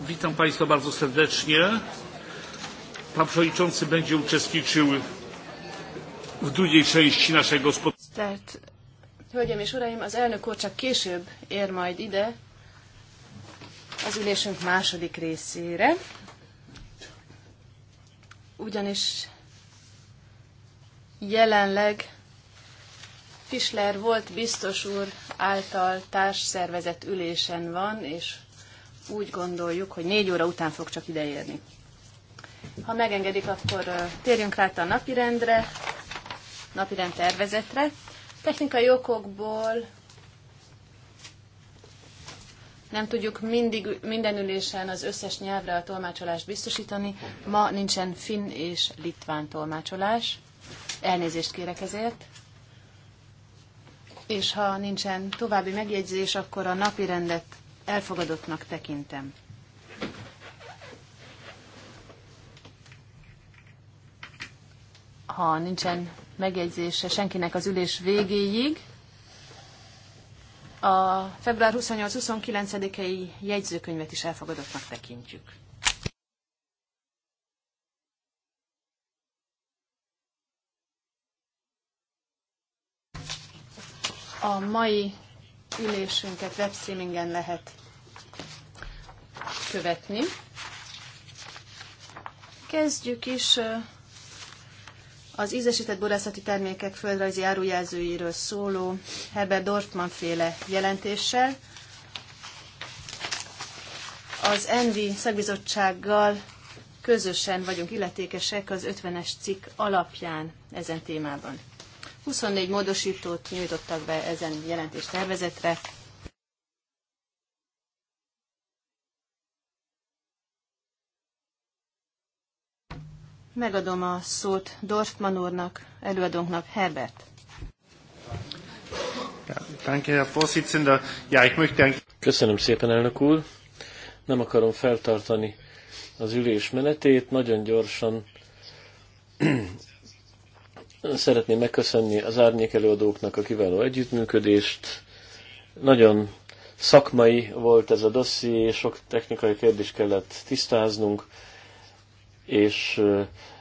Witam Państwa bardzo serdecznie. Pan Przewodniczący będzie uczestniczył w drugiej części naszego spotkania. Hölgyeim és Uraim, az elnök úr csak később ér majd ide az ülésünk második részére, ugyanis jelenleg Fischler volt biztos úr által társszervezett ülésen van, és úgy gondoljuk, hogy négy óra után fog csak érni. Ha megengedik, akkor térjünk rá a napirendre, napirend tervezetre. Technikai okokból nem tudjuk mindig, minden ülésen az összes nyelvre a tolmácsolást biztosítani. Ma nincsen finn és litván tolmácsolás. Elnézést kérek ezért. És ha nincsen további megjegyzés, akkor a napi rendet elfogadottnak tekintem. Ha nincsen megjegyzése senkinek az ülés végéig, a február 28-29-i jegyzőkönyvet is elfogadottnak tekintjük. A mai ülésünket webstreamingen lehet követni. Kezdjük is az ízesített borászati termékek földrajzi árujelzőiről szóló Heber Dorfman féle jelentéssel. Az ENVI szakbizottsággal közösen vagyunk illetékesek az 50-es cikk alapján ezen témában. 24 módosítót nyújtottak be ezen jelentés tervezetre, Megadom a szót Dorfman úrnak, előadónknak, Herbert. Köszönöm szépen, elnök úr. Nem akarom feltartani az ülés menetét. Nagyon gyorsan szeretném megköszönni az árnyék előadóknak a kiváló együttműködést. Nagyon szakmai volt ez a dosszié, sok technikai kérdést kellett tisztáznunk, és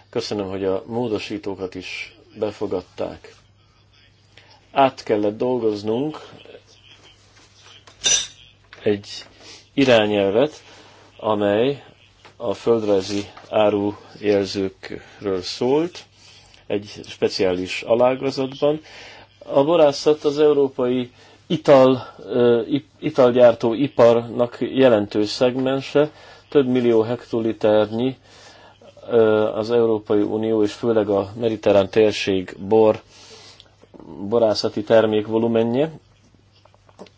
Köszönöm, hogy a módosítókat is befogadták. Át kellett dolgoznunk egy irányelvet, amely a földrajzi árujelzőkről szólt, egy speciális alágazatban. A borászat az európai ital, italgyártó iparnak jelentős szegmense, több millió hektoliternyi az Európai Unió és főleg a mediterrán térség bor borászati termék volumenje,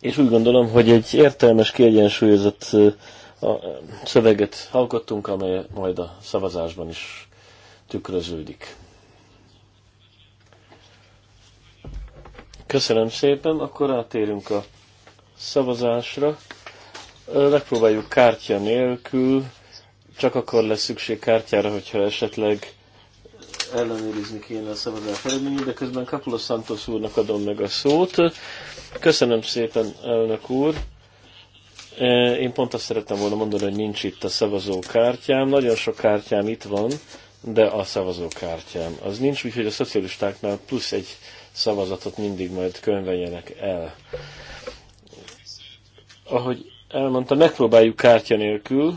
és úgy gondolom, hogy egy értelmes, kiegyensúlyozott szöveget alkottunk, amely majd a szavazásban is tükröződik. Köszönöm szépen, akkor átérünk a szavazásra. Megpróbáljuk kártya nélkül csak akkor lesz szükség kártyára, hogyha esetleg ellenőrizni kéne a szavazás eredményét, de közben Kapula Santos úrnak adom meg a szót. Köszönöm szépen, elnök úr. E, én pont azt szerettem volna mondani, hogy nincs itt a szavazókártyám. Nagyon sok kártyám itt van, de a szavazókártyám az nincs, úgyhogy a szocialistáknál plusz egy szavazatot mindig majd könyveljenek el. Ahogy elmondta, megpróbáljuk kártya nélkül,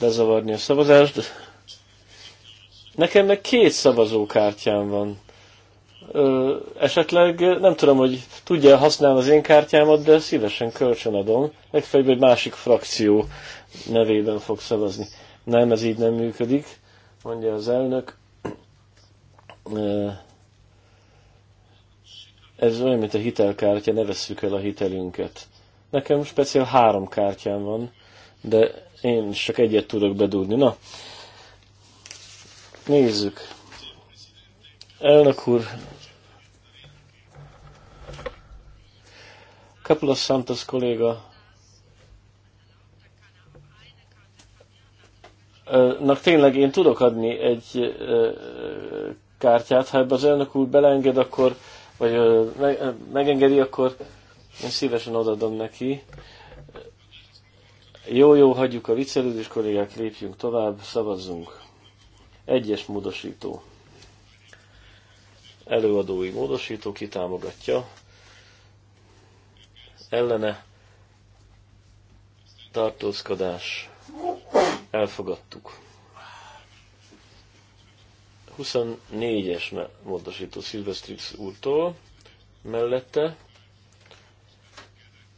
lezavarni a szavazást. Nekem meg két szavazókártyám van. Ö, esetleg nem tudom, hogy tudja használni az én kártyámat, de szívesen kölcsönadom. Legfeljebb egy másik frakció nevében fog szavazni. Nem, ez így nem működik, mondja az elnök. Ö, ez olyan, mint a hitelkártya, ne vesszük el a hitelünket. Nekem speciál három kártyám van, de én csak egyet tudok bedugni. Na, nézzük. Elnök úr, Kaplos Santos kolléga Na tényleg én tudok adni egy kártyát, ha ebbe az elnök úr belenged, akkor, vagy megengedi, akkor én szívesen odaadom neki. Jó-jó, hagyjuk a viccelődés, kollégák, lépjünk tovább, szavazzunk. Egyes módosító. Előadói módosító kitámogatja. Ellene tartózkodás. Elfogadtuk. 24-es módosító Silvestrix úrtól mellette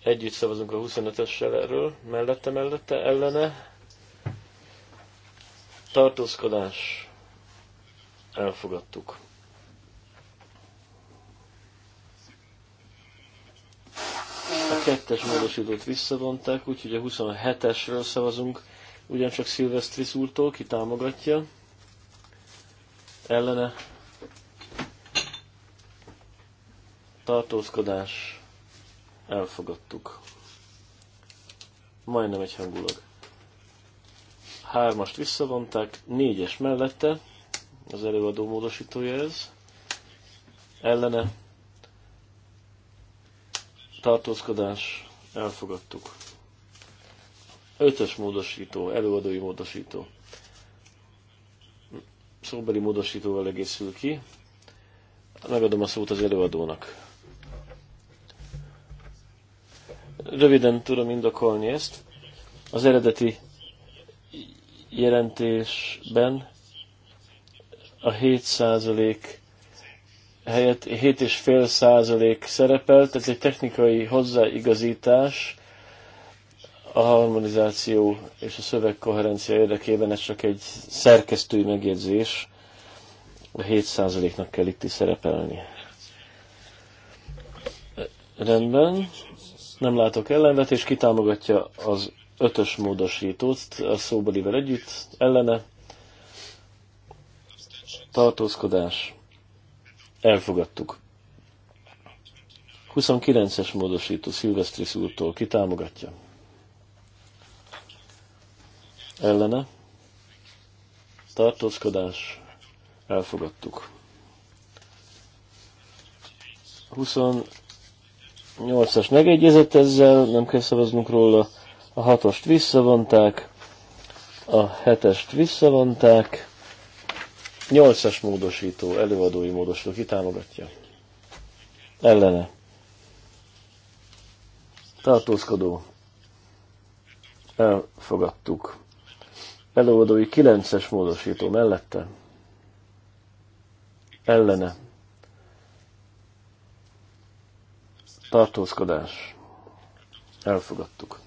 Együtt szavazunk a 25-essel erről, mellette, mellette, ellene. Tartózkodás. Elfogadtuk. A kettes módosítót visszavonták, úgyhogy a 27-esről szavazunk, ugyancsak Szilvesztris úrtól, ki támogatja. Ellene tartózkodás elfogadtuk. Majdnem egy hangulag. Hármast visszavonták, négyes mellette, az előadó módosítója ez, ellene tartózkodás, elfogadtuk. Ötös módosító, előadói módosító. Szóbeli módosítóval egészül ki. Megadom a szót az előadónak. Röviden tudom indokolni ezt. Az eredeti jelentésben a 7% helyett 7,5% szerepelt. Ez egy technikai hozzáigazítás a harmonizáció és a szöveg koherencia érdekében. Ez csak egy szerkesztői megjegyzés. A 7%-nak kell itt is szerepelni. Rendben. Nem látok és kitámogatja az ötös módosítót a szóbelivel együtt, ellene tartózkodás. Elfogadtuk. 29-es módosító Szilvesztris úrtól kitámogatja. Ellene. Tartózkodás. Elfogadtuk. 8-as megegyezett ezzel, nem kell szavaznunk róla. A 6-ost visszavonták, a 7-est visszavonták. 8-as módosító, előadói módosító, ki támogatja? Ellene. Tartózkodó. Elfogadtuk. Előadói 9-es módosító mellette. Ellene tartózkodás, elfogadtuk.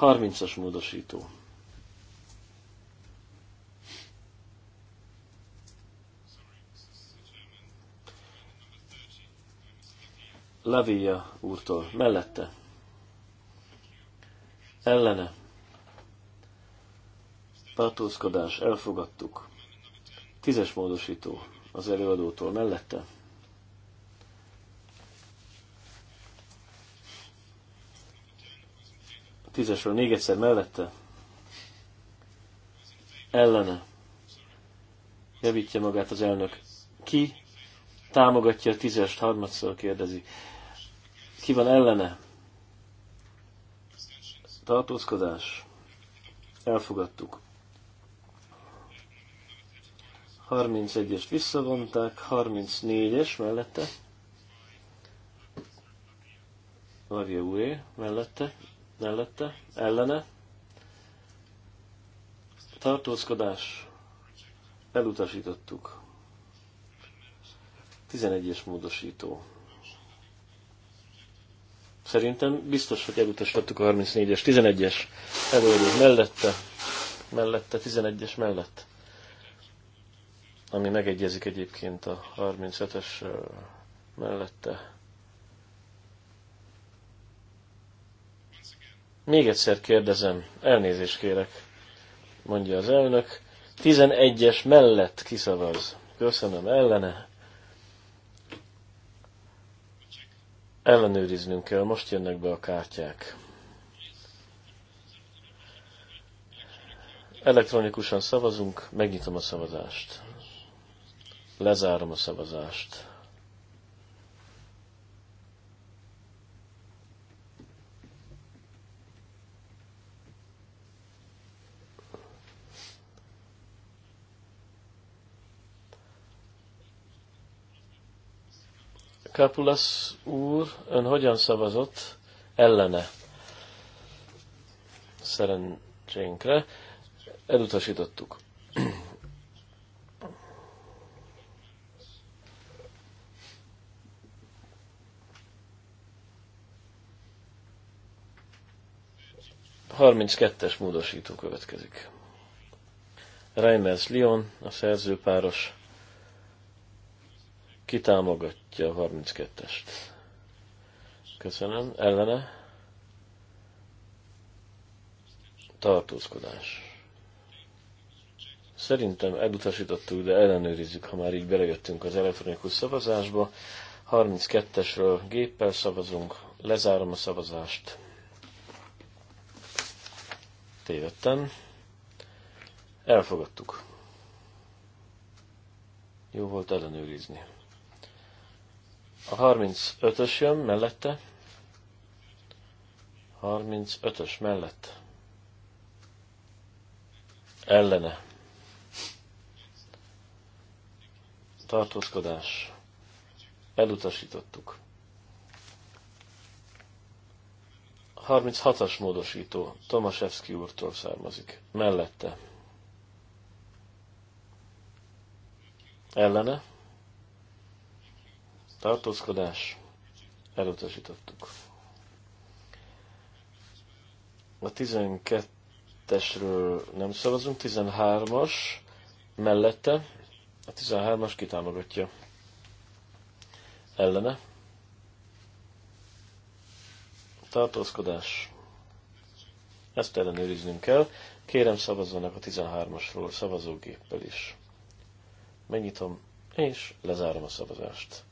30-as módosító. Levéja úrtól, mellette, ellene, tartózkodás, elfogadtuk. Tízes módosító az előadótól mellette, Tízesről még egyszer mellette. Ellene. Javítja magát az elnök. Ki támogatja a tízest? Harmadszor kérdezi. Ki van ellene? Tartózkodás. Elfogadtuk. 31-est visszavonták, 34-es mellette. Lavia Ué mellette, mellette, ellene, tartózkodás, elutasítottuk. 11-es módosító. Szerintem biztos, hogy elutasítottuk a 34-es, 11-es előadó mellette, mellette, 11-es mellett. Ami megegyezik egyébként a 35-es mellette Még egyszer kérdezem, elnézést kérek, mondja az elnök. 11-es mellett kiszavaz. Köszönöm, ellene. Ellenőriznünk kell, most jönnek be a kártyák. Elektronikusan szavazunk, megnyitom a szavazást. Lezárom a szavazást. Kapulasz úr, ön hogyan szavazott ellene? Szerencsénkre elutasítottuk. Harminc kettes módosító következik. Reimers Lyon, a szerzőpáros ki támogatja a 32-est? Köszönöm. Ellene? Tartózkodás. Szerintem elutasítottuk, de ellenőrizzük, ha már így belejöttünk az elektronikus szavazásba. 32-esről géppel szavazunk, lezárom a szavazást. Tévedtem. Elfogadtuk. Jó volt ellenőrizni. A 35-ös jön mellette. 35-ös mellett. Ellene. Tartózkodás. Elutasítottuk. 36-as módosító Tomaszewski úrtól származik. Mellette. Ellene tartózkodás, elutasítottuk. A 12-esről nem szavazunk, 13-as mellette, a 13-as kitámogatja ellene. Tartózkodás. Ezt ellenőriznünk kell. Kérem szavazzanak a 13-asról szavazógéppel is. Megnyitom és lezárom a szavazást.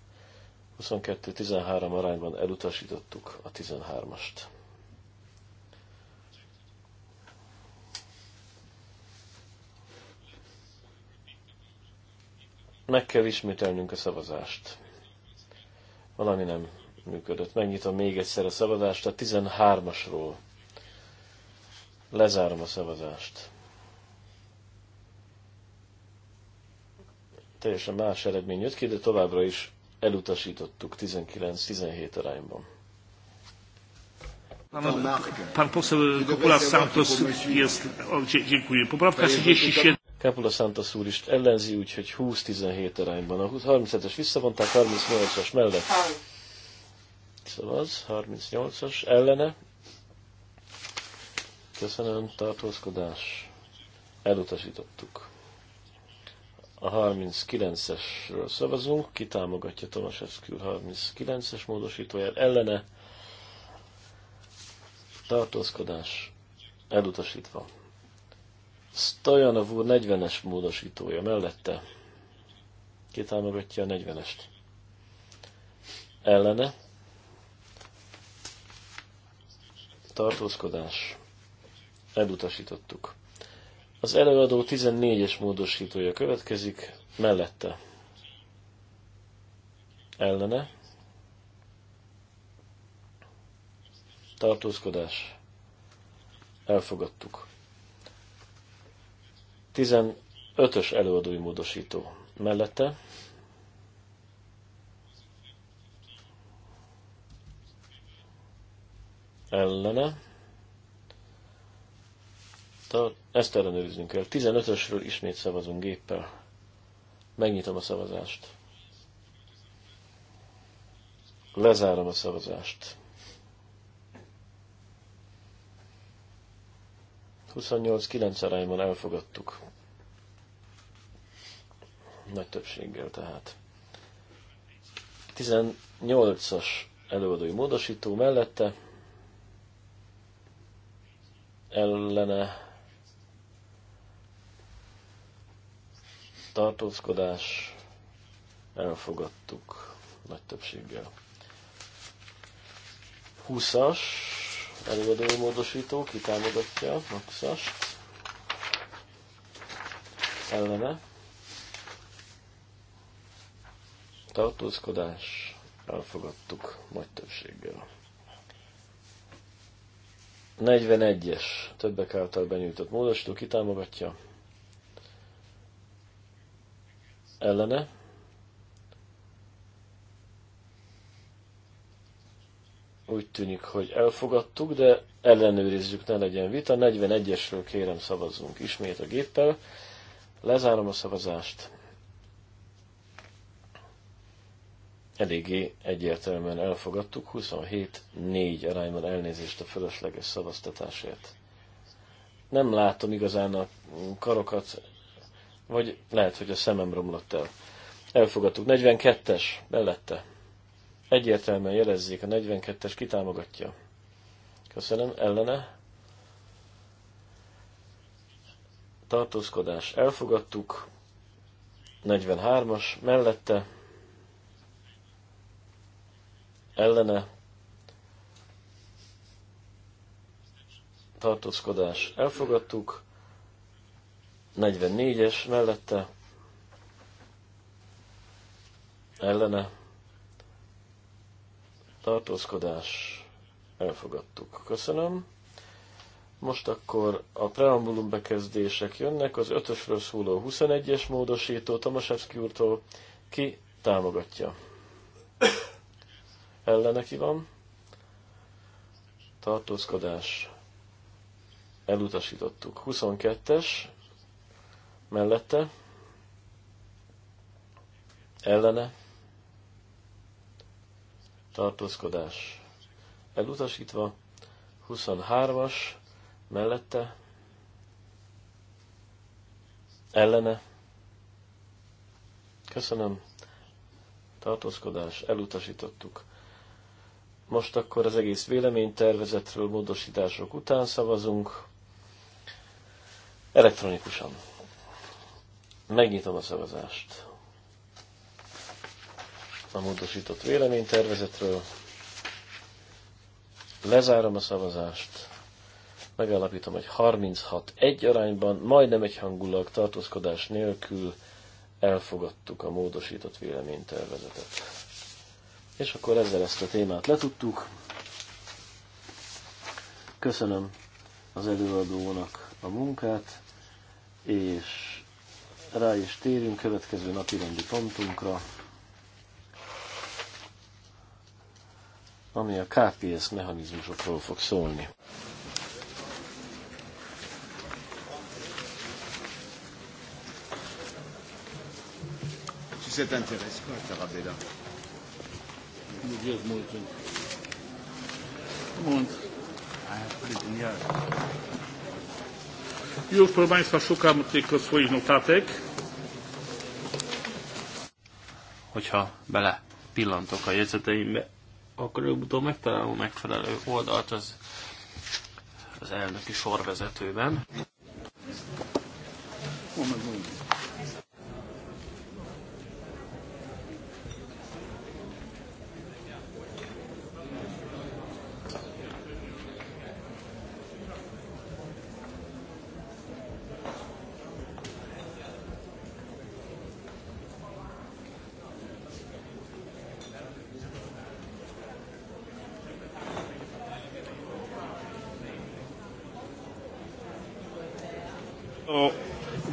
22-13 arányban elutasítottuk a 13-ast. Meg kell ismételnünk a szavazást. Valami nem működött. Megnyitom még egyszer a szavazást a 13-asról. Lezárom a szavazást. Teljesen más eredmény jött ki, de továbbra is elutasítottuk 19-17 arányban. Pan poseł Kapula Santos jest... Dziękuję. Poprawka 37. Kapula Santos úr is ellenzi, úgyhogy 20-17 arányban. A 37-es visszavonták, 38-as mellett. Szavaz, 38-as ellene. Köszönöm, tartózkodás. Elutasítottuk a 39-esről szavazunk, ki támogatja Eszkül 39-es módosítóját, ellene tartózkodás elutasítva. Stojanov úr 40-es módosítója mellette ki támogatja a 40-est. Ellene tartózkodás elutasítottuk. Az előadó 14-es módosítója következik, mellette ellene tartózkodás elfogadtuk. 15-ös előadói módosító mellette ellene tar- ezt ellenőriznünk kell. 15-ösről ismét szavazunk géppel. Megnyitom a szavazást. Lezárom a szavazást. 28-9 arányban elfogadtuk. Nagy többséggel tehát. 18-as előadói módosító mellette ellene tartózkodás, elfogadtuk nagy többséggel. 20-as előadó módosító, ki támogatja a 20-as ellene. Tartózkodás, elfogadtuk nagy többséggel. 41-es többek által benyújtott módosító ki támogatja ellene. Úgy tűnik, hogy elfogadtuk, de ellenőrizzük, ne legyen vita. 41-esről kérem szavazzunk ismét a géppel. Lezárom a szavazást. Eléggé egyértelműen elfogadtuk, 27-4 arányban elnézést a fölösleges szavaztatásért. Nem látom igazán a karokat vagy lehet, hogy a szemem romlott el. Elfogadtuk. 42-es, mellette. Egyértelműen jelezzék, a 42-es kitámogatja. Köszönöm. Ellene? Tartózkodás. Elfogadtuk. 43-as, mellette. Ellene? Tartózkodás. Elfogadtuk. 44-es mellette ellene tartózkodás elfogadtuk. Köszönöm. Most akkor a preambulum bekezdések jönnek, az ötösről szóló 21-es módosító Tomaszewski úrtól ki támogatja. Ellene ki van? Tartózkodás. Elutasítottuk. 22-es mellette, ellene, tartózkodás elutasítva, 23-as mellette, ellene, köszönöm, tartózkodás elutasítottuk. Most akkor az egész véleménytervezetről módosítások után szavazunk elektronikusan. Megnyitom a szavazást a módosított véleménytervezetről. Lezárom a szavazást. Megállapítom, hogy 36 egy arányban, majdnem egyhangulag, tartózkodás nélkül elfogadtuk a módosított véleménytervezetet. És akkor ezzel ezt a témát letudtuk. Köszönöm az előadónak a munkát, és rá is térünk következő napi rendi pontunkra, ami a KPS mechanizmusokról fog szólni. Si c'est Już, proszę Państwa, szukam tylko swoich notatek. Hogyha bele pillantok a jegyzeteimbe, akkor előbb-utóbb megtalálom megfelelő oldalt az, az elnöki sorvezetőben.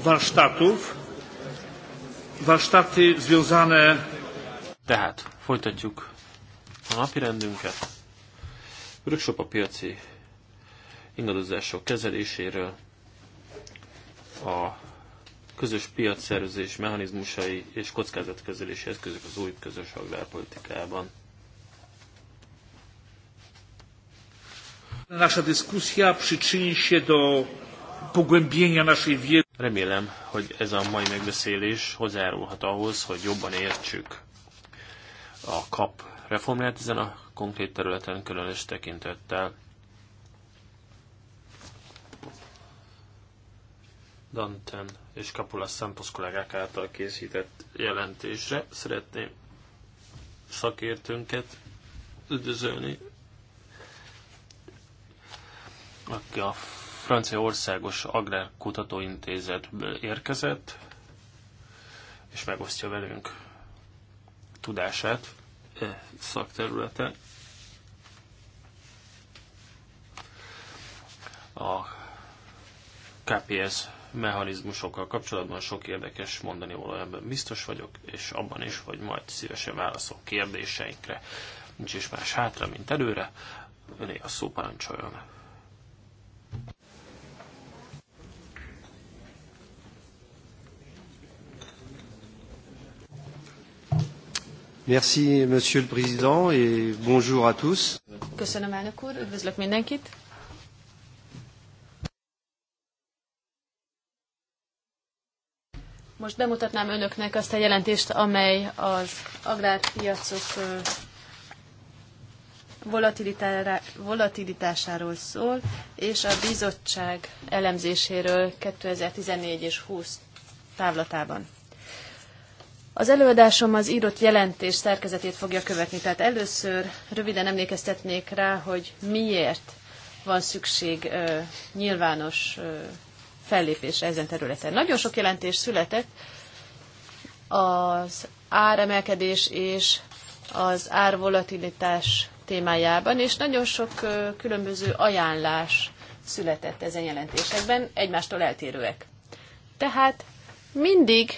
warsztatów. Warsztaty związane... Tehát folytatjuk a napi rendünket. Workshop a piaci ingadozások kezeléséről, a közös piacszervezés mechanizmusai és kockázatkezelési eszközök az új közös agrárpolitikában. Nasza dyskusja przyczyni się do pogłębienia naszej wiedzy. Remélem, hogy ez a mai megbeszélés hozzájárulhat ahhoz, hogy jobban értsük a kap reformját ezen a konkrét területen különös tekintettel. Danten és Kapula Szampos kollégák által készített jelentésre szeretném szakértőnket üdvözölni, aki a Francia Országos Agrárkutatóintézetből érkezett, és megosztja velünk tudását e szakterületen. A KPS mechanizmusokkal kapcsolatban sok érdekes mondani való ebben biztos vagyok, és abban is, hogy majd szívesen válaszol kérdéseinkre. Nincs is más hátra, mint előre. Öné a szó parancsoljon. Merci, Monsieur le Président, et bonjour à tous. Köszönöm, elnök úr, üdvözlök mindenkit. Most bemutatnám önöknek azt a jelentést, amely az agrárpiacok volatilitásáról szól, és a bizottság elemzéséről 2014 és 20 távlatában. Az előadásom az írott jelentés szerkezetét fogja követni, tehát először röviden emlékeztetnék rá, hogy miért van szükség ö, nyilvános ö, fellépésre ezen területen. Nagyon sok jelentés született az áremelkedés és az árvolatilitás témájában, és nagyon sok ö, különböző ajánlás született ezen jelentésekben, egymástól eltérőek. Tehát mindig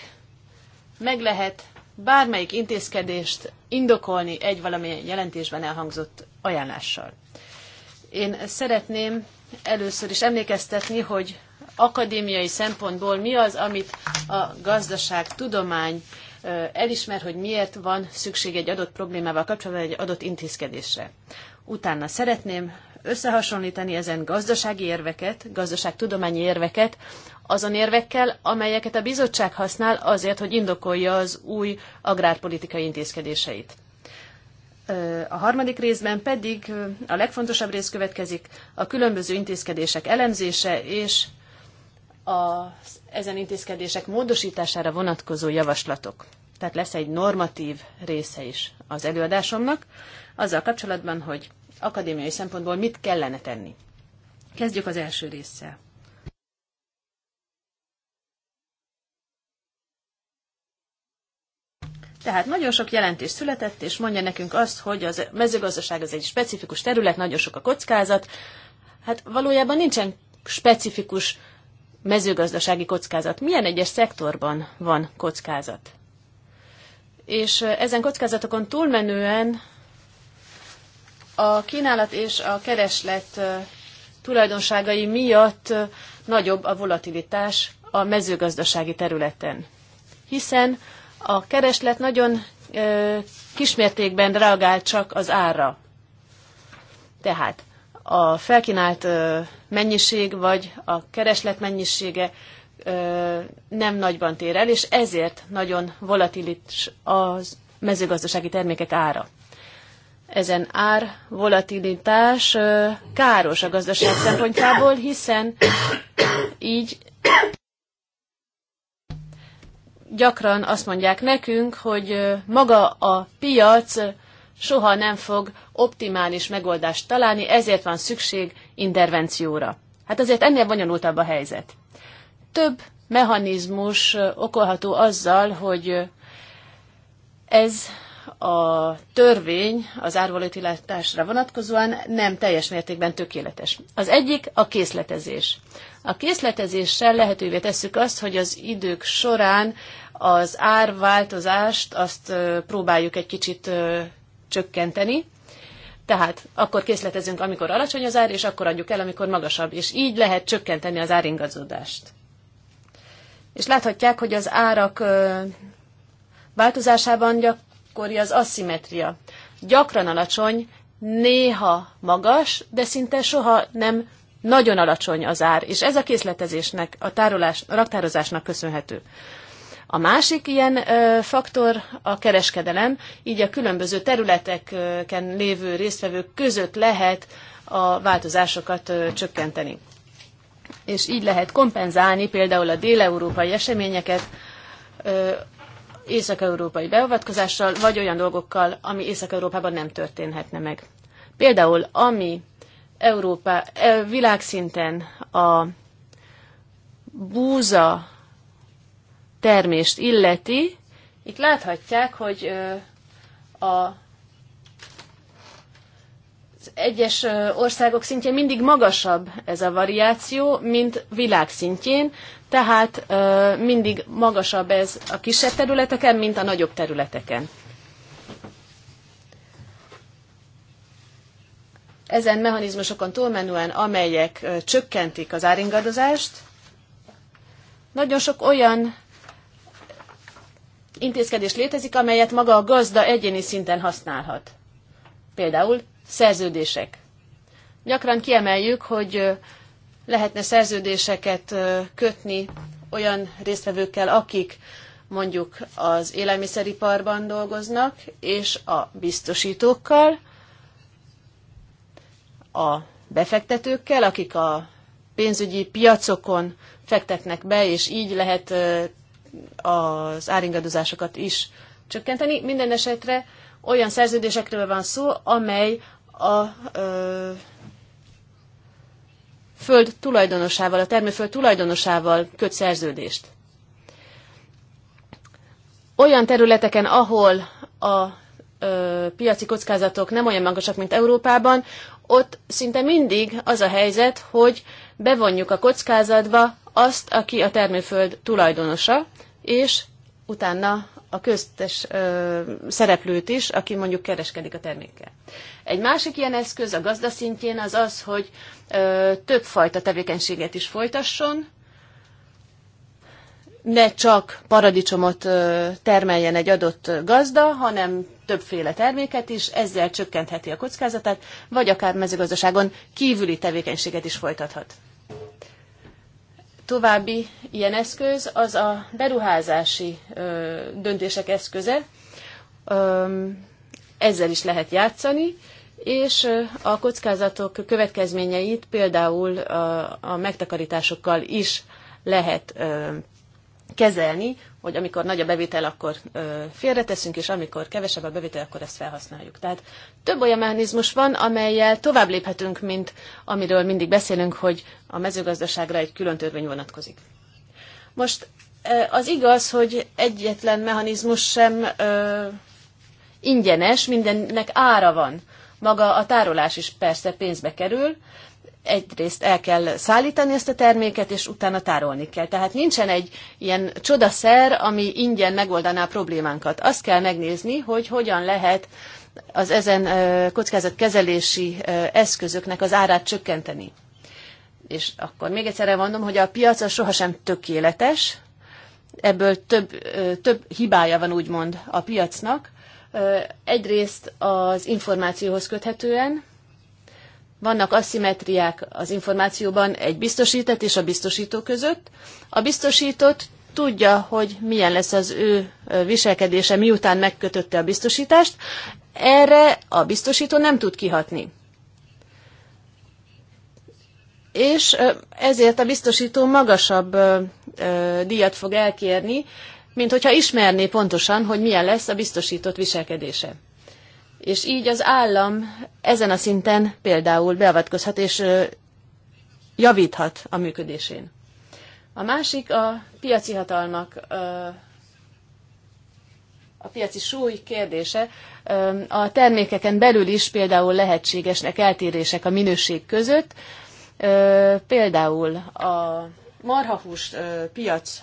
meg lehet bármelyik intézkedést indokolni egy valamilyen jelentésben elhangzott ajánlással. Én szeretném először is emlékeztetni, hogy akadémiai szempontból mi az, amit a gazdaság, tudomány elismer, hogy miért van szükség egy adott problémával kapcsolatban egy adott intézkedésre. Utána szeretném összehasonlítani ezen gazdasági érveket, gazdaságtudományi érveket azon érvekkel, amelyeket a bizottság használ azért, hogy indokolja az új agrárpolitikai intézkedéseit. A harmadik részben pedig a legfontosabb rész következik, a különböző intézkedések elemzése és a, ezen intézkedések módosítására vonatkozó javaslatok. Tehát lesz egy normatív része is az előadásomnak, azzal kapcsolatban, hogy akadémiai szempontból mit kellene tenni. Kezdjük az első résszel. Tehát nagyon sok jelentés született, és mondja nekünk azt, hogy a mezőgazdaság az egy specifikus terület, nagyon sok a kockázat. Hát valójában nincsen specifikus mezőgazdasági kockázat. Milyen egyes szektorban van kockázat? És ezen kockázatokon túlmenően a kínálat és a kereslet tulajdonságai miatt nagyobb a volatilitás a mezőgazdasági területen. Hiszen a kereslet nagyon kismértékben reagál csak az árra. Tehát a felkínált mennyiség vagy a kereslet mennyisége nem nagyban tér el, és ezért nagyon volatilis a mezőgazdasági termékek ára. Ezen ár volatilitás káros a gazdaság szempontjából, hiszen így gyakran azt mondják nekünk, hogy maga a piac soha nem fog optimális megoldást találni, ezért van szükség intervencióra. Hát azért ennél bonyolultabb a helyzet. Több mechanizmus okolható azzal, hogy ez a törvény az árvalótilátásra vonatkozóan nem teljes mértékben tökéletes. Az egyik a készletezés. A készletezéssel lehetővé tesszük azt, hogy az idők során az árváltozást azt próbáljuk egy kicsit csökkenteni. Tehát akkor készletezünk, amikor alacsony az ár, és akkor adjuk el, amikor magasabb. És így lehet csökkenteni az áringazódást. És láthatják, hogy az árak változásában gyakori az asszimetria. Gyakran alacsony, néha magas, de szinte soha nem nagyon alacsony az ár, és ez a készletezésnek, a, tárolás, a raktározásnak köszönhető. A másik ilyen ö, faktor a kereskedelem, így a különböző területeken lévő résztvevők között lehet a változásokat ö, csökkenteni. És így lehet kompenzálni például a déleurópai eseményeket ö, észak-európai beavatkozással, vagy olyan dolgokkal, ami Észak-Európában nem történhetne meg. Például, ami Európa, világszinten a búza termést illeti, itt láthatják, hogy a, az egyes országok szintjén mindig magasabb ez a variáció, mint világszintjén, tehát mindig magasabb ez a kisebb területeken, mint a nagyobb területeken. Ezen mechanizmusokon túlmenően, amelyek csökkentik az áringadozást, nagyon sok olyan intézkedés létezik, amelyet maga a gazda egyéni szinten használhat. Például szerződések. Gyakran kiemeljük, hogy lehetne szerződéseket kötni olyan résztvevőkkel, akik mondjuk az élelmiszeriparban dolgoznak, és a biztosítókkal, a befektetőkkel, akik a pénzügyi piacokon fektetnek be, és így lehet az áringadozásokat is csökkenteni. Minden esetre olyan szerződésekről van szó, amely a ö, föld tulajdonosával, a termőföld tulajdonosával köt szerződést. Olyan területeken, ahol a ö, piaci kockázatok nem olyan magasak, mint Európában, ott szinte mindig az a helyzet, hogy bevonjuk a kockázatba azt, aki a termőföld tulajdonosa, és utána a köztes ö, szereplőt is, aki mondjuk kereskedik a termékkel. Egy másik ilyen eszköz a gazda szintjén az az, hogy ö, többfajta tevékenységet is folytasson, ne csak paradicsomot ö, termeljen egy adott gazda, hanem többféle terméket is, ezzel csökkentheti a kockázatát, vagy akár mezőgazdaságon kívüli tevékenységet is folytathat további ilyen eszköz az a beruházási ö, döntések eszköze. Ö, ezzel is lehet játszani, és a kockázatok következményeit például a, a megtakarításokkal is lehet ö, kezelni, hogy amikor nagy a bevétel, akkor ö, félreteszünk, és amikor kevesebb a bevétel, akkor ezt felhasználjuk. Tehát több olyan mechanizmus van, amelyel tovább léphetünk, mint amiről mindig beszélünk, hogy a mezőgazdaságra egy külön törvény vonatkozik. Most az igaz, hogy egyetlen mechanizmus sem ö, ingyenes, mindennek ára van. Maga a tárolás is persze pénzbe kerül, egyrészt el kell szállítani ezt a terméket, és utána tárolni kell. Tehát nincsen egy ilyen csodaszer, ami ingyen megoldaná a problémánkat. Azt kell megnézni, hogy hogyan lehet az ezen kockázatkezelési eszközöknek az árát csökkenteni. És akkor még egyszer elmondom, hogy a piac az sohasem tökéletes, ebből több, több hibája van úgymond a piacnak. Egyrészt az információhoz köthetően, vannak aszimetriák az információban egy biztosített és a biztosító között. A biztosított tudja, hogy milyen lesz az ő viselkedése, miután megkötötte a biztosítást. Erre a biztosító nem tud kihatni. És ezért a biztosító magasabb díjat fog elkérni, mint hogyha ismerné pontosan, hogy milyen lesz a biztosított viselkedése. És így az állam ezen a szinten például beavatkozhat és javíthat a működésén. A másik a piaci hatalmak, a piaci súly kérdése. A termékeken belül is például lehetségesnek eltérések a minőség között. Például a marhahús piac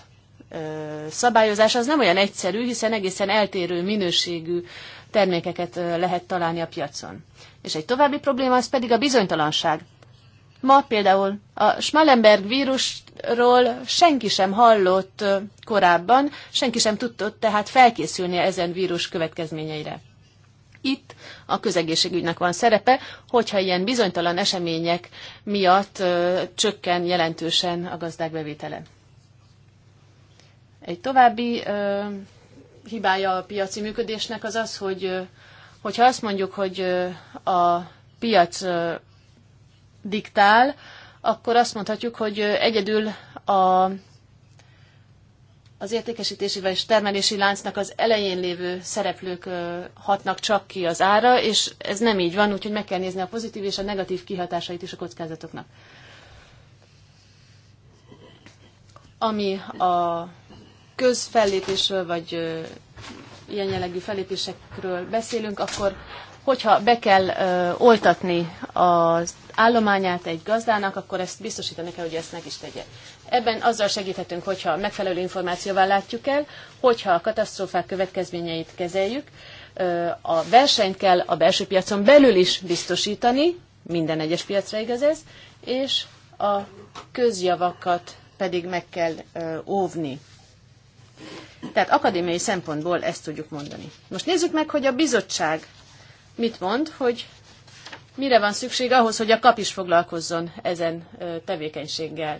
szabályozás az nem olyan egyszerű, hiszen egészen eltérő minőségű termékeket lehet találni a piacon. És egy további probléma az pedig a bizonytalanság. Ma például a Schmallenberg vírusról senki sem hallott korábban, senki sem tudott tehát felkészülni ezen vírus következményeire. Itt a közegészségügynek van szerepe, hogyha ilyen bizonytalan események miatt ö, csökken jelentősen a gazdák bevétele. Egy további ö, hibája a piaci működésnek az az, hogy hogyha azt mondjuk, hogy a piac diktál, akkor azt mondhatjuk, hogy egyedül a, az értékesítési vagy termelési láncnak az elején lévő szereplők hatnak csak ki az ára, és ez nem így van, úgyhogy meg kell nézni a pozitív és a negatív kihatásait is a kockázatoknak. Ami a közfellépésről, vagy ilyen jellegű fellépésekről beszélünk, akkor hogyha be kell ö, oltatni az állományát egy gazdának, akkor ezt biztosítani kell, hogy ezt meg is tegye. Ebben azzal segíthetünk, hogyha megfelelő információval látjuk el, hogyha a katasztrófák következményeit kezeljük. Ö, a versenyt kell a belső piacon belül is biztosítani, minden egyes piacra igaz ez, és a közjavakat pedig meg kell ö, óvni. Tehát akadémiai szempontból ezt tudjuk mondani. Most nézzük meg, hogy a bizottság mit mond, hogy mire van szükség ahhoz, hogy a kap is foglalkozzon ezen tevékenységgel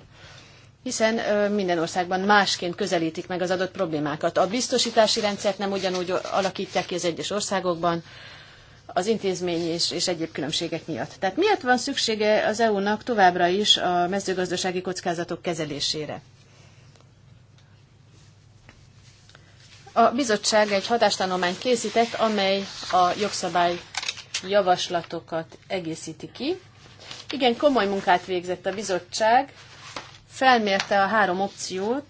hiszen minden országban másként közelítik meg az adott problémákat. A biztosítási rendszert nem ugyanúgy alakítják ki az egyes országokban, az intézmény és, és egyéb különbségek miatt. Tehát miért van szüksége az EU-nak továbbra is a mezőgazdasági kockázatok kezelésére? A bizottság egy hatástanulmányt készített, amely a jogszabály javaslatokat egészíti ki. Igen, komoly munkát végzett a bizottság, felmérte a három opciót,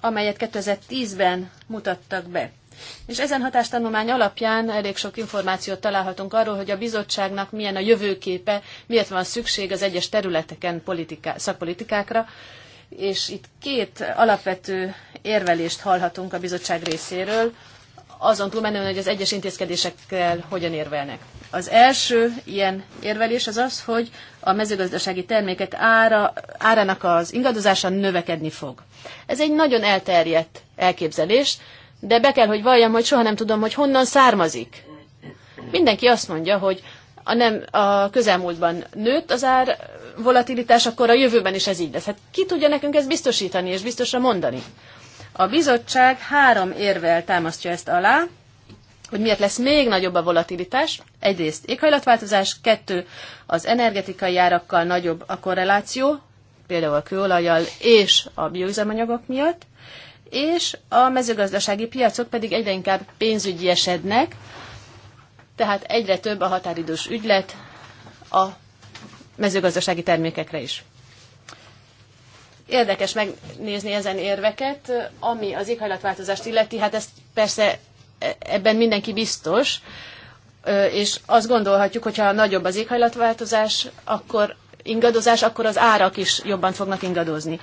amelyet 2010-ben mutattak be. És ezen hatástanulmány alapján elég sok információt találhatunk arról, hogy a bizottságnak milyen a jövőképe, miért van szükség az egyes területeken politiká, szakpolitikákra, és itt két alapvető érvelést hallhatunk a bizottság részéről, azon túlmenően, hogy az egyes intézkedésekkel hogyan érvelnek. Az első ilyen érvelés az az, hogy a mezőgazdasági termékek ára, árának az ingadozása növekedni fog. Ez egy nagyon elterjedt elképzelés, de be kell, hogy valljam, hogy soha nem tudom, hogy honnan származik. Mindenki azt mondja, hogy a, nem, a közelmúltban nőtt az ár volatilitás, akkor a jövőben is ez így lesz. Hát ki tudja nekünk ezt biztosítani és biztosra mondani? A bizottság három érvel támasztja ezt alá, hogy miért lesz még nagyobb a volatilitás. Egyrészt éghajlatváltozás, kettő az energetikai árakkal nagyobb a korreláció, például a kőolajjal és a bioüzemanyagok miatt, és a mezőgazdasági piacok pedig egyre inkább pénzügyi esednek, tehát egyre több a határidős ügylet a mezőgazdasági termékekre is. Érdekes megnézni ezen érveket, ami az éghajlatváltozást illeti, hát ezt persze ebben mindenki biztos, és azt gondolhatjuk, hogyha nagyobb az éghajlatváltozás, akkor ingadozás, akkor az árak is jobban fognak ingadozni.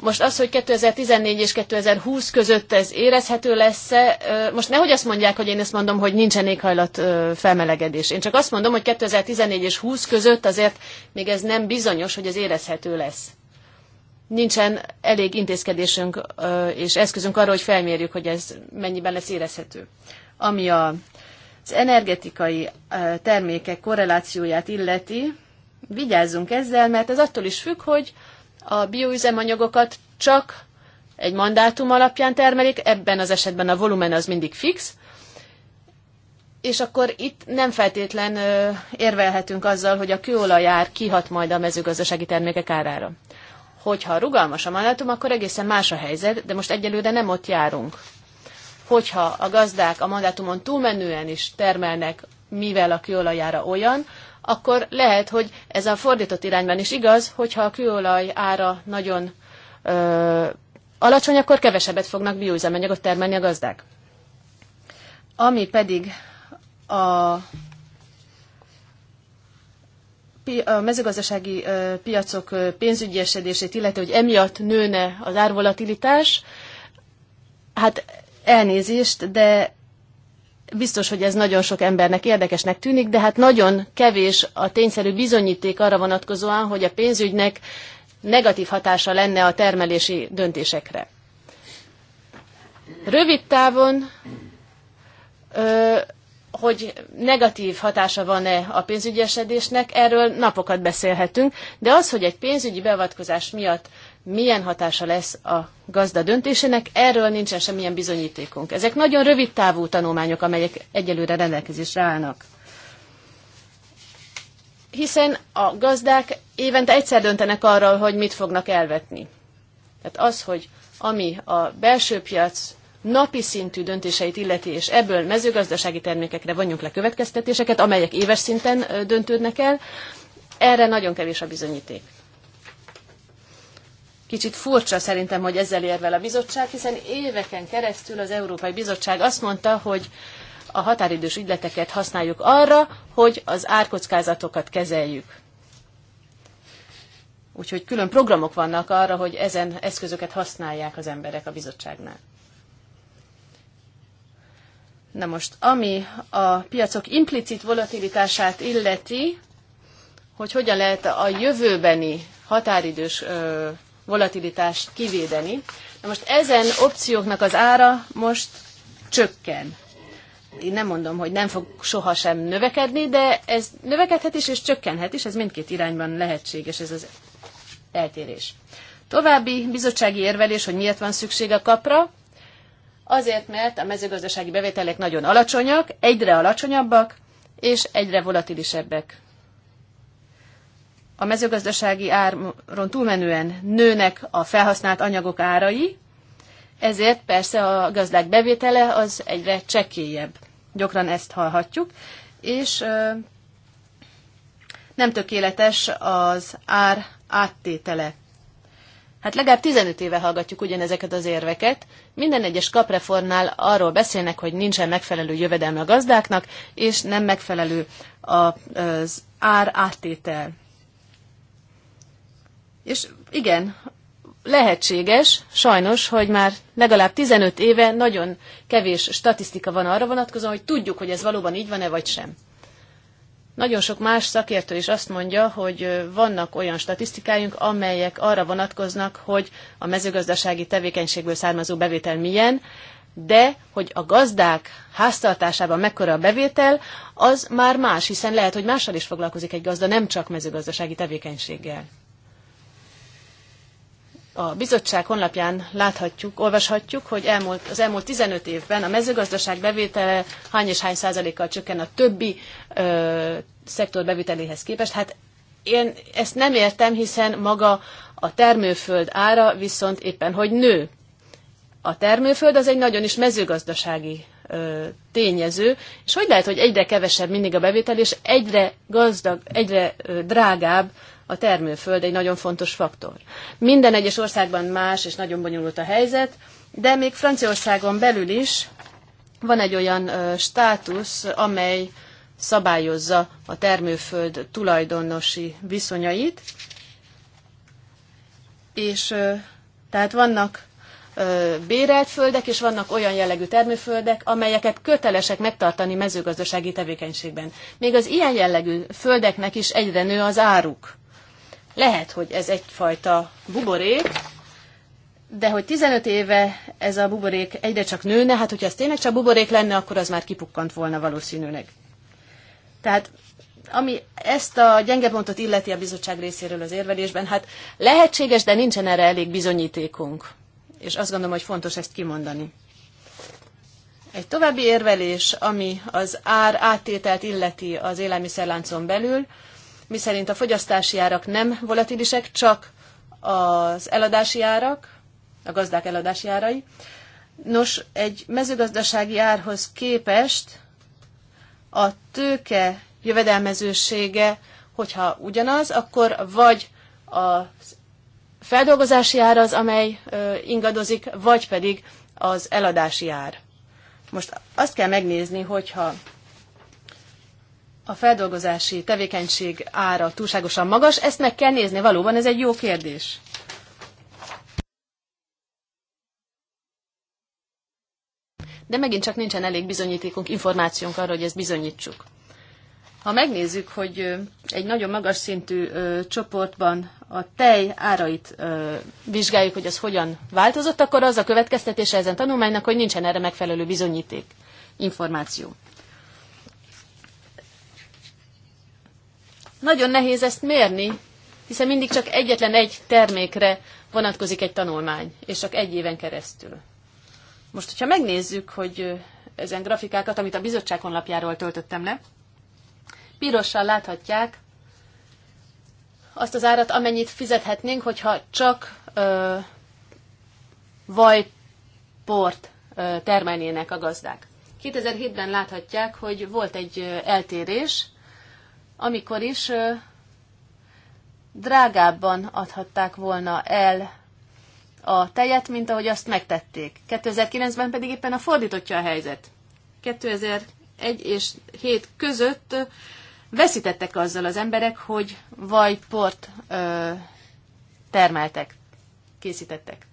Most az, hogy 2014 és 2020 között ez érezhető lesz -e, most nehogy azt mondják, hogy én ezt mondom, hogy nincsen éghajlat felmelegedés. Én csak azt mondom, hogy 2014 és 20 között azért még ez nem bizonyos, hogy ez érezhető lesz. Nincsen elég intézkedésünk és eszközünk arra, hogy felmérjük, hogy ez mennyiben lesz érezhető. Ami a, az energetikai termékek korrelációját illeti, vigyázzunk ezzel, mert ez attól is függ, hogy a bioüzemanyagokat csak egy mandátum alapján termelik, ebben az esetben a volumen az mindig fix, és akkor itt nem feltétlen ö, érvelhetünk azzal, hogy a kőolajár kihat majd a mezőgazdasági termékek árára. Hogyha rugalmas a mandátum, akkor egészen más a helyzet, de most egyelőre nem ott járunk. Hogyha a gazdák a mandátumon túlmenően is termelnek, mivel a kőolajára olyan, akkor lehet, hogy ez a fordított irányban is igaz, hogyha a kőolaj ára nagyon ö, alacsony, akkor kevesebbet fognak bioüzemanyagot termelni a gazdák. Ami pedig a a mezőgazdasági piacok pénzügyi esedését illetve hogy emiatt nőne az árvolatilitás, hát elnézést, de Biztos, hogy ez nagyon sok embernek érdekesnek tűnik, de hát nagyon kevés a tényszerű bizonyíték arra vonatkozóan, hogy a pénzügynek negatív hatása lenne a termelési döntésekre. Rövid távon, hogy negatív hatása van-e a pénzügyesedésnek erről napokat beszélhetünk, de az, hogy egy pénzügyi beavatkozás miatt milyen hatása lesz a gazda döntésének, erről nincsen semmilyen bizonyítékunk. Ezek nagyon rövid távú tanulmányok, amelyek egyelőre rendelkezésre állnak. Hiszen a gazdák évente egyszer döntenek arról, hogy mit fognak elvetni. Tehát az, hogy ami a belső piac napi szintű döntéseit illeti, és ebből mezőgazdasági termékekre vonjunk le következtetéseket, amelyek éves szinten döntődnek el, erre nagyon kevés a bizonyíték. Kicsit furcsa szerintem, hogy ezzel érvel a bizottság, hiszen éveken keresztül az Európai Bizottság azt mondta, hogy a határidős ügyleteket használjuk arra, hogy az árkockázatokat kezeljük. Úgyhogy külön programok vannak arra, hogy ezen eszközöket használják az emberek a bizottságnál. Na most, ami a piacok implicit volatilitását illeti, hogy hogyan lehet a jövőbeni határidős ö, volatilitást kivédeni. Na most ezen opcióknak az ára most csökken. Én nem mondom, hogy nem fog sohasem növekedni, de ez növekedhet is és csökkenhet is, ez mindkét irányban lehetséges ez az eltérés. További bizottsági érvelés, hogy miért van szükség a kapra, Azért, mert a mezőgazdasági bevételek nagyon alacsonyak, egyre alacsonyabbak, és egyre volatilisebbek a mezőgazdasági áron túlmenően nőnek a felhasznált anyagok árai, ezért persze a gazdák bevétele az egyre csekélyebb. Gyakran ezt hallhatjuk, és nem tökéletes az ár áttétele. Hát legalább 15 éve hallgatjuk ugyanezeket az érveket. Minden egyes kapreformnál arról beszélnek, hogy nincsen megfelelő jövedelme a gazdáknak, és nem megfelelő az ár áttétel. És igen, lehetséges, sajnos, hogy már legalább 15 éve nagyon kevés statisztika van arra vonatkozóan, hogy tudjuk, hogy ez valóban így van-e vagy sem. Nagyon sok más szakértő is azt mondja, hogy vannak olyan statisztikáink, amelyek arra vonatkoznak, hogy a mezőgazdasági tevékenységből származó bevétel milyen, de hogy a gazdák háztartásában mekkora a bevétel, az már más, hiszen lehet, hogy mással is foglalkozik egy gazda, nem csak mezőgazdasági tevékenységgel. A bizottság honlapján láthatjuk, olvashatjuk, hogy elmúlt, az elmúlt 15 évben a mezőgazdaság bevétele hány és hány százalékkal csökken a többi ö, szektor bevételéhez képest. Hát én ezt nem értem, hiszen maga a termőföld ára viszont éppen hogy nő. A termőföld az egy nagyon is mezőgazdasági ö, tényező, és hogy lehet, hogy egyre kevesebb mindig a bevétel, és egyre gazdag, egyre ö, drágább a termőföld egy nagyon fontos faktor. Minden egyes országban más és nagyon bonyolult a helyzet, de még Franciaországon belül is van egy olyan státusz, amely szabályozza a termőföld tulajdonosi viszonyait, és tehát vannak bérelt földek, és vannak olyan jellegű termőföldek, amelyeket kötelesek megtartani mezőgazdasági tevékenységben. Még az ilyen jellegű földeknek is egyre nő az áruk. Lehet, hogy ez egyfajta buborék, de hogy 15 éve ez a buborék egyre csak nőne, hát hogyha ez tényleg csak buborék lenne, akkor az már kipukkant volna valószínűleg. Tehát ami ezt a gyenge pontot illeti a bizottság részéről az érvelésben, hát lehetséges, de nincsen erre elég bizonyítékunk. És azt gondolom, hogy fontos ezt kimondani. Egy további érvelés, ami az ár áttételt illeti az élelmiszerláncon belül, miszerint a fogyasztási árak nem volatilisek, csak az eladási árak, a gazdák eladási árai. Nos, egy mezőgazdasági árhoz képest a tőke jövedelmezősége, hogyha ugyanaz, akkor vagy a feldolgozási ár az, amely ingadozik, vagy pedig az eladási ár. Most azt kell megnézni, hogyha a feldolgozási tevékenység ára túlságosan magas, ezt meg kell nézni, valóban ez egy jó kérdés. De megint csak nincsen elég bizonyítékunk, információnk arra, hogy ezt bizonyítsuk. Ha megnézzük, hogy egy nagyon magas szintű csoportban a tej árait vizsgáljuk, hogy az hogyan változott, akkor az a következtetése ezen tanulmánynak, hogy nincsen erre megfelelő bizonyíték, információ. Nagyon nehéz ezt mérni, hiszen mindig csak egyetlen egy termékre vonatkozik egy tanulmány, és csak egy éven keresztül. Most, hogyha megnézzük, hogy ezen grafikákat, amit a bizottság honlapjáról töltöttem le, pirossal láthatják azt az árat, amennyit fizethetnénk, hogyha csak ö, vajport ö, termelnének a gazdák. 2007-ben láthatják, hogy volt egy eltérés, amikor is drágábban adhatták volna el a tejet, mint ahogy azt megtették. 2009-ben pedig éppen a fordítottja a helyzet. 2001 és 7 között veszítettek azzal az emberek, hogy vajport ö, termeltek, készítettek.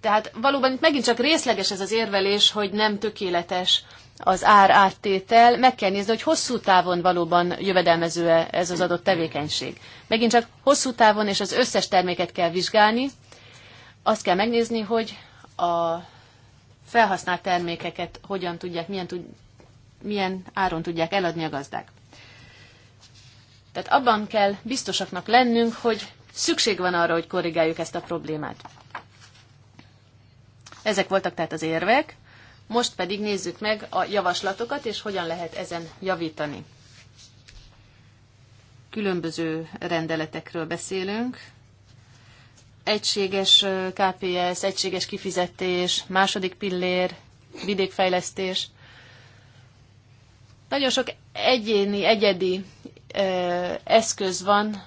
Tehát valóban itt megint csak részleges ez az érvelés, hogy nem tökéletes az ár áttétel, meg kell nézni, hogy hosszú távon valóban jövedelmező -e ez az adott tevékenység. Megint csak hosszú távon és az összes terméket kell vizsgálni, azt kell megnézni, hogy a felhasznált termékeket hogyan tudják, milyen, tud, milyen áron tudják eladni a gazdák. Tehát abban kell biztosaknak lennünk, hogy szükség van arra, hogy korrigáljuk ezt a problémát. Ezek voltak tehát az érvek. Most pedig nézzük meg a javaslatokat, és hogyan lehet ezen javítani. Különböző rendeletekről beszélünk. Egységes KPS, egységes kifizetés, második pillér, vidékfejlesztés. Nagyon sok egyéni, egyedi eszköz van,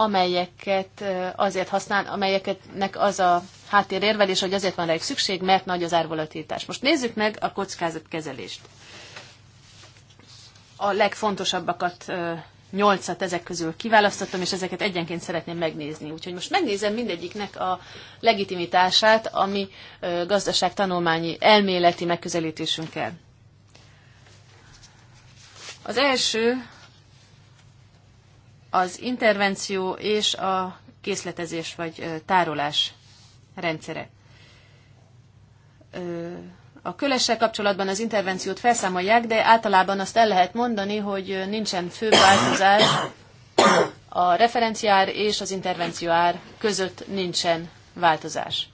amelyeket azért használ, amelyeknek az a háttérérvelés, hogy azért van rájuk szükség, mert nagy az árvolatítás. Most nézzük meg a kockázatkezelést. A legfontosabbakat nyolcat ezek közül kiválasztottam, és ezeket egyenként szeretném megnézni. Úgyhogy most megnézem mindegyiknek a legitimitását, ami gazdaságtanulmányi elméleti megközelítésünkkel. Az első az intervenció és a készletezés vagy tárolás rendszere. A kölessel kapcsolatban az intervenciót felszámolják, de általában azt el lehet mondani, hogy nincsen fő változás, a referenciár és az intervencióár között nincsen változás.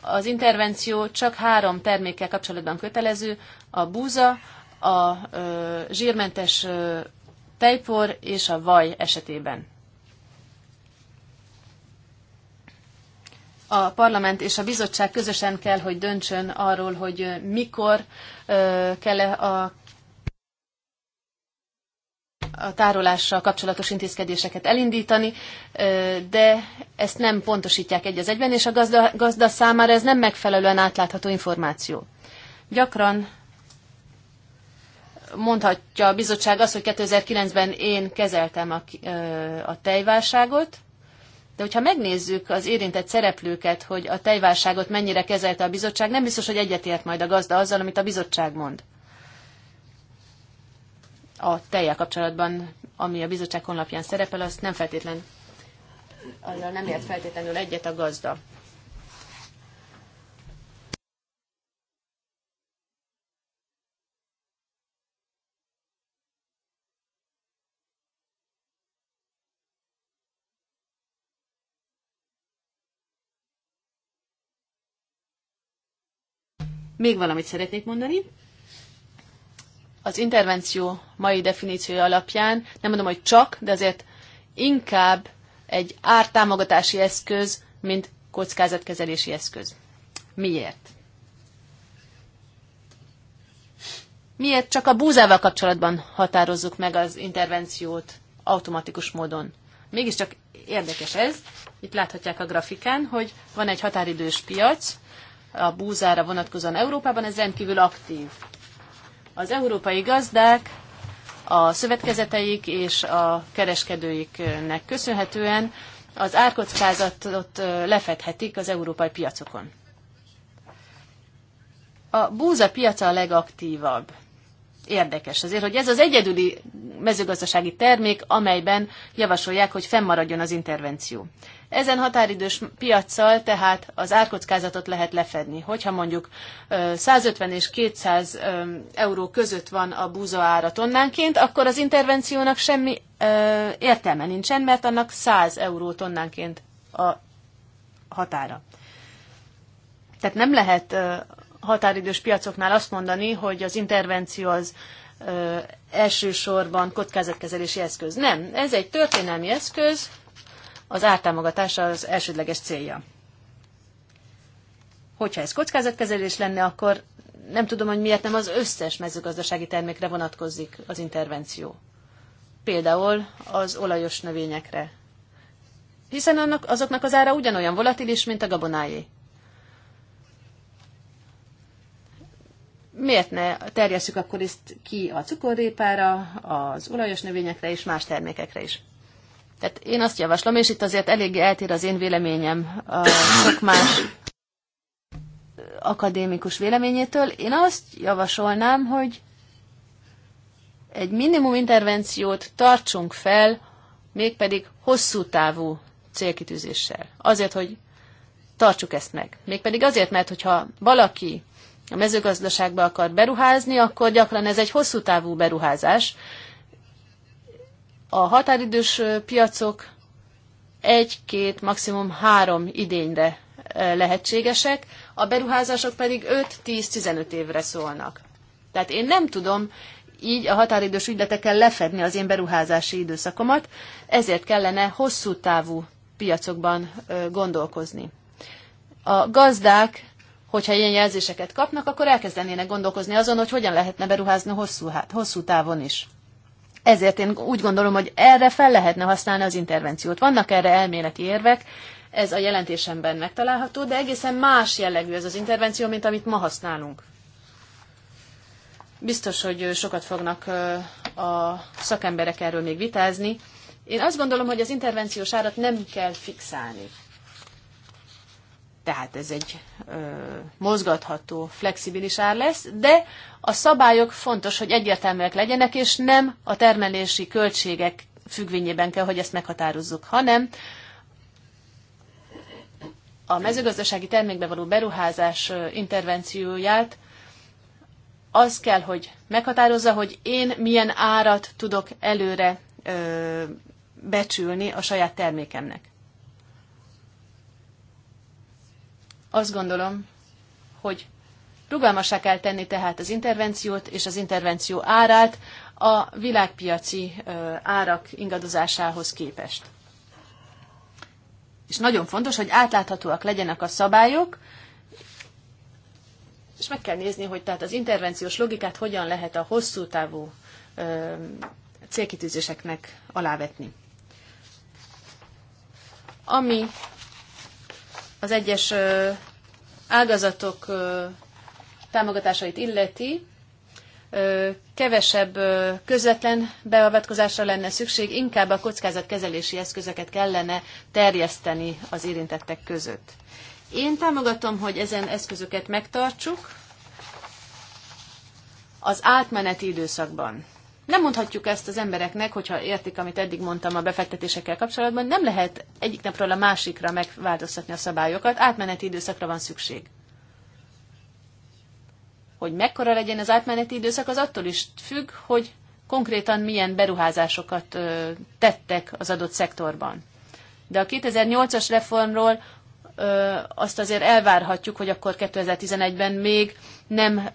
Az intervenció csak három termékkel kapcsolatban kötelező, a búza, a zsírmentes tejpor és a vaj esetében. A parlament és a bizottság közösen kell, hogy döntsön arról, hogy mikor kell -e a a tárolással kapcsolatos intézkedéseket elindítani, de ezt nem pontosítják egy az egyben, és a gazda, gazda számára ez nem megfelelően átlátható információ. Gyakran mondhatja a bizottság azt, hogy 2009-ben én kezeltem a, a tejválságot, de hogyha megnézzük az érintett szereplőket, hogy a tejválságot mennyire kezelte a bizottság, nem biztos, hogy egyetért majd a gazda azzal, amit a bizottság mond. A tejjel kapcsolatban, ami a bizottság honlapján szerepel, azt nem feltétlen, azzal nem ért feltétlenül egyet a gazda. Még valamit szeretnék mondani. Az intervenció mai definíciója alapján, nem mondom, hogy csak, de azért inkább egy ártámogatási eszköz, mint kockázatkezelési eszköz. Miért? Miért csak a búzával kapcsolatban határozzuk meg az intervenciót automatikus módon? Mégiscsak érdekes ez. Itt láthatják a grafikán, hogy van egy határidős piac, a búzára vonatkozóan Európában, ez rendkívül aktív. Az európai gazdák a szövetkezeteik és a kereskedőiknek köszönhetően az árkockázatot lefedhetik az európai piacokon. A búza piaca a legaktívabb. Érdekes azért, hogy ez az egyedüli mezőgazdasági termék, amelyben javasolják, hogy fennmaradjon az intervenció. Ezen határidős piaccal tehát az árkockázatot lehet lefedni. Hogyha mondjuk 150 és 200 euró között van a búza ára tonnánként, akkor az intervenciónak semmi értelme nincsen, mert annak 100 euró tonnánként a határa. Tehát nem lehet határidős piacoknál azt mondani, hogy az intervenció az elsősorban kockázatkezelési eszköz. Nem, ez egy történelmi eszköz, az ártámogatása az elsődleges célja. Hogyha ez kockázatkezelés lenne, akkor nem tudom, hogy miért nem az összes mezőgazdasági termékre vonatkozik az intervenció. Például az olajos növényekre. Hiszen annak, azoknak az ára ugyanolyan volatilis, mint a gabonájé. miért ne terjesszük akkor ezt ki a cukorrépára, az olajos növényekre és más termékekre is? Tehát én azt javaslom, és itt azért eléggé eltér az én véleményem a sok más akadémikus véleményétől. Én azt javasolnám, hogy egy minimum intervenciót tartsunk fel, mégpedig hosszú távú célkitűzéssel. Azért, hogy tartsuk ezt meg. Mégpedig azért, mert hogyha valaki a mezőgazdaságba akar beruházni, akkor gyakran ez egy hosszú távú beruházás, a határidős piacok egy-két, maximum három idényre lehetségesek, a beruházások pedig 5-10-15 évre szólnak. Tehát én nem tudom így a határidős ügyletekkel lefedni az én beruházási időszakomat, ezért kellene hosszú távú piacokban gondolkozni. A gazdák, hogyha ilyen jelzéseket kapnak, akkor elkezdenének gondolkozni azon, hogy hogyan lehetne beruházni hosszú, hosszú távon is. Ezért én úgy gondolom, hogy erre fel lehetne használni az intervenciót. Vannak erre elméleti érvek, ez a jelentésemben megtalálható, de egészen más jellegű ez az intervenció, mint amit ma használunk. Biztos, hogy sokat fognak a szakemberek erről még vitázni. Én azt gondolom, hogy az intervenciós árat nem kell fixálni. Tehát ez egy ö, mozgatható, flexibilis ár lesz, de a szabályok fontos, hogy egyértelműek legyenek, és nem a termelési költségek függvényében kell, hogy ezt meghatározzuk, hanem a mezőgazdasági termékbe való beruházás intervencióját az kell, hogy meghatározza, hogy én milyen árat tudok előre ö, becsülni a saját termékemnek. Azt gondolom, hogy rugalmasá kell tenni tehát az intervenciót és az intervenció árát a világpiaci árak ingadozásához képest. És nagyon fontos, hogy átláthatóak legyenek a szabályok, és meg kell nézni, hogy tehát az intervenciós logikát hogyan lehet a hosszú távú ö, célkitűzéseknek alávetni. Ami az egyes ágazatok támogatásait illeti, kevesebb közvetlen beavatkozásra lenne szükség, inkább a kockázatkezelési eszközöket kellene terjeszteni az érintettek között. Én támogatom, hogy ezen eszközöket megtartsuk az átmeneti időszakban. Nem mondhatjuk ezt az embereknek, hogyha értik, amit eddig mondtam a befektetésekkel kapcsolatban, nem lehet egyik napról a másikra megváltoztatni a szabályokat, átmeneti időszakra van szükség. Hogy mekkora legyen az átmeneti időszak, az attól is függ, hogy konkrétan milyen beruházásokat tettek az adott szektorban. De a 2008-as reformról azt azért elvárhatjuk, hogy akkor 2011-ben még nem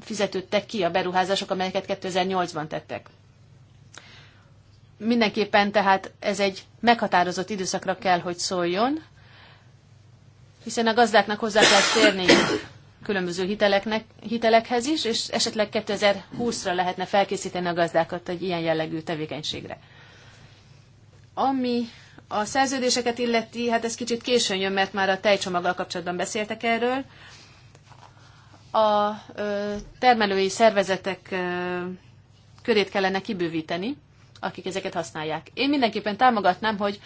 fizetődtek ki a beruházások, amelyeket 2008-ban tettek. Mindenképpen tehát ez egy meghatározott időszakra kell, hogy szóljon, hiszen a gazdáknak hozzá kell térni különböző hiteleknek, hitelekhez is, és esetleg 2020-ra lehetne felkészíteni a gazdákat egy ilyen jellegű tevékenységre. Ami a szerződéseket illeti, hát ez kicsit későn jön, mert már a tejcsomaggal kapcsolatban beszéltek erről. A termelői szervezetek körét kellene kibővíteni, akik ezeket használják. Én mindenképpen támogatnám, hogy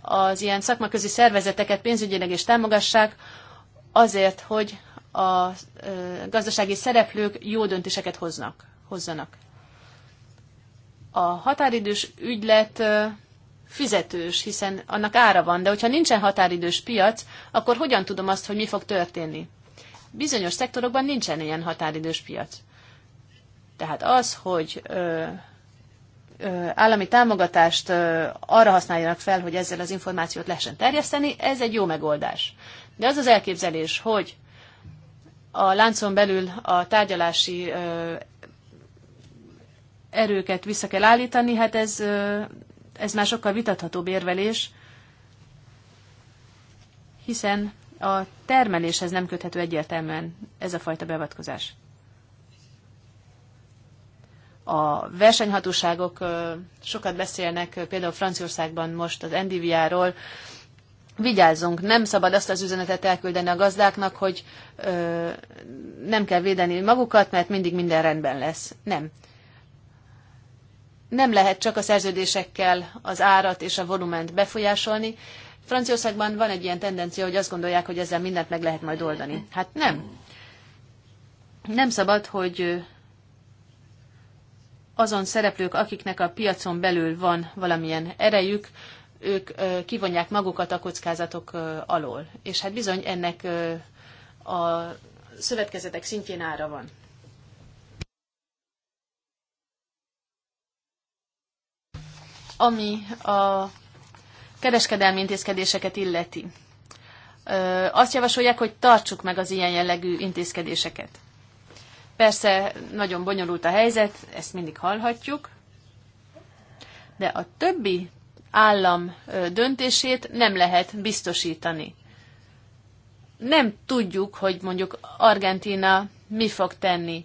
az ilyen szakmaközi szervezeteket pénzügyileg is támogassák, azért, hogy a gazdasági szereplők jó döntéseket hoznak, hozzanak. A határidős ügylet fizetős, hiszen annak ára van, de hogyha nincsen határidős piac, akkor hogyan tudom azt, hogy mi fog történni? Bizonyos szektorokban nincsen ilyen határidős piac. Tehát az, hogy ö, ö, állami támogatást ö, arra használjanak fel, hogy ezzel az információt lehessen terjeszteni, ez egy jó megoldás. De az az elképzelés, hogy a láncon belül a tárgyalási ö, erőket vissza kell állítani, hát ez ez már sokkal vitathatóbb érvelés, hiszen a termeléshez nem köthető egyértelműen ez a fajta beavatkozás. A versenyhatóságok sokat beszélnek, például Franciaországban most az ndvr ról vigyázzunk, nem szabad azt az üzenetet elküldeni a gazdáknak, hogy ö, nem kell védeni magukat, mert mindig minden rendben lesz. Nem nem lehet csak a szerződésekkel az árat és a volument befolyásolni. Franciaországban van egy ilyen tendencia, hogy azt gondolják, hogy ezzel mindent meg lehet majd oldani. Hát nem. Nem szabad, hogy azon szereplők, akiknek a piacon belül van valamilyen erejük, ők kivonják magukat a kockázatok alól. És hát bizony ennek a szövetkezetek szintjén ára van. ami a kereskedelmi intézkedéseket illeti. Azt javasolják, hogy tartsuk meg az ilyen jellegű intézkedéseket. Persze nagyon bonyolult a helyzet, ezt mindig hallhatjuk, de a többi állam döntését nem lehet biztosítani. Nem tudjuk, hogy mondjuk Argentína mi fog tenni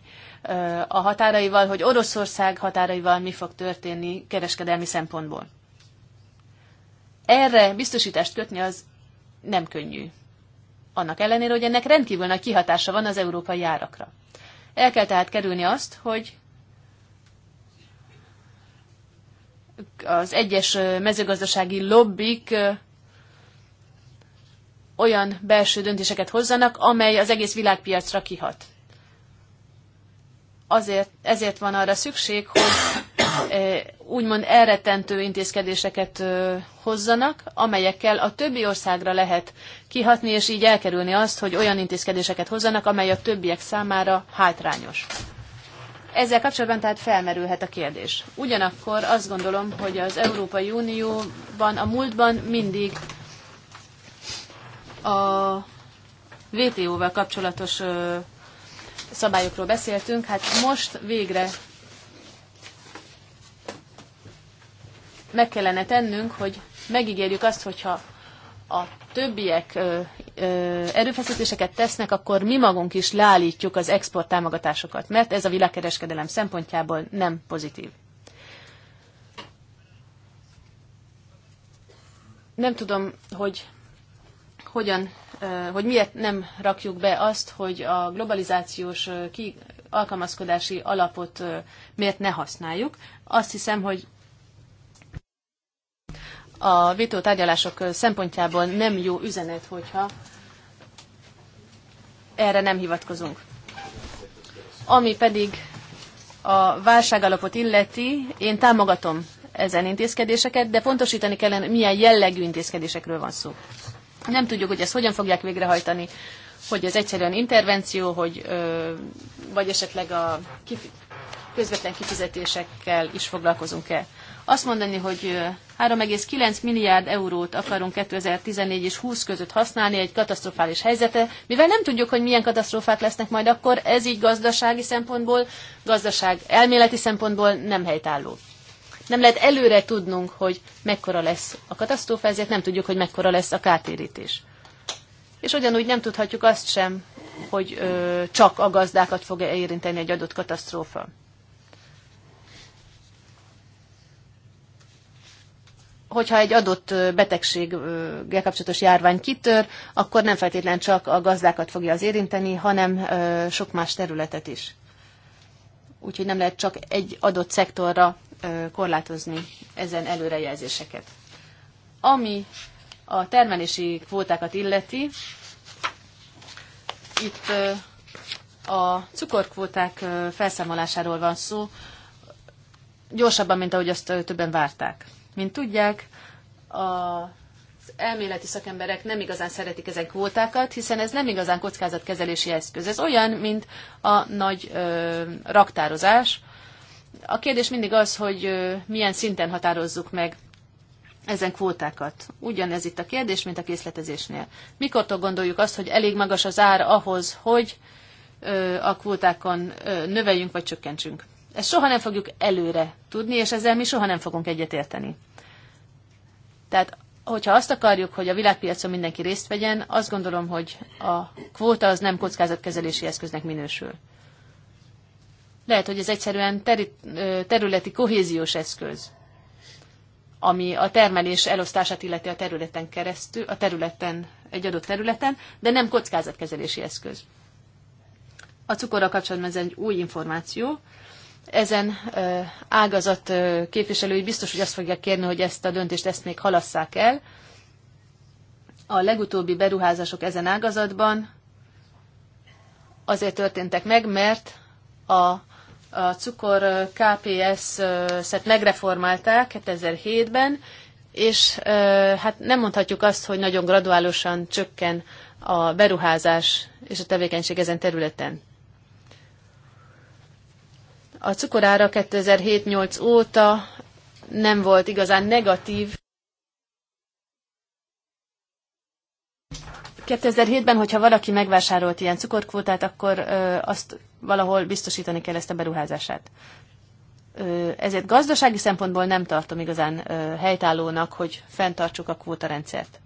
a határaival, hogy Oroszország határaival mi fog történni kereskedelmi szempontból. Erre biztosítást kötni az nem könnyű. Annak ellenére, hogy ennek rendkívül nagy kihatása van az európai árakra. El kell tehát kerülni azt, hogy az egyes mezőgazdasági lobbik olyan belső döntéseket hozzanak, amely az egész világpiacra kihat azért, ezért van arra szükség, hogy úgymond elretentő intézkedéseket hozzanak, amelyekkel a többi országra lehet kihatni, és így elkerülni azt, hogy olyan intézkedéseket hozzanak, amely a többiek számára hátrányos. Ezzel kapcsolatban tehát felmerülhet a kérdés. Ugyanakkor azt gondolom, hogy az Európai Unióban a múltban mindig a WTO-val kapcsolatos szabályokról beszéltünk, hát most végre meg kellene tennünk, hogy megígérjük azt, hogyha a többiek ö, ö, erőfeszítéseket tesznek, akkor mi magunk is leállítjuk az export támogatásokat, mert ez a világkereskedelem szempontjából nem pozitív. Nem tudom, hogy hogyan hogy miért nem rakjuk be azt, hogy a globalizációs ki, alkalmazkodási alapot miért ne használjuk. Azt hiszem, hogy a vétó tárgyalások szempontjából nem jó üzenet, hogyha erre nem hivatkozunk. Ami pedig a válságalapot illeti, én támogatom ezen intézkedéseket, de pontosítani kellene, milyen jellegű intézkedésekről van szó. Nem tudjuk, hogy ezt hogyan fogják végrehajtani, hogy ez egyszerűen intervenció, hogy ö, vagy esetleg a kif- közvetlen kifizetésekkel is foglalkozunk-e. Azt mondani, hogy 3,9 milliárd eurót akarunk 2014 és 20 között használni egy katasztrofális helyzete, mivel nem tudjuk, hogy milyen katasztrófák lesznek majd akkor, ez így gazdasági szempontból, gazdaság elméleti szempontból nem helytálló nem lehet előre tudnunk, hogy mekkora lesz a katasztrófa, ezért nem tudjuk, hogy mekkora lesz a kártérítés. És ugyanúgy nem tudhatjuk azt sem, hogy ö, csak a gazdákat fog -e érinteni egy adott katasztrófa. Hogyha egy adott betegséggel kapcsolatos járvány kitör, akkor nem feltétlenül csak a gazdákat fogja az érinteni, hanem ö, sok más területet is. Úgyhogy nem lehet csak egy adott szektorra korlátozni ezen előrejelzéseket. Ami a termelési kvótákat illeti, itt a cukorkvóták felszámolásáról van szó, gyorsabban, mint ahogy azt többen várták. Mint tudják, az elméleti szakemberek nem igazán szeretik ezen kvótákat, hiszen ez nem igazán kockázatkezelési eszköz. Ez olyan, mint a nagy ö, raktározás, a kérdés mindig az, hogy milyen szinten határozzuk meg ezen kvótákat. Ugyanez itt a kérdés, mint a készletezésnél. Mikortól gondoljuk azt, hogy elég magas az ár ahhoz, hogy a kvótákon növeljünk vagy csökkentsünk? Ezt soha nem fogjuk előre tudni, és ezzel mi soha nem fogunk egyetérteni. Tehát, hogyha azt akarjuk, hogy a világpiacon mindenki részt vegyen, azt gondolom, hogy a kvóta az nem kockázatkezelési eszköznek minősül. Lehet, hogy ez egyszerűen teri, területi kohéziós eszköz, ami a termelés elosztását illeti a területen keresztül, a területen, egy adott területen, de nem kockázatkezelési eszköz. A cukorra kapcsolatban ez egy új információ. Ezen ágazat képviselői biztos, hogy azt fogják kérni, hogy ezt a döntést ezt még halasszák el. A legutóbbi beruházások ezen ágazatban azért történtek meg, mert a a cukor kps szet megreformálták 2007-ben, és hát nem mondhatjuk azt, hogy nagyon graduálisan csökken a beruházás és a tevékenység ezen területen. A cukorára 2007-8 óta nem volt igazán negatív 2007-ben, hogyha valaki megvásárolt ilyen cukorkvótát, akkor ö, azt valahol biztosítani kell ezt a beruházását. Ö, ezért gazdasági szempontból nem tartom igazán ö, helytállónak, hogy fenntartsuk a kvótarendszert.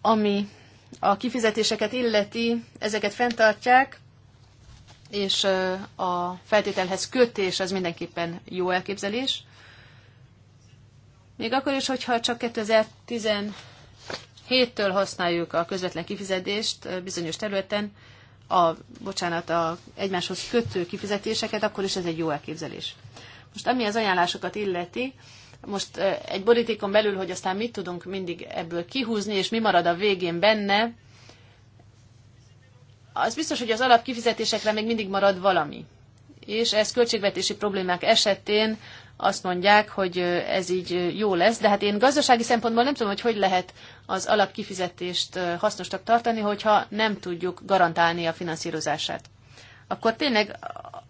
Ami a kifizetéseket illeti, ezeket fenntartják, és a feltételhez kötés az mindenképpen jó elképzelés. Még akkor is, hogyha csak 2017-től használjuk a közvetlen kifizetést bizonyos területen, a, bocsánat, a egymáshoz kötő kifizetéseket, akkor is ez egy jó elképzelés. Most ami az ajánlásokat illeti, most egy borítékon belül, hogy aztán mit tudunk mindig ebből kihúzni, és mi marad a végén benne, az biztos, hogy az alapkifizetésekre még mindig marad valami. És ez költségvetési problémák esetén azt mondják, hogy ez így jó lesz, de hát én gazdasági szempontból nem tudom, hogy hogy lehet az alapkifizetést hasznosnak tartani, hogyha nem tudjuk garantálni a finanszírozását. Akkor tényleg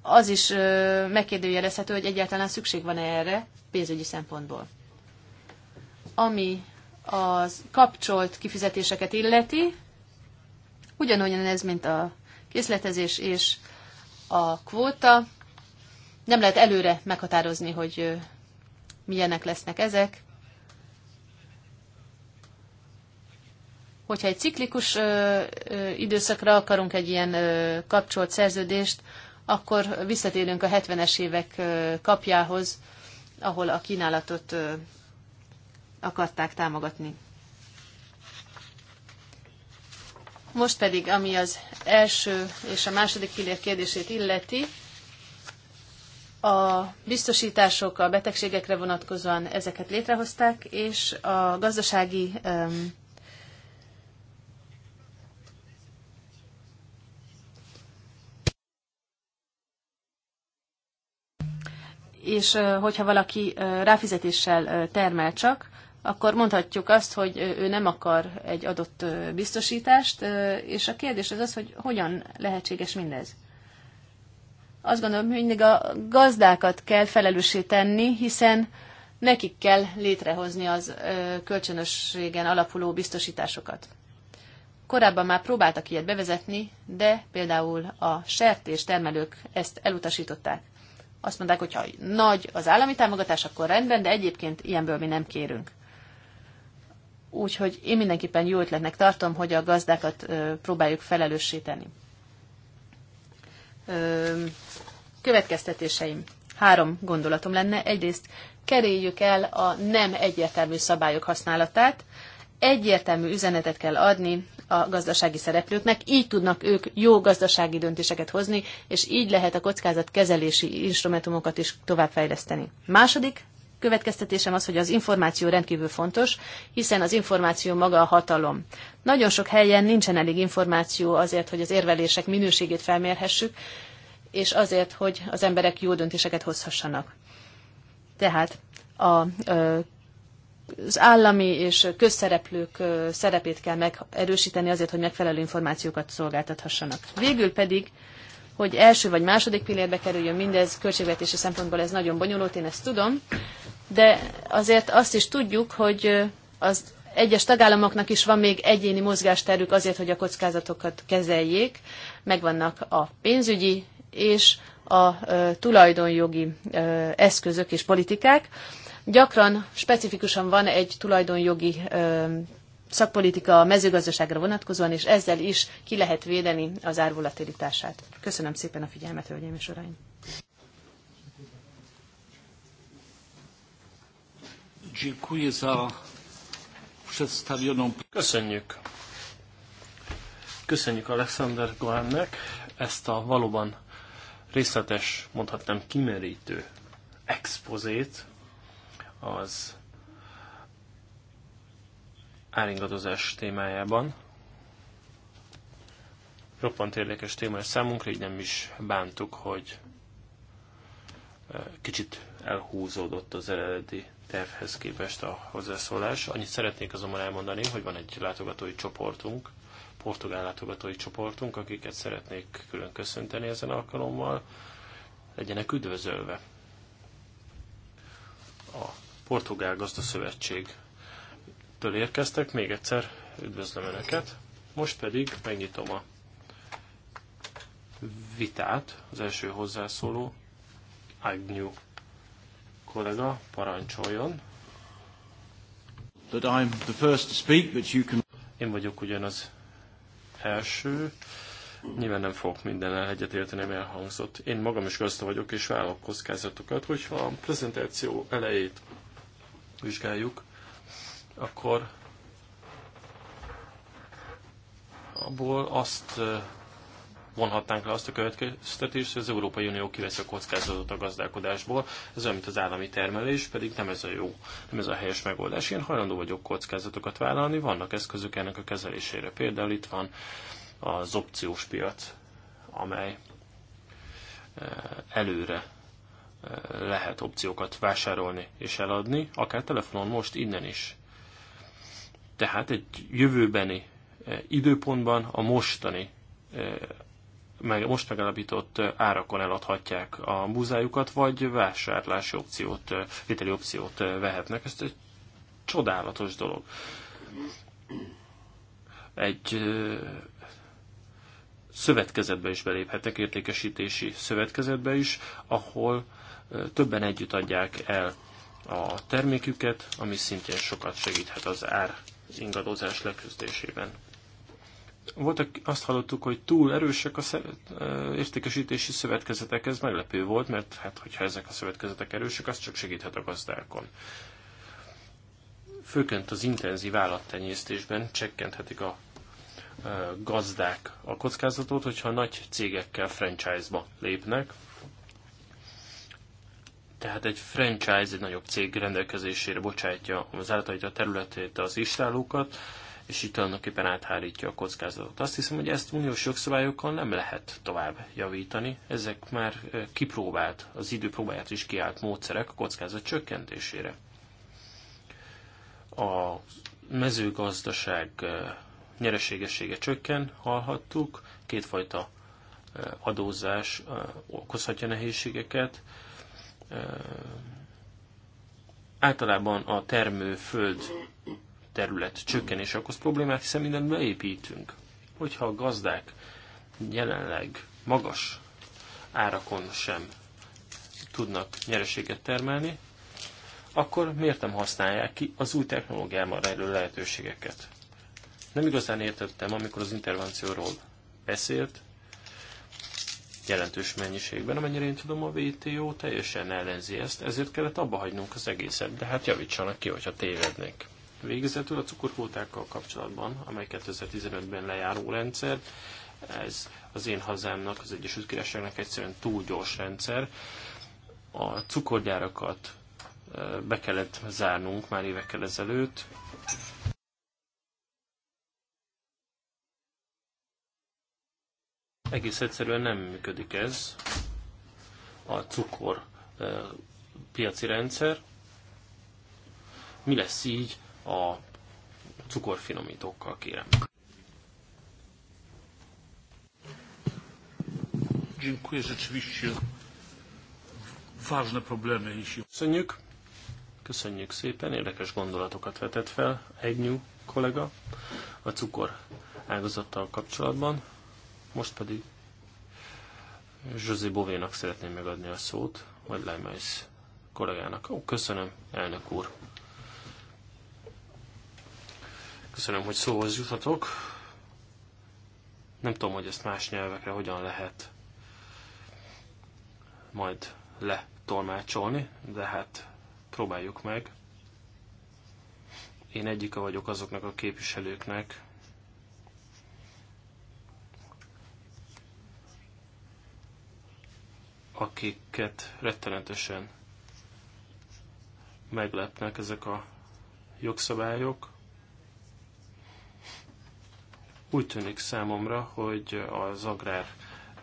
az is megkérdőjelezhető, hogy egyáltalán szükség van-e erre pénzügyi szempontból. Ami az kapcsolt kifizetéseket illeti, ugyanolyan ez, mint a készletezés és a kvóta, nem lehet előre meghatározni, hogy milyenek lesznek ezek. Hogyha egy ciklikus ö, ö, időszakra akarunk egy ilyen ö, kapcsolt szerződést, akkor visszatérünk a 70-es évek ö, kapjához, ahol a kínálatot ö, akarták támogatni. Most pedig, ami az első és a második pillér kérdését illeti, a biztosítások a betegségekre vonatkozóan ezeket létrehozták, és a gazdasági um, és hogyha valaki ráfizetéssel termel csak, akkor mondhatjuk azt, hogy ő nem akar egy adott biztosítást, és a kérdés az az, hogy hogyan lehetséges mindez azt gondolom, hogy mindig a gazdákat kell felelőssé tenni, hiszen nekik kell létrehozni az kölcsönösségen alapuló biztosításokat. Korábban már próbáltak ilyet bevezetni, de például a sertés termelők ezt elutasították. Azt mondták, hogy ha nagy az állami támogatás, akkor rendben, de egyébként ilyenből mi nem kérünk. Úgyhogy én mindenképpen jó ötletnek tartom, hogy a gazdákat próbáljuk felelősíteni következtetéseim. Három gondolatom lenne. Egyrészt keréljük el a nem egyértelmű szabályok használatát. Egyértelmű üzenetet kell adni a gazdasági szereplőknek, így tudnak ők jó gazdasági döntéseket hozni, és így lehet a kockázatkezelési instrumentumokat is továbbfejleszteni. Második következtetésem az, hogy az információ rendkívül fontos, hiszen az információ maga a hatalom. Nagyon sok helyen nincsen elég információ azért, hogy az érvelések minőségét felmérhessük, és azért, hogy az emberek jó döntéseket hozhassanak. Tehát a az állami és közszereplők szerepét kell megerősíteni azért, hogy megfelelő információkat szolgáltathassanak. Végül pedig hogy első vagy második pillérbe kerüljön mindez, költségvetési szempontból ez nagyon bonyolult, én ezt tudom, de azért azt is tudjuk, hogy az egyes tagállamoknak is van még egyéni mozgásterük azért, hogy a kockázatokat kezeljék, megvannak a pénzügyi és a tulajdonjogi eszközök és politikák. Gyakran specifikusan van egy tulajdonjogi szakpolitika a mezőgazdaságra vonatkozóan, és ezzel is ki lehet védeni az árvolatilitását. Köszönöm szépen a figyelmet, hölgyeim és uraim! Köszönjük! Köszönjük Alexander Gohannek ezt a valóban részletes, mondhatnám kimerítő expozét az áringadozás témájában. Roppant érdekes téma számunkra, így nem is bántuk, hogy kicsit elhúzódott az eredeti tervhez képest a hozzászólás. Annyit szeretnék azonban elmondani, hogy van egy látogatói csoportunk, portugál látogatói csoportunk, akiket szeretnék külön köszönteni ezen alkalommal. Legyenek üdvözölve! A Portugál Gazdaszövetség től érkeztek, még egyszer üdvözlöm Önöket. Most pedig megnyitom a vitát, az első hozzászóló, Agnew kollega, parancsoljon. That I'm the first to speak, but you can... Én vagyok ugyan az első. Nyilván nem fogok minden egyet érteni, ami elhangzott. Én magam is gazda vagyok, és vállalkozkázatokat, hogyha a prezentáció elejét vizsgáljuk, akkor abból azt vonhatnánk le azt a következtetést, hogy az Európai Unió kiveszi a kockázatot a gazdálkodásból, ez olyan, mint az állami termelés, pedig nem ez a jó, nem ez a helyes megoldás. Én hajlandó vagyok kockázatokat vállalni, vannak eszközök ennek a kezelésére. Például itt van az opciós piac, amely előre lehet opciókat vásárolni és eladni, akár telefonon most innen is. Tehát egy jövőbeni eh, időpontban a mostani eh, meg, most megalapított eh, árakon eladhatják a múzájukat, vagy vásárlási opciót, vételi opciót vehetnek. Ez egy csodálatos dolog. Egy szövetkezetbe is beléphetek, értékesítési szövetkezetbe is, ahol többen együtt adják el a terméküket, ami szintén sokat segíthet az ár ingadozás leküzdésében. Voltak, azt hallottuk, hogy túl erősek a eh, értékesítési szövetkezetek, ez meglepő volt, mert hát, hogyha ezek a szövetkezetek erősek, az csak segíthet a gazdákon. Főként az intenzív állattenyésztésben csökkenthetik a eh, gazdák a kockázatot, hogyha nagy cégekkel franchise-ba lépnek, tehát egy franchise egy nagyobb cég rendelkezésére bocsátja az általítja a területét az istálókat, és itt tulajdonképpen áthárítja a kockázatot. Azt hiszem, hogy ezt uniós jogszabályokkal nem lehet tovább javítani. Ezek már eh, kipróbált, az idő próbáját is kiállt módszerek a kockázat csökkentésére. A mezőgazdaság eh, nyereségessége csökken, hallhattuk, kétfajta eh, adózás okozhatja nehézségeket, általában a termőföld terület csökkenés okoz problémát, hiszen mindent beépítünk. Hogyha a gazdák jelenleg magas árakon sem tudnak nyereséget termelni, akkor miért nem használják ki az új technológiában rejlő lehetőségeket? Nem igazán értettem, amikor az intervencióról beszélt, jelentős mennyiségben, amennyire én tudom, a WTO teljesen ellenzi ezt, ezért kellett abba hagynunk az egészet, de hát javítsanak ki, hogyha tévednek. Végezetül a cukorkvótákkal kapcsolatban, amely 2015-ben lejáró rendszer, ez az én hazámnak, az Egyesült Királyságnak egyszerűen túl gyors rendszer. A cukorgyárakat be kellett zárnunk már évekkel ezelőtt, Egész egyszerűen nem működik ez a cukor piaci rendszer. Mi lesz így a cukorfinomítókkal, kérem? Dziękuję rzeczywiście. Ważne problemy, Köszönjük. Köszönjük szépen, érdekes gondolatokat vetett fel egy kollega a cukor ágazattal kapcsolatban. Most pedig José Bovénak szeretném megadni a szót, majd Leimais kollégának. Ó, köszönöm, elnök úr. Köszönöm, hogy szóhoz juthatok. Nem tudom, hogy ezt más nyelvekre hogyan lehet majd letolmácsolni, de hát próbáljuk meg. Én egyike vagyok azoknak a képviselőknek, akiket rettenetesen meglepnek ezek a jogszabályok. Úgy tűnik számomra, hogy az agrár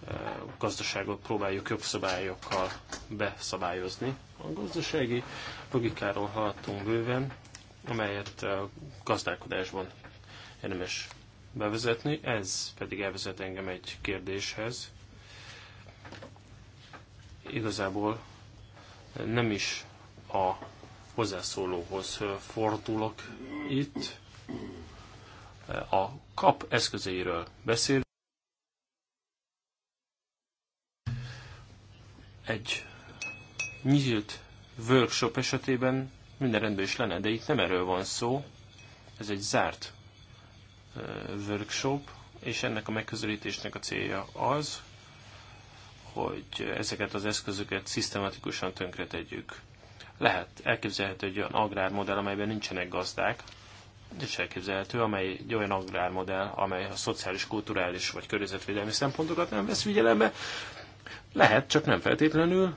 eh, gazdaságot próbáljuk jogszabályokkal beszabályozni. A gazdasági logikáról haladtunk bőven, amelyet a eh, gazdálkodásban érdemes bevezetni. Ez pedig elvezet engem egy kérdéshez igazából nem is a hozzászólóhoz fordulok itt. A kap eszközeiről beszél. Egy nyílt workshop esetében minden rendben is lenne, de itt nem erről van szó. Ez egy zárt workshop, és ennek a megközelítésnek a célja az, hogy ezeket az eszközöket szisztematikusan tönkretegyük. Lehet, elképzelhető egy olyan agrármodell, amelyben nincsenek gazdák, és elképzelhető, amely egy olyan agrármodell, amely a szociális, kulturális vagy környezetvédelmi szempontokat nem vesz figyelembe. Lehet, csak nem feltétlenül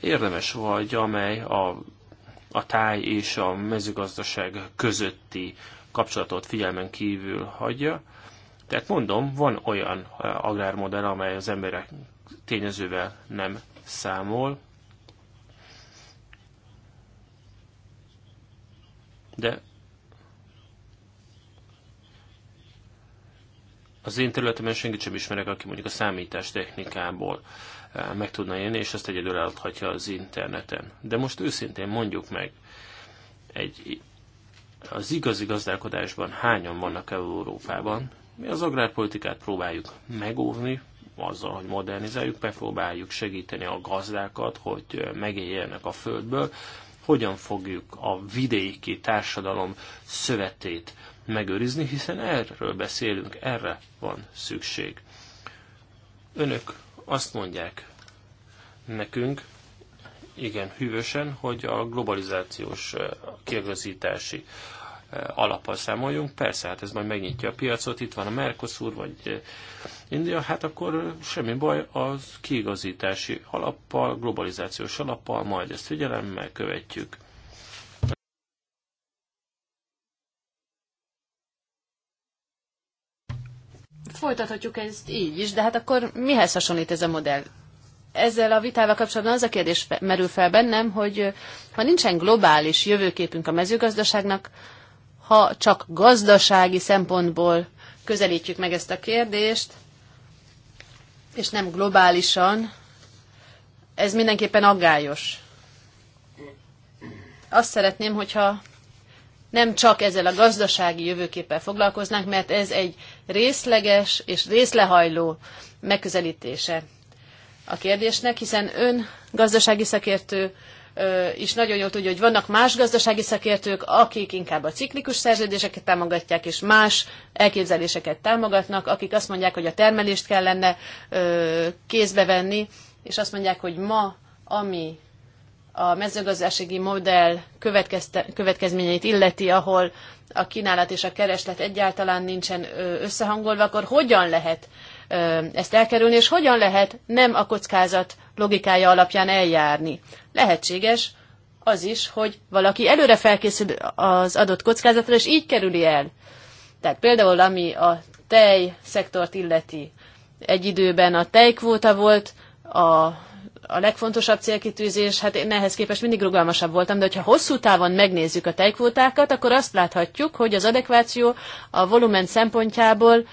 érdemes vagy, amely a, a táj és a mezőgazdaság közötti kapcsolatot figyelmen kívül hagyja. Tehát mondom, van olyan agrármodell, amely az emberek tényezővel nem számol, de az én területemben senkit sem ismerek, aki mondjuk a számítás technikából meg tudna élni, és ezt egyedül eladhatja az interneten. De most őszintén mondjuk meg, egy, az igazi gazdálkodásban hányan vannak Európában, mi az agrárpolitikát próbáljuk megóvni, azzal, hogy modernizáljuk, megpróbáljuk segíteni a gazdákat, hogy megéljenek a földből, hogyan fogjuk a vidéki társadalom szövetét megőrizni, hiszen erről beszélünk, erre van szükség. Önök azt mondják nekünk, igen, hűvösen, hogy a globalizációs kiegazítási Eh, alappal számoljunk. Persze, hát ez majd megnyitja a piacot, itt van a Mercosur vagy eh, India, hát akkor eh, semmi baj, az kiigazítási alappal, globalizációs alappal, majd ezt figyelemmel követjük. Folytathatjuk ezt így is, de hát akkor mihez hasonlít ez a modell? ezzel a vitával kapcsolatban az a kérdés merül fel bennem, hogy ha nincsen globális jövőképünk a mezőgazdaságnak, ha csak gazdasági szempontból közelítjük meg ezt a kérdést, és nem globálisan, ez mindenképpen aggályos. Azt szeretném, hogyha nem csak ezzel a gazdasági jövőképpel foglalkoznánk, mert ez egy részleges és részlehajló megközelítése a kérdésnek, hiszen ön gazdasági szakértő, is nagyon jól tudja, hogy vannak más gazdasági szakértők, akik inkább a ciklikus szerződéseket támogatják, és más elképzeléseket támogatnak, akik azt mondják, hogy a termelést kellene kézbe venni, és azt mondják, hogy ma, ami a mezőgazdasági modell következményeit illeti, ahol a kínálat és a kereslet egyáltalán nincsen összehangolva, akkor hogyan lehet ezt elkerülni, és hogyan lehet nem a kockázat logikája alapján eljárni. Lehetséges az is, hogy valaki előre felkészül az adott kockázatra, és így kerüli el. Tehát például, ami a tej szektort illeti, egy időben a tejkvóta volt, a a legfontosabb célkitűzés, hát én ehhez képest mindig rugalmasabb voltam, de hogyha hosszú távon megnézzük a tejkvótákat, akkor azt láthatjuk, hogy az adekváció a volumen szempontjából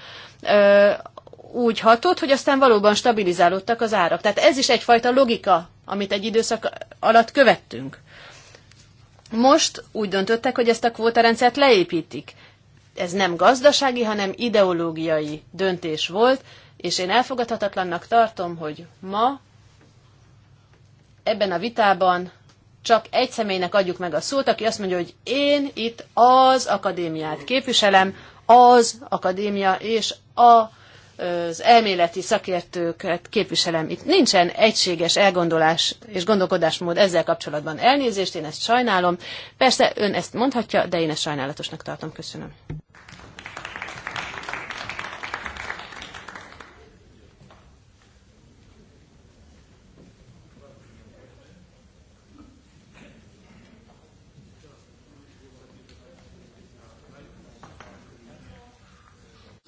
úgy hatott, hogy aztán valóban stabilizálódtak az árak. Tehát ez is egyfajta logika, amit egy időszak alatt követtünk. Most úgy döntöttek, hogy ezt a kvótarendszert leépítik. Ez nem gazdasági, hanem ideológiai döntés volt, és én elfogadhatatlannak tartom, hogy ma ebben a vitában csak egy személynek adjuk meg a szót, aki azt mondja, hogy én itt az akadémiát képviselem, az akadémia és a az elméleti szakértőket képviselem itt. Nincsen egységes elgondolás és gondolkodásmód ezzel kapcsolatban. Elnézést, én ezt sajnálom. Persze ön ezt mondhatja, de én ezt sajnálatosnak tartom. Köszönöm.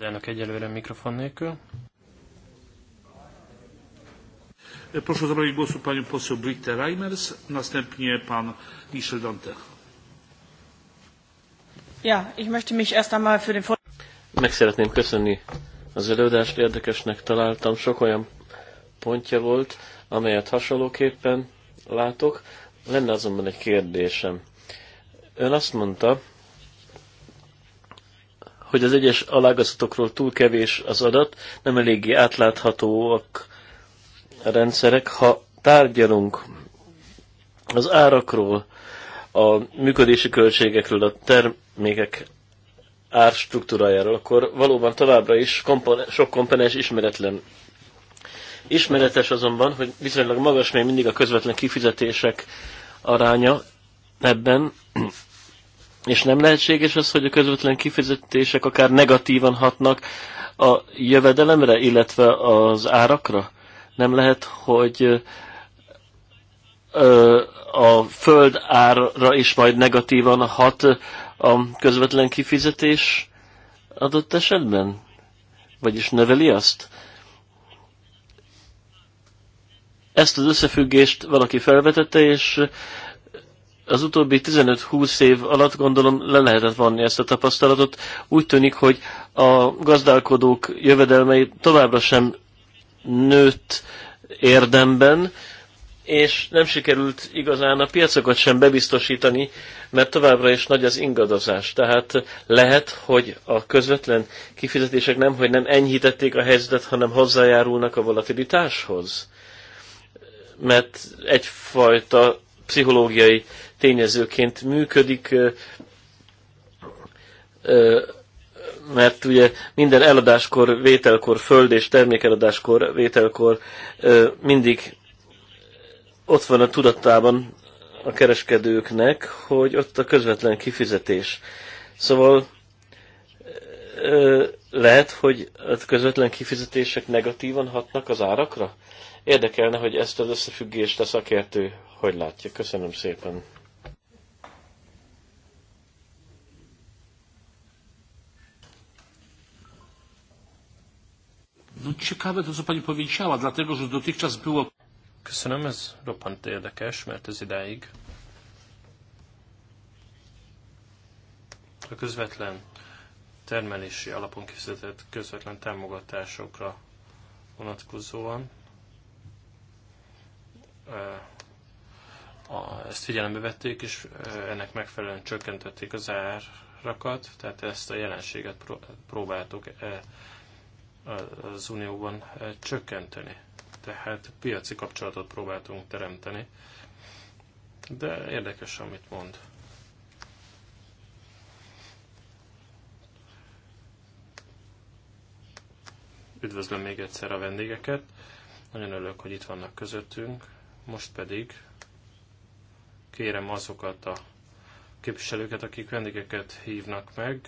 Elnök egyelőre mikrofon nélkül. Proszę zabrać głosu panią poseł Brittę Reimers, następnie pan Michel Dante. Ja, ich möchte mich erst einmal für den Meg szeretném köszönni az előadást, érdekesnek találtam. Sok olyan pontja volt, amelyet hasonlóképpen látok. Lenne azonban egy kérdésem. Ön azt mondta, hogy az egyes alágazatokról túl kevés az adat, nem eléggé átláthatóak a rendszerek. Ha tárgyalunk az árakról, a működési költségekről, a termékek árstruktúrájáról, akkor valóban továbbra is komponens, sok komponens ismeretlen. Ismeretes azonban, hogy viszonylag magas még mindig a közvetlen kifizetések aránya ebben, és nem lehetséges az, hogy a közvetlen kifizetések akár negatívan hatnak a jövedelemre, illetve az árakra? Nem lehet, hogy a föld árra is majd negatívan hat a közvetlen kifizetés adott esetben? Vagyis növeli azt? Ezt az összefüggést valaki felvetette, és az utóbbi 15-20 év alatt gondolom le lehetett vanni ezt a tapasztalatot. Úgy tűnik, hogy a gazdálkodók jövedelmei továbbra sem nőtt érdemben, és nem sikerült igazán a piacokat sem bebiztosítani, mert továbbra is nagy az ingadozás. Tehát lehet, hogy a közvetlen kifizetések nem, hogy nem enyhítették a helyzetet, hanem hozzájárulnak a volatilitáshoz. Mert egyfajta pszichológiai tényezőként működik, mert ugye minden eladáskor, vételkor, föld és termékeladáskor, vételkor mindig ott van a tudatában a kereskedőknek, hogy ott a közvetlen kifizetés. Szóval lehet, hogy a közvetlen kifizetések negatívan hatnak az árakra? Érdekelne, hogy ezt az összefüggést a szakértő hogy látja. Köszönöm szépen. No ciekawe to, co Pani powiedziała, dlatego, że dotychczas było... Köszönöm, ez roppant érdekes, mert ez idáig a közvetlen termelési alapon készített közvetlen támogatásokra vonatkozóan ezt figyelembe vették, és ennek megfelelően csökkentették az árakat, tehát ezt a jelenséget próbáltuk az Unióban eh, csökkenteni. Tehát piaci kapcsolatot próbáltunk teremteni. De érdekes, amit mond. Üdvözlöm még egyszer a vendégeket. Nagyon örülök, hogy itt vannak közöttünk. Most pedig kérem azokat a képviselőket, akik vendégeket hívnak meg,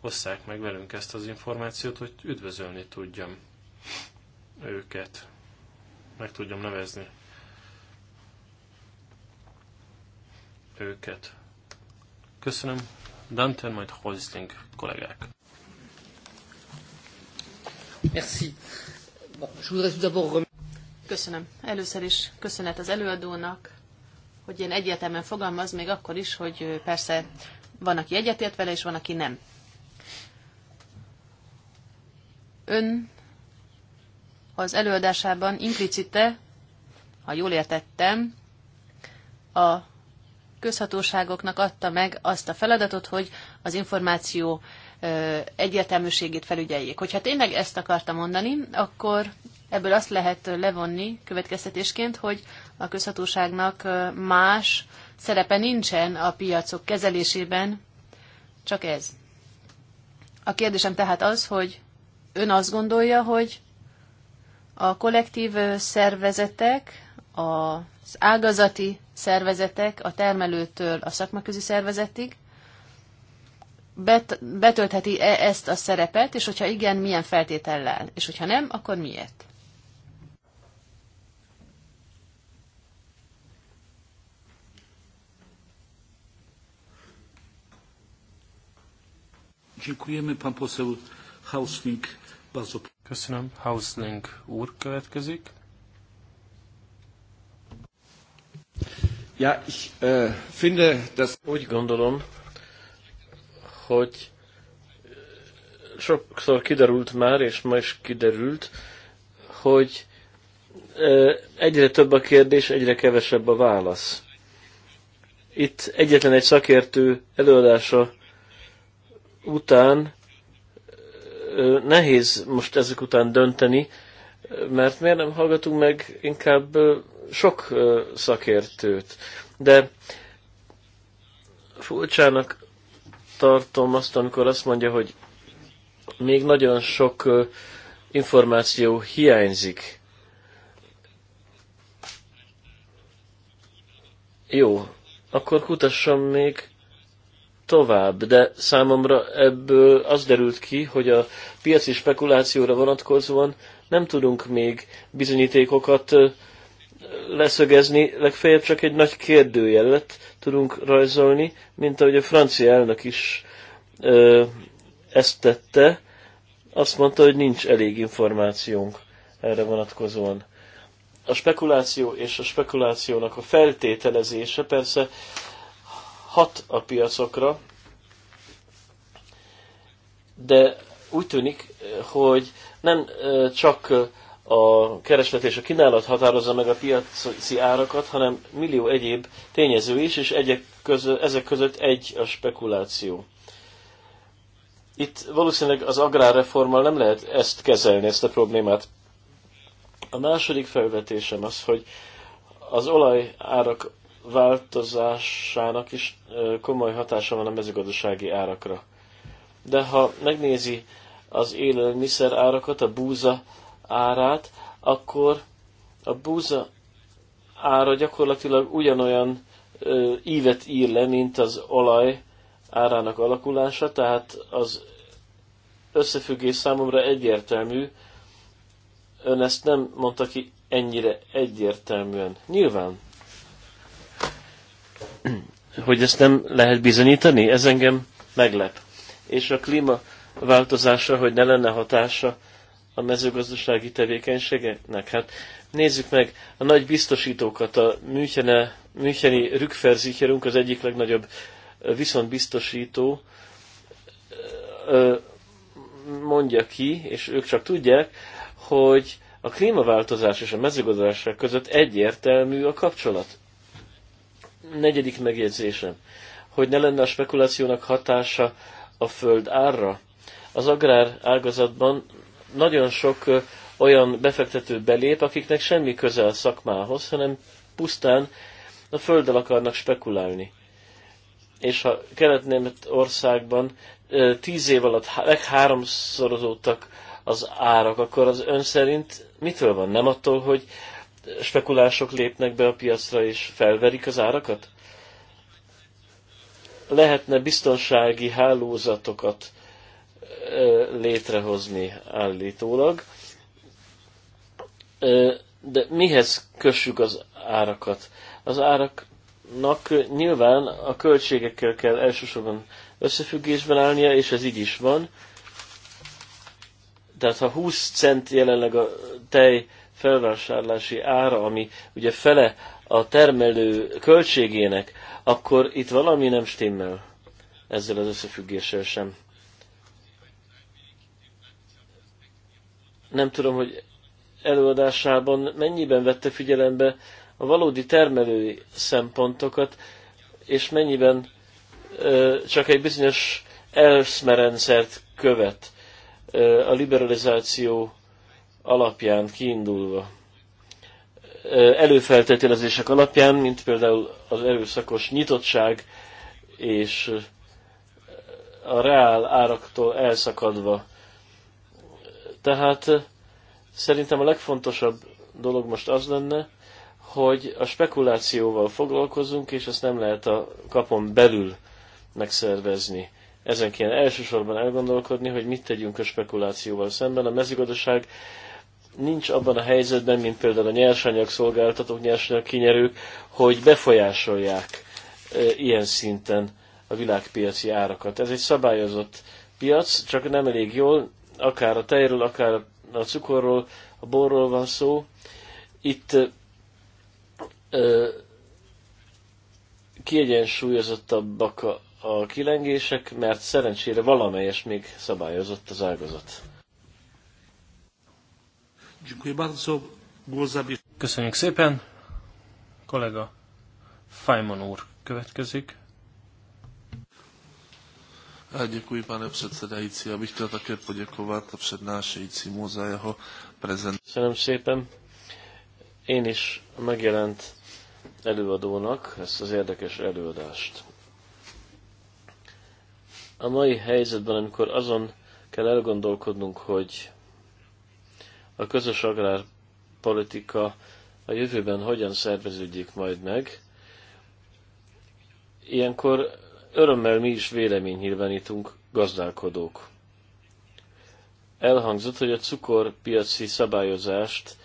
osszák meg velünk ezt az információt, hogy üdvözölni tudjam őket, meg tudjam nevezni őket. Köszönöm, Dante, majd Hoisling kollégák. Merci. Köszönöm. Először is köszönet az előadónak, hogy én egyértelműen fogalmaz, még akkor is, hogy persze van, aki egyetért vele, és van, aki nem. Ön az előadásában implicite, ha jól értettem, a közhatóságoknak adta meg azt a feladatot, hogy az információ egyértelműségét felügyeljék. Hogyha tényleg ezt akarta mondani, akkor ebből azt lehet levonni következtetésként, hogy a közhatóságnak más szerepe nincsen a piacok kezelésében, csak ez. A kérdésem tehát az, hogy ön azt gondolja, hogy a kollektív szervezetek, az ágazati szervezetek a termelőtől a szakmaközi szervezetig bet, betöltheti -e ezt a szerepet, és hogyha igen, milyen feltétellel, és hogyha nem, akkor miért? Dziękujemy. Pan poseł Hausling, bardzo Köszönöm. Hausling úr következik. Ja, ich äh, finde, dass... Úgy gondolom, hogy sokszor kiderült már, és ma is kiderült, hogy egyre több a kérdés, egyre kevesebb a válasz. Itt egyetlen egy szakértő előadása után nehéz most ezek után dönteni, mert miért nem hallgatunk meg inkább sok szakértőt. De furcsának tartom azt, amikor azt mondja, hogy még nagyon sok információ hiányzik. Jó, akkor kutassam még tovább, de számomra ebből az derült ki, hogy a piaci spekulációra vonatkozóan nem tudunk még bizonyítékokat leszögezni, legfeljebb csak egy nagy kérdőjelet tudunk rajzolni, mint ahogy a francia elnök is ö, ezt tette, azt mondta, hogy nincs elég információnk erre vonatkozóan. A spekuláció és a spekulációnak a feltételezése persze hat a piacokra, de úgy tűnik, hogy nem csak a kereslet és a kínálat határozza meg a piaci árakat, hanem millió egyéb tényező is, és egyek között, ezek között egy a spekuláció. Itt valószínűleg az agrárreformmal nem lehet ezt kezelni, ezt a problémát. A második felvetésem az, hogy az olaj árak változásának is komoly hatása van a mezőgazdasági árakra. De ha megnézi az élelmiszer árakat, a búza árát, akkor a búza ára gyakorlatilag ugyanolyan ívet ír le, mint az olaj árának alakulása, tehát az összefüggés számomra egyértelmű. Ön ezt nem mondta ki ennyire egyértelműen. Nyilván hogy ezt nem lehet bizonyítani, ez engem meglep. És a klíma változása, hogy ne lenne hatása a mezőgazdasági tevékenységeknek? Hát nézzük meg a nagy biztosítókat, a Münchene, Müncheni Rückversicherung az egyik legnagyobb biztosító mondja ki, és ők csak tudják, hogy a klímaváltozás és a mezőgazdaság között egyértelmű a kapcsolat. Negyedik megjegyzésem, hogy ne lenne a spekulációnak hatása a föld árra. Az agrár ágazatban nagyon sok olyan befektető belép, akiknek semmi köze a szakmához, hanem pusztán a földdel akarnak spekulálni. És ha kelet országban tíz év alatt megháromszorozódtak az árak, akkor az ön szerint mitől van? Nem attól, hogy spekulások lépnek be a piacra és felverik az árakat? Lehetne biztonsági hálózatokat létrehozni állítólag, de mihez kössük az árakat? Az áraknak nyilván a költségekkel kell elsősorban összefüggésben állnia, és ez így is van. Tehát ha 20 cent jelenleg a tej felvásárlási ára, ami ugye fele a termelő költségének, akkor itt valami nem stimmel ezzel az összefüggéssel sem. Nem tudom, hogy előadásában mennyiben vette figyelembe a valódi termelői szempontokat, és mennyiben ö, csak egy bizonyos elszmerendszert követ ö, a liberalizáció alapján kiindulva, előfeltételezések alapján, mint például az erőszakos nyitottság és a reál áraktól elszakadva. Tehát szerintem a legfontosabb dolog most az lenne, hogy a spekulációval foglalkozunk, és ezt nem lehet a kapon belül megszervezni. Ezen kéne elsősorban elgondolkodni, hogy mit tegyünk a spekulációval szemben. A mezőgazdaság nincs abban a helyzetben, mint például a nyersanyag szolgáltatók, nyersanyag kinyerők, hogy befolyásolják ilyen szinten a világpiaci árakat. Ez egy szabályozott piac, csak nem elég jól, akár a tejről, akár a cukorról, a borról van szó. Itt ö, kiegyensúlyozottabbak a, a kilengések, mert szerencsére valamelyes még szabályozott az ágazat. Köszönjük szépen. Kollega Fajmon úr következik. Děkuji, pane předsedající. Já bych chtěl také poděkovat přednášejícímu za jeho prezent. Köszönöm szépen. Én is megjelent előadónak ezt az érdekes előadást. A mai helyzetben, amikor azon kell elgondolkodnunk, hogy a közös agrárpolitika a jövőben hogyan szerveződik majd meg. Ilyenkor örömmel mi is vélemény nyilvánítunk gazdálkodók. Elhangzott, hogy a cukorpiaci szabályozást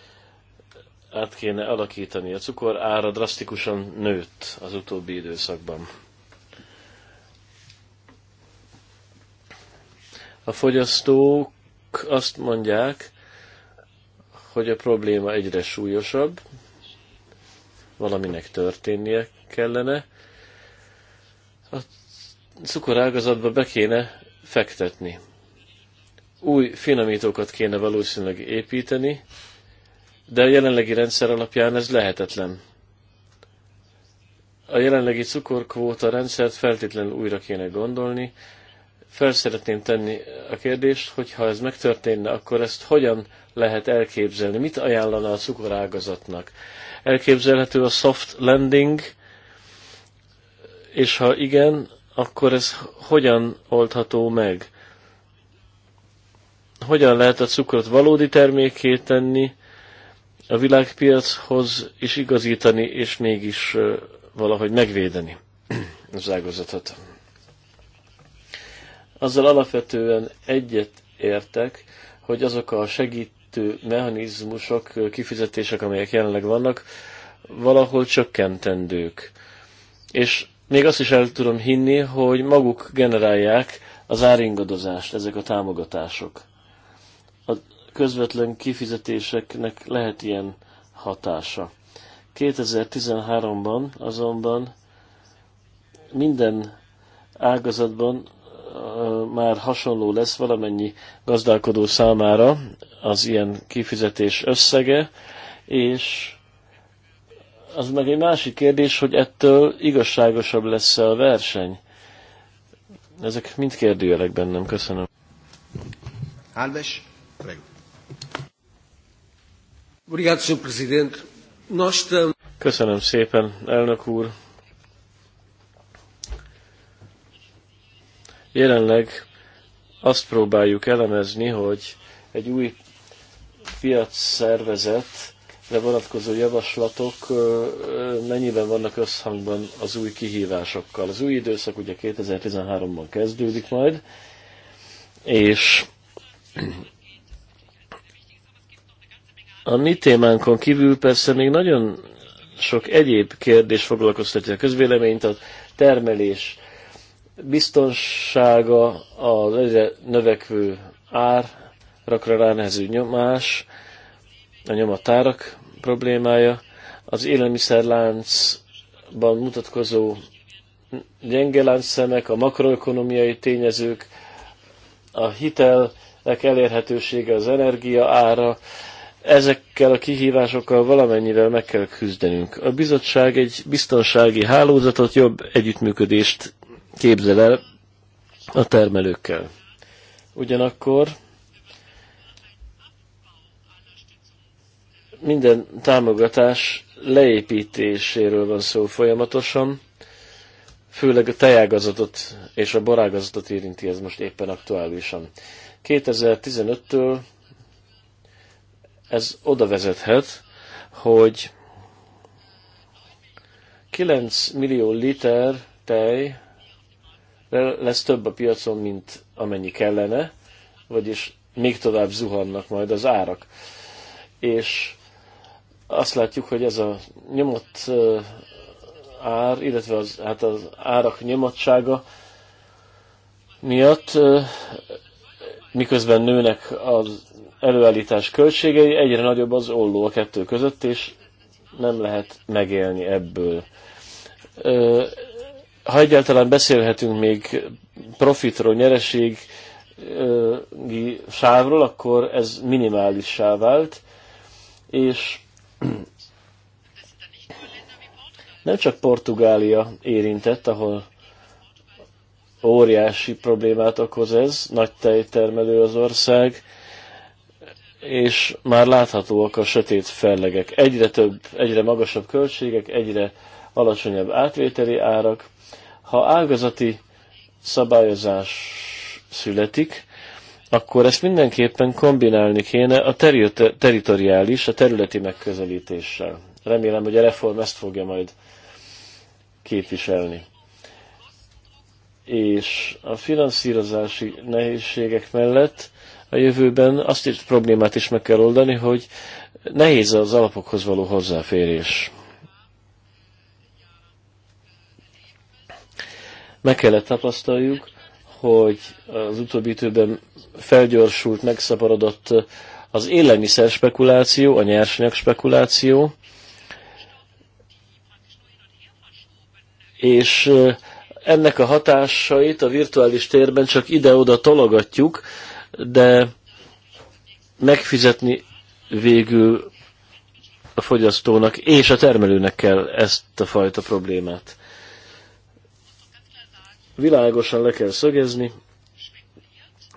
át kéne alakítani. A cukor ára drasztikusan nőtt az utóbbi időszakban. A fogyasztók azt mondják, hogy a probléma egyre súlyosabb, valaminek történnie kellene. A cukorágazatba be kéne fektetni. Új finomítókat kéne valószínűleg építeni, de a jelenlegi rendszer alapján ez lehetetlen. A jelenlegi cukorkvóta rendszert feltétlenül újra kéne gondolni, fel szeretném tenni a kérdést, hogy ha ez megtörténne, akkor ezt hogyan lehet elképzelni? Mit ajánlana a cukorágazatnak? Elképzelhető a soft landing, és ha igen, akkor ez hogyan oldható meg? Hogyan lehet a cukrot valódi terméké tenni, a világpiachoz is igazítani, és mégis valahogy megvédeni az ágazatot? Azzal alapvetően egyet értek, hogy azok a segítő mechanizmusok, kifizetések, amelyek jelenleg vannak, valahol csökkentendők. És még azt is el tudom hinni, hogy maguk generálják az áringadozást, ezek a támogatások. A közvetlen kifizetéseknek lehet ilyen hatása. 2013-ban azonban minden ágazatban már hasonló lesz valamennyi gazdálkodó számára az ilyen kifizetés összege, és az meg egy másik kérdés, hogy ettől igazságosabb lesz a verseny. Ezek mind kérdőjelek bennem, köszönöm. Álves, Köszönöm szépen, elnök úr. Jelenleg azt próbáljuk elemezni, hogy egy új piac szervezetre vonatkozó javaslatok mennyiben vannak összhangban az új kihívásokkal. Az új időszak ugye 2013-ban kezdődik majd, és a mi témánkon kívül persze még nagyon sok egyéb kérdés foglalkoztatja a közvéleményt, a termelés, biztonsága, az egyre növekvő ár, rakra ránehező nyomás, a nyomatárak problémája, az élelmiszerláncban mutatkozó gyenge láncszemek, a makroekonomiai tényezők, a hitelek elérhetősége, az energia ára, ezekkel a kihívásokkal valamennyivel meg kell küzdenünk. A bizottság egy biztonsági hálózatot, jobb együttműködést képzel el a termelőkkel. Ugyanakkor minden támogatás leépítéséről van szó folyamatosan, főleg a tejágazatot és a borágazatot érinti ez most éppen aktuálisan. 2015-től ez oda vezethet, hogy 9 millió liter tej lesz több a piacon, mint amennyi kellene, vagyis még tovább zuhannak majd az árak. És azt látjuk, hogy ez a nyomott ár, illetve az, hát az árak nyomottsága miatt, miközben nőnek az előállítás költségei, egyre nagyobb az olló a kettő között, és nem lehet megélni ebből ha egyáltalán beszélhetünk még profitról, nyereség sávról, akkor ez minimálissá vált, és nem csak Portugália érintett, ahol óriási problémát okoz ez, nagy tejtermelő az ország, és már láthatóak a sötét fellegek. Egyre több, egyre magasabb költségek, egyre alacsonyabb átvételi árak, ha ágazati szabályozás születik, akkor ezt mindenképpen kombinálni kéne a teri- teritoriális, a területi megközelítéssel. Remélem, hogy a reform ezt fogja majd képviselni. És a finanszírozási nehézségek mellett a jövőben azt is problémát is meg kell oldani, hogy nehéz az alapokhoz való hozzáférés. meg kellett tapasztaljuk, hogy az utóbbi időben felgyorsult, megszaporodott az élelmiszer spekuláció, a nyersanyag spekuláció, és ennek a hatásait a virtuális térben csak ide-oda tologatjuk, de megfizetni végül a fogyasztónak és a termelőnek kell ezt a fajta problémát világosan le kell szögezni,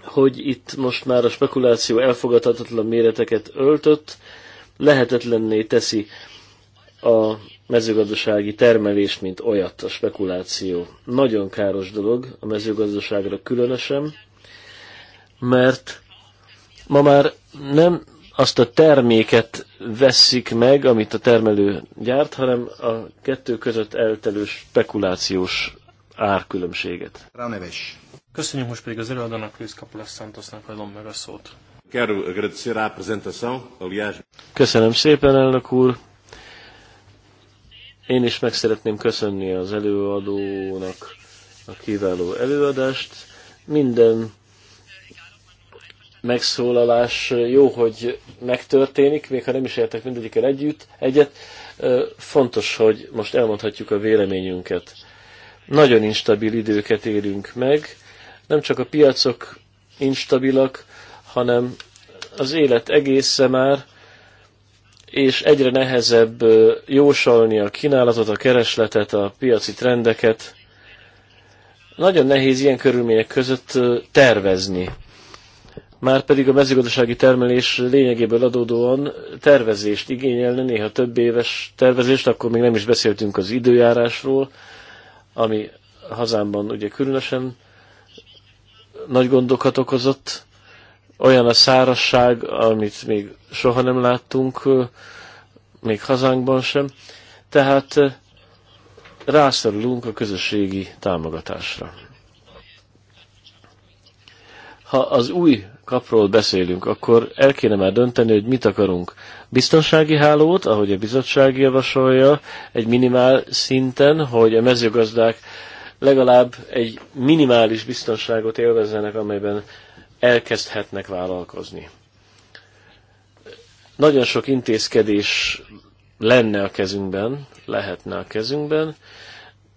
hogy itt most már a spekuláció elfogadhatatlan méreteket öltött, lehetetlenné teszi a mezőgazdasági termelést, mint olyat a spekuláció. Nagyon káros dolog a mezőgazdaságra különösen, mert ma már nem azt a terméket veszik meg, amit a termelő gyárt, hanem a kettő között eltelő spekulációs árkülönbséget. Ráneves. Köszönjük most pedig az előadónak, Luis Capolas Santosnak adom meg a szót. Quero agradecer a apresentação, aliás. Köszönöm szépen, elnök úr. Én is meg szeretném köszönni az előadónak a kiváló előadást. Minden megszólalás jó, hogy megtörténik, még ha nem is értek mindegyikkel együtt, egyet. Fontos, hogy most elmondhatjuk a véleményünket. Nagyon instabil időket élünk meg, nem csak a piacok instabilak, hanem az élet egészen már, és egyre nehezebb jósolni a kínálatot, a keresletet, a piaci trendeket. Nagyon nehéz ilyen körülmények között tervezni. Már pedig a mezőgazdasági termelés lényegéből adódóan tervezést igényelne, néha több éves tervezést, akkor még nem is beszéltünk az időjárásról, ami hazámban ugye különösen nagy gondokat okozott. Olyan a szárasság, amit még soha nem láttunk, még hazánkban sem. Tehát rászorulunk a közösségi támogatásra. Ha az új kapról beszélünk, akkor el kéne már dönteni, hogy mit akarunk. Biztonsági hálót, ahogy a bizottság javasolja, egy minimál szinten, hogy a mezőgazdák legalább egy minimális biztonságot élvezzenek, amelyben elkezdhetnek vállalkozni. Nagyon sok intézkedés lenne a kezünkben, lehetne a kezünkben,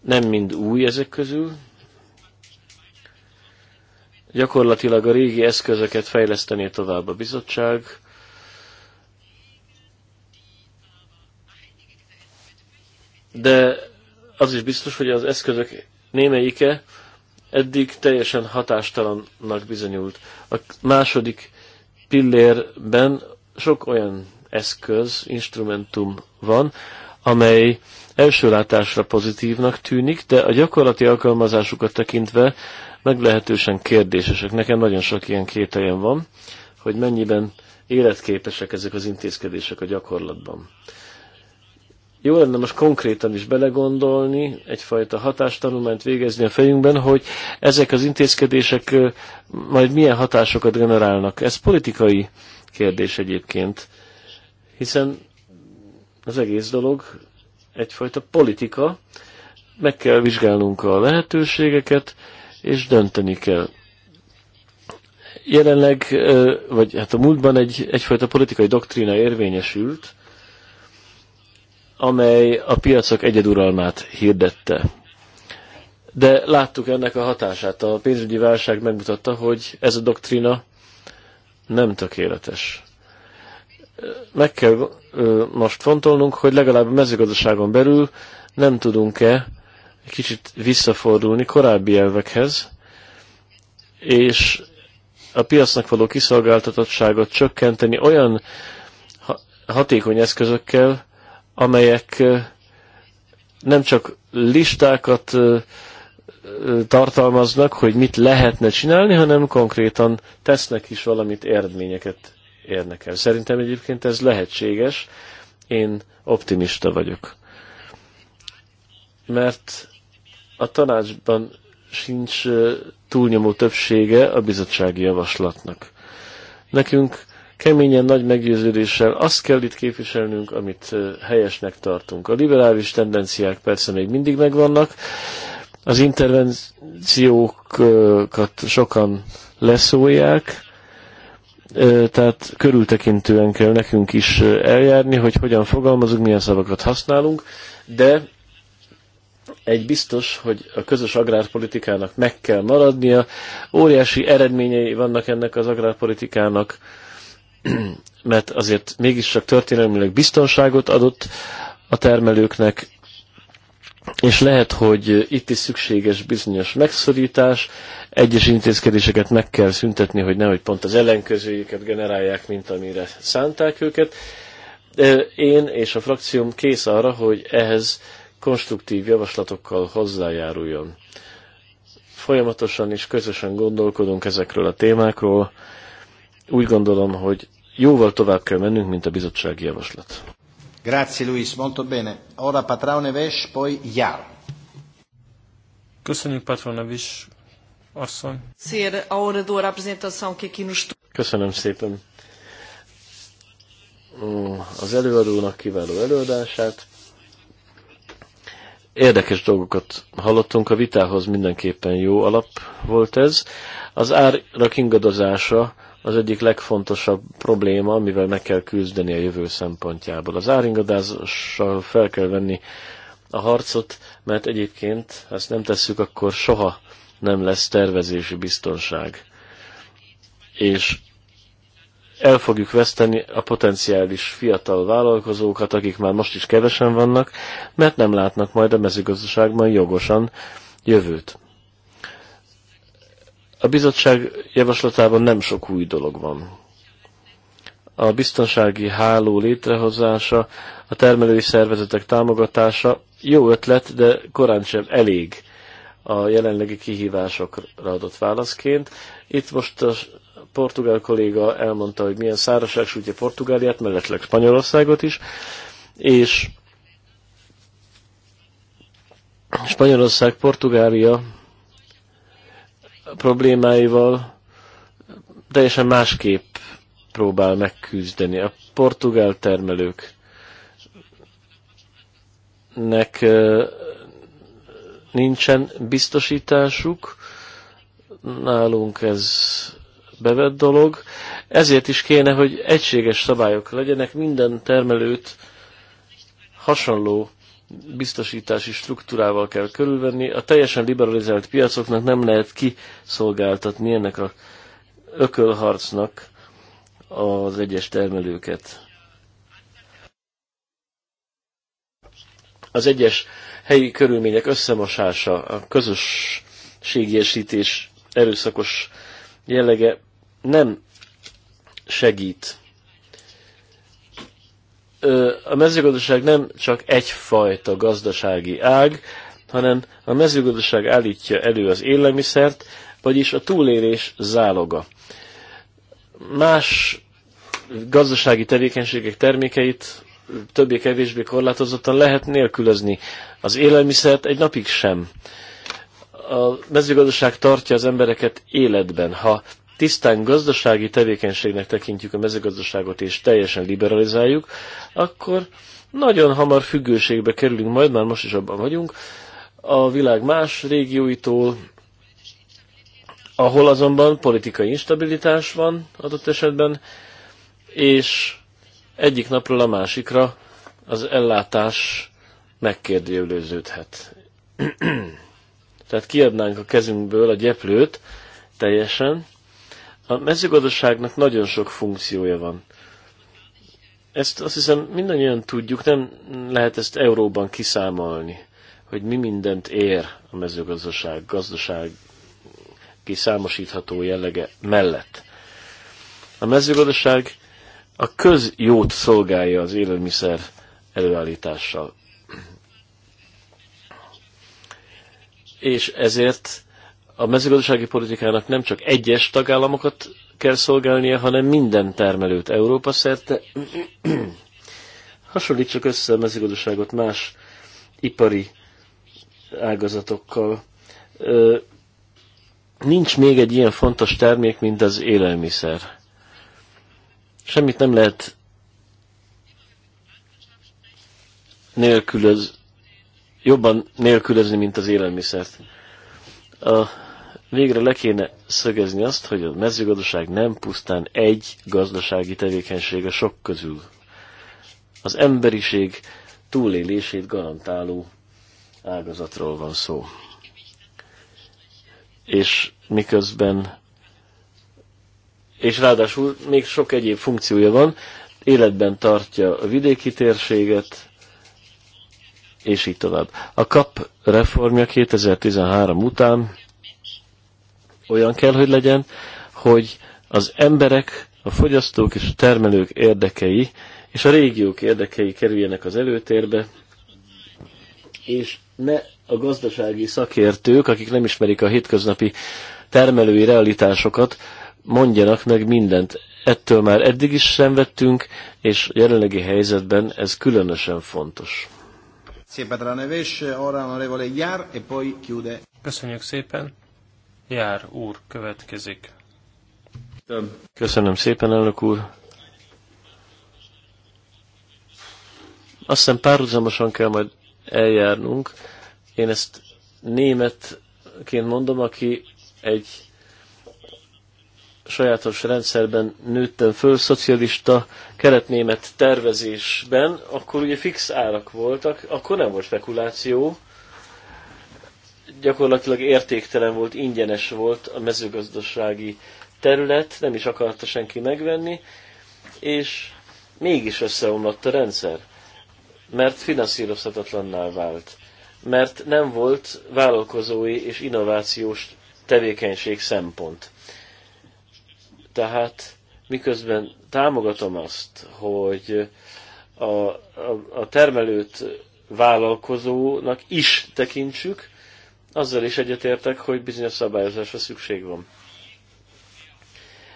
nem mind új ezek közül, gyakorlatilag a régi eszközöket fejleszteni tovább a bizottság, de az is biztos, hogy az eszközök némelyike eddig teljesen hatástalannak bizonyult. A második pillérben sok olyan eszköz, instrumentum van, amely első látásra pozitívnak tűnik, de a gyakorlati alkalmazásukat tekintve meglehetősen kérdésesek. Nekem nagyon sok ilyen kételjem van, hogy mennyiben életképesek ezek az intézkedések a gyakorlatban. Jó lenne most konkrétan is belegondolni, egyfajta hatástanulmányt végezni a fejünkben, hogy ezek az intézkedések majd milyen hatásokat generálnak. Ez politikai kérdés egyébként, hiszen az egész dolog egyfajta politika, meg kell vizsgálnunk a lehetőségeket, és dönteni kell. Jelenleg, vagy hát a múltban egy, egyfajta politikai doktrína érvényesült, amely a piacok egyeduralmát hirdette. De láttuk ennek a hatását. A pénzügyi válság megmutatta, hogy ez a doktrína nem tökéletes. Meg kell most fontolnunk, hogy legalább a mezőgazdaságon belül nem tudunk-e egy kicsit visszafordulni korábbi elvekhez, és a piacnak való kiszolgáltatottságot csökkenteni olyan hatékony eszközökkel, amelyek nem csak listákat tartalmaznak, hogy mit lehetne csinálni, hanem konkrétan tesznek is valamit, eredményeket érnek el. Szerintem egyébként ez lehetséges, én optimista vagyok. Mert a tanácsban sincs túlnyomó többsége a bizottsági javaslatnak. Nekünk keményen nagy meggyőződéssel azt kell itt képviselnünk, amit helyesnek tartunk. A liberális tendenciák persze még mindig megvannak, az intervenciókat sokan leszólják, tehát körültekintően kell nekünk is eljárni, hogy hogyan fogalmazunk, milyen szavakat használunk, de egy biztos, hogy a közös agrárpolitikának meg kell maradnia. Óriási eredményei vannak ennek az agrárpolitikának, mert azért mégiscsak történelmileg biztonságot adott a termelőknek, és lehet, hogy itt is szükséges bizonyos megszorítás, egyes intézkedéseket meg kell szüntetni, hogy nehogy pont az ellenkezőjéket generálják, mint amire szánták őket. Én és a frakcióm kész arra, hogy ehhez konstruktív javaslatokkal hozzájáruljon. Folyamatosan és közösen gondolkodunk ezekről a témákról. Úgy gondolom, hogy jóval tovább kell mennünk, mint a bizottsági javaslat. Grazie Luis, molto bene. Ora Patrone Ves, poi Jár. Köszönjük Patrone Ves, asszony. Ser a oradora apresentação que aqui nos... Köszönöm szépen mm, az előadónak kiváló előadását. Érdekes dolgokat hallottunk, a vitához mindenképpen jó alap volt ez. Az árak ingadozása az egyik legfontosabb probléma, amivel meg kell küzdeni a jövő szempontjából. Az áringadással fel kell venni a harcot, mert egyébként, ha ezt nem tesszük, akkor soha nem lesz tervezési biztonság. És el fogjuk veszteni a potenciális fiatal vállalkozókat, akik már most is kevesen vannak, mert nem látnak majd a mezőgazdaságban jogosan jövőt. A bizottság javaslatában nem sok új dolog van. A biztonsági háló létrehozása, a termelői szervezetek támogatása jó ötlet, de korán sem elég a jelenlegi kihívásokra adott válaszként. Itt most a portugál kolléga elmondta, hogy milyen szárazság sújtja Portugáliát, mellettleg Spanyolországot is, és Spanyolország, Portugália problémáival teljesen másképp próbál megküzdeni. A portugál termelőknek nincsen biztosításuk, nálunk ez bevett dolog, ezért is kéne, hogy egységes szabályok legyenek, minden termelőt hasonló biztosítási struktúrával kell körülvenni. A teljesen liberalizált piacoknak nem lehet kiszolgáltatni ennek a ökölharcnak az egyes termelőket. Az egyes helyi körülmények összemosása, a közösségiesítés erőszakos jellege nem segít. A mezőgazdaság nem csak egyfajta gazdasági ág, hanem a mezőgazdaság állítja elő az élelmiszert, vagyis a túlélés záloga. Más gazdasági tevékenységek termékeit többé-kevésbé korlátozottan lehet nélkülözni. Az élelmiszert egy napig sem. A mezőgazdaság tartja az embereket életben. Ha tisztán gazdasági tevékenységnek tekintjük a mezőgazdaságot és teljesen liberalizáljuk, akkor nagyon hamar függőségbe kerülünk, majd már most is abban vagyunk, a világ más régióitól, ahol azonban politikai instabilitás van adott esetben, és egyik napról a másikra az ellátás megkérdőjelőződhet. Tehát kiadnánk a kezünkből a gyeplőt teljesen, a mezőgazdaságnak nagyon sok funkciója van. Ezt azt hiszem mindannyian tudjuk, nem lehet ezt euróban kiszámolni, hogy mi mindent ér a mezőgazdaság, gazdaság kiszámosítható jellege mellett. A mezőgazdaság a közjót szolgálja az élelmiszer előállítással. És ezért a mezőgazdasági politikának nem csak egyes tagállamokat kell szolgálnia, hanem minden termelőt Európa szerte. Hasonlítsuk össze a mezőgazdaságot más ipari ágazatokkal. Nincs még egy ilyen fontos termék, mint az élelmiszer. Semmit nem lehet nélkülöz, jobban nélkülözni, mint az élelmiszert. A végre le kéne szögezni azt, hogy a mezőgazdaság nem pusztán egy gazdasági tevékenység a sok közül. Az emberiség túlélését garantáló ágazatról van szó. És miközben, és ráadásul még sok egyéb funkciója van, életben tartja a vidéki térséget, és így tovább. A KAP reformja 2013 után olyan kell, hogy legyen, hogy az emberek, a fogyasztók és a termelők érdekei és a régiók érdekei kerüljenek az előtérbe, és ne a gazdasági szakértők, akik nem ismerik a hétköznapi termelői realitásokat, mondjanak meg mindent. Ettől már eddig is szenvedtünk, és jelenlegi helyzetben ez különösen fontos. Köszönjük szépen. Jár úr következik. Köszönöm szépen, elnök úr. Azt hiszem párhuzamosan kell majd eljárnunk. Én ezt németként mondom, aki egy sajátos rendszerben nőttem föl, szocialista keretnémet tervezésben, akkor ugye fix árak voltak, akkor nem volt spekuláció, gyakorlatilag értéktelen volt, ingyenes volt a mezőgazdasági terület, nem is akarta senki megvenni, és mégis összeomlott a rendszer, mert finanszírozhatatlanná vált, mert nem volt vállalkozói és innovációs tevékenység szempont. Tehát miközben támogatom azt, hogy a, a, a termelőt vállalkozónak is tekintsük, azzal is egyetértek, hogy bizonyos szabályozásra szükség van.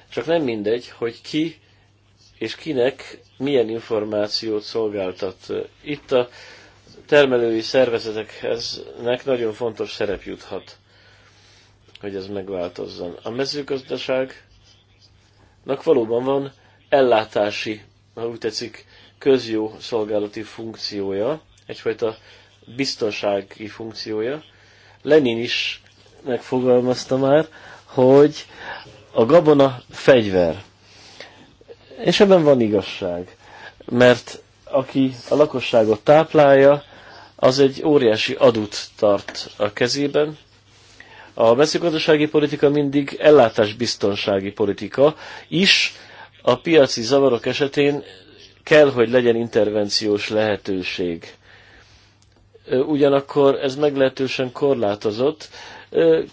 Csak nem mindegy, hogy ki és kinek milyen információt szolgáltat. Itt a termelői szervezetekhez nagyon fontos szerep juthat, hogy ez megváltozzon. A mezőgazdaságnak valóban van ellátási, ha úgy tetszik, közjó szolgálati funkciója, egyfajta biztonsági funkciója, Lenin is megfogalmazta már, hogy a gabona fegyver. És ebben van igazság, mert aki a lakosságot táplálja, az egy óriási adut tart a kezében. A mezőgazdasági politika mindig ellátásbiztonsági politika is, a piaci zavarok esetén kell, hogy legyen intervenciós lehetőség ugyanakkor ez meglehetősen korlátozott.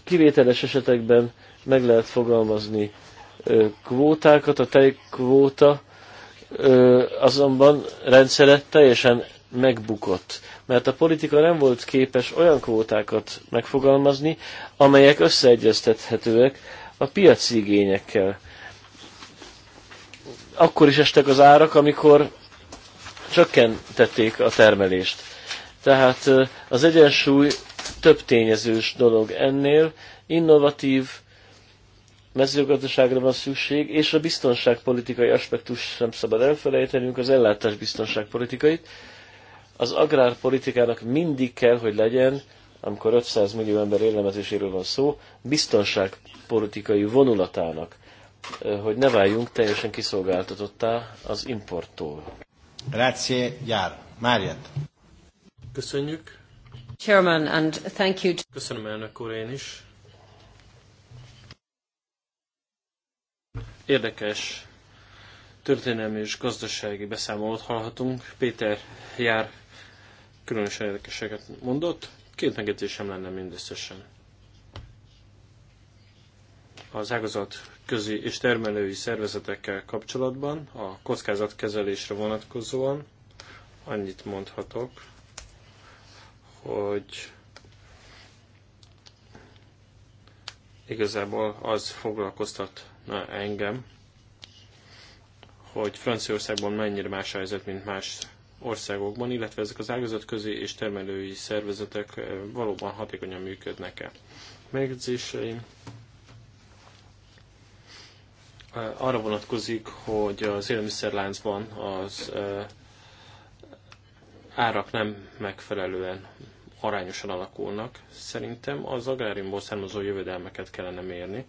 Kivételes esetekben meg lehet fogalmazni kvótákat, a tejkvóta azonban rendszere teljesen megbukott, mert a politika nem volt képes olyan kvótákat megfogalmazni, amelyek összeegyeztethetőek a piaci igényekkel. Akkor is estek az árak, amikor csökkentették a termelést. Tehát az egyensúly több tényezős dolog ennél, innovatív mezőgazdaságra van szükség, és a biztonságpolitikai aspektus sem szabad elfelejtenünk, az ellátás biztonságpolitikait. Az agrárpolitikának mindig kell, hogy legyen, amikor 500 millió ember élelmezéséről van szó, biztonságpolitikai vonulatának, hogy ne váljunk teljesen kiszolgáltatottá az importtól. Grazie, Gyár. Márját. Köszönjük. Chairman, and thank you. Köszönöm elnök úr én is. Érdekes történelmi és gazdasági beszámolót hallhatunk. Péter jár különösen érdekeseket mondott. Két megjegyzésem lenne mindösszesen. Az ágazat közi és termelői szervezetekkel kapcsolatban, a kockázatkezelésre vonatkozóan annyit mondhatok, hogy igazából az foglalkoztatna engem, hogy Franciaországban mennyire más helyzet, mint más országokban, illetve ezek az ágazatközi és termelői szervezetek eh, valóban hatékonyan működnek-e. Megjegyzéseim eh, arra vonatkozik, hogy az élelmiszerláncban az eh, árak nem megfelelően arányosan alakulnak. Szerintem az agráriumból származó jövedelmeket kellene mérni.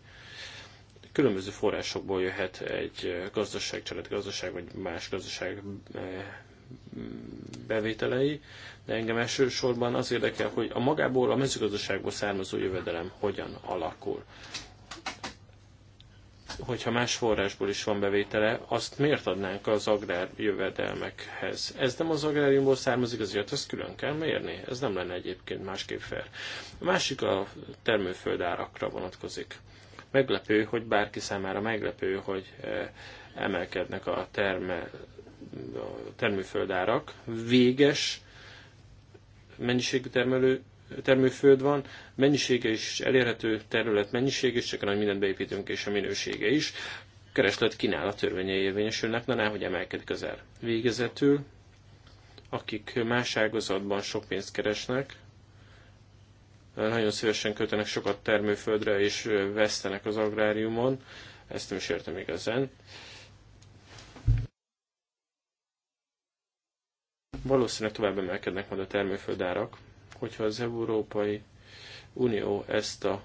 Különböző forrásokból jöhet egy gazdaság, gazdaság vagy más gazdaság eh, bevételei, de engem elsősorban az érdekel, hogy a magából, a mezőgazdaságból származó jövedelem hogyan alakul hogyha más forrásból is van bevétele, azt miért adnánk az agrár jövedelmekhez? Ez nem az agráriumból származik, azért ezt külön kell mérni. Ez nem lenne egyébként másképp fel. A másik a termőföld árakra vonatkozik. Meglepő, hogy bárki számára meglepő, hogy eh, emelkednek a, terme, a termőföld árak. Véges mennyiségű termelő termőföld van, mennyisége is, elérhető terület mennyisége is, csak a nagy mindent beépítünk, és a minősége is. Kereslet kínál a törvényei érvényesülnek, na hogy emelkedik az ár. Végezetül, akik más ágazatban sok pénzt keresnek, nagyon szívesen kötenek sokat termőföldre, és vesztenek az agráriumon, ezt nem is értem igazán. Valószínűleg tovább emelkednek majd a termőföldárak, hogyha az Európai Unió ezt a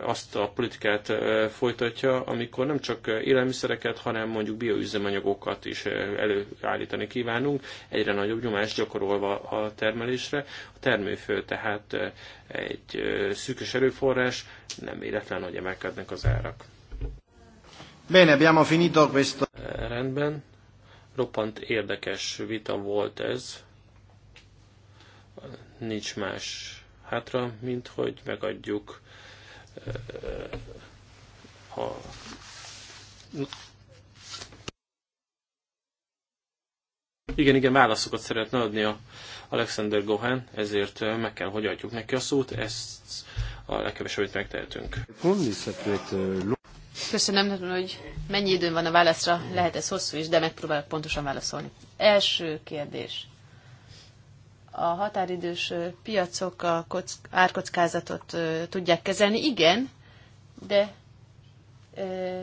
azt a politikát folytatja, amikor nem csak élelmiszereket, hanem mondjuk bioüzemanyagokat is előállítani kívánunk, egyre nagyobb nyomást gyakorolva a termelésre. A termőfő tehát egy szűkös erőforrás, nem véletlen, hogy emelkednek az árak. Bene, abbiamo finito questo. Rendben, Roppant érdekes vita volt ez. Nincs más hátra, mint hogy megadjuk eh, a igen, igen, válaszokat szeretne adni a Alexander Gohan, ezért eh, meg kell, hogy adjuk neki a szót, ezt a legkevesebbet megtehetünk. Köszönöm, hogy mennyi időm van a válaszra, lehet ez hosszú is, de megpróbálok pontosan válaszolni. Első kérdés. A határidős piacok a kock, árkockázatot ö, tudják kezelni? Igen, de ö,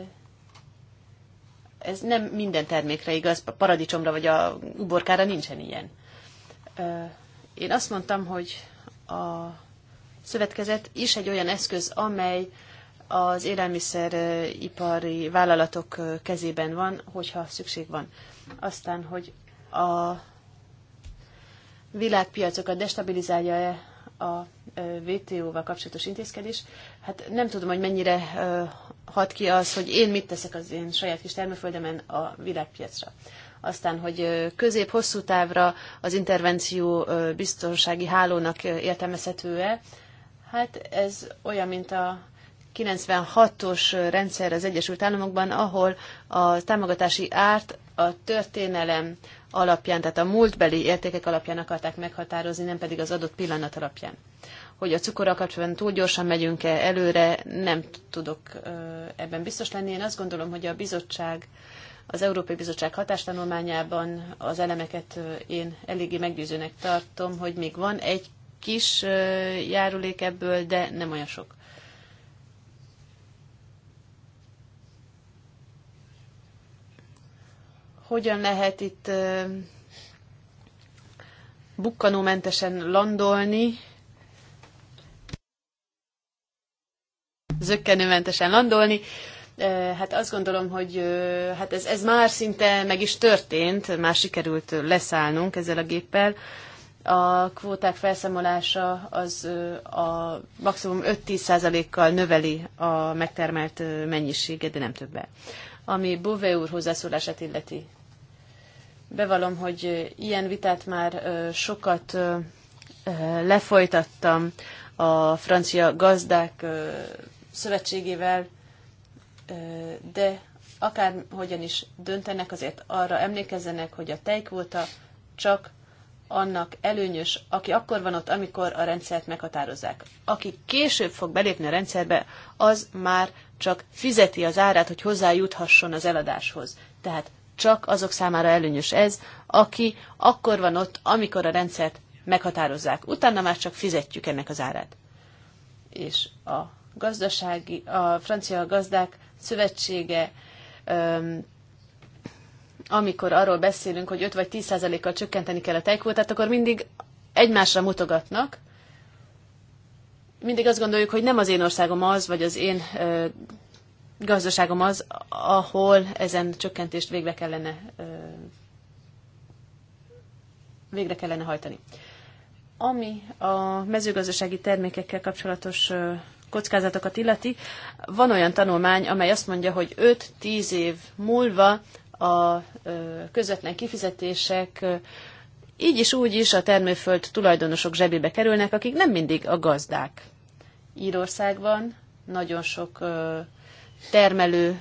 ez nem minden termékre igaz, a paradicsomra vagy a uborkára nincsen ilyen. Ö, én azt mondtam, hogy a szövetkezet is egy olyan eszköz, amely az élelmiszeripari vállalatok kezében van, hogyha szükség van. Aztán, hogy a világpiacokat destabilizálja-e a WTO-val kapcsolatos intézkedés. Hát nem tudom, hogy mennyire hat ki az, hogy én mit teszek az én saját kis termőföldemen a világpiacra. Aztán, hogy közép-hosszú távra az intervenció biztonsági hálónak értelmezhető-e, hát ez olyan, mint a 96-os rendszer az Egyesült Államokban, ahol a támogatási árt a történelem alapján, tehát a múltbeli értékek alapján akarták meghatározni, nem pedig az adott pillanat alapján. Hogy a cukorra kapcsolatban túl gyorsan megyünk-e előre, nem tudok ebben biztos lenni. Én azt gondolom, hogy a bizottság, az Európai Bizottság hatástanulmányában az elemeket én eléggé meggyőzőnek tartom, hogy még van egy kis járulék ebből, de nem olyan sok. hogyan lehet itt bukkanómentesen landolni, zöggenőmentesen landolni. Hát azt gondolom, hogy hát ez, ez már szinte meg is történt, már sikerült leszállnunk ezzel a géppel. A kvóták felszámolása az a maximum 5-10%-kal növeli a megtermelt mennyiséget, de nem többel ami Bové úr hozzászólását illeti. Bevalom, hogy ilyen vitát már sokat lefolytattam a francia gazdák szövetségével, de akárhogyan is döntenek, azért arra emlékezzenek, hogy a tejkvóta csak annak előnyös, aki akkor van ott, amikor a rendszert meghatározzák. Aki később fog belépni a rendszerbe, az már csak fizeti az árát, hogy hozzájuthasson az eladáshoz. Tehát csak azok számára előnyös ez, aki akkor van ott, amikor a rendszert meghatározzák. Utána már csak fizetjük ennek az árát. És a gazdasági, a francia gazdák szövetsége, amikor arról beszélünk, hogy 5 vagy 10 kal csökkenteni kell a tejkvótát, akkor mindig egymásra mutogatnak, mindig azt gondoljuk, hogy nem az én országom az, vagy az én ö, gazdaságom az, ahol ezen csökkentést végre kellene, ö, végre kellene hajtani. Ami a mezőgazdasági termékekkel kapcsolatos ö, kockázatokat illeti, van olyan tanulmány, amely azt mondja, hogy 5-10 év múlva a közvetlen kifizetések így is úgy is a termőföld tulajdonosok zsebébe kerülnek, akik nem mindig a gazdák. Írországban nagyon sok termelő,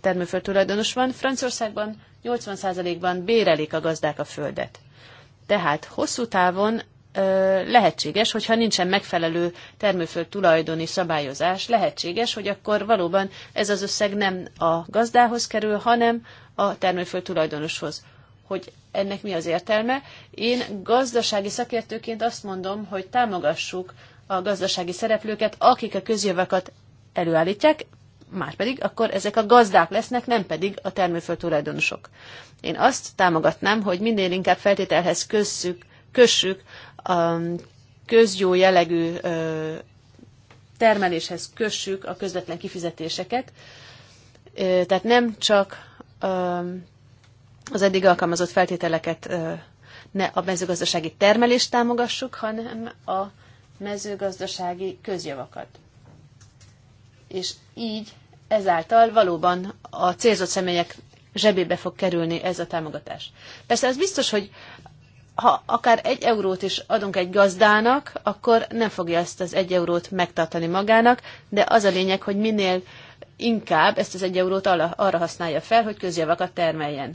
termőföld tulajdonos van, Franciaországban 80%-ban bérelik a gazdák a földet. Tehát hosszú távon lehetséges, hogyha nincsen megfelelő termőföld tulajdoni szabályozás, lehetséges, hogy akkor valóban ez az összeg nem a gazdához kerül, hanem a termőföld tulajdonoshoz. Hogy ennek mi az értelme? Én gazdasági szakértőként azt mondom, hogy támogassuk a gazdasági szereplőket, akik a közjavakat előállítják, már pedig akkor ezek a gazdák lesznek, nem pedig a termőföld tulajdonosok. Én azt támogatnám, hogy minél inkább feltételhez kössük, kössük a közjó jellegű termeléshez kössük a közvetlen kifizetéseket, tehát nem csak az eddig alkalmazott feltételeket ne a mezőgazdasági termelést támogassuk, hanem a mezőgazdasági közjavakat. És így ezáltal valóban a célzott személyek zsebébe fog kerülni ez a támogatás. Persze az biztos, hogy ha akár egy eurót is adunk egy gazdának, akkor nem fogja ezt az egy eurót megtartani magának, de az a lényeg, hogy minél inkább ezt az egy eurót arra használja fel, hogy közjavakat termeljen.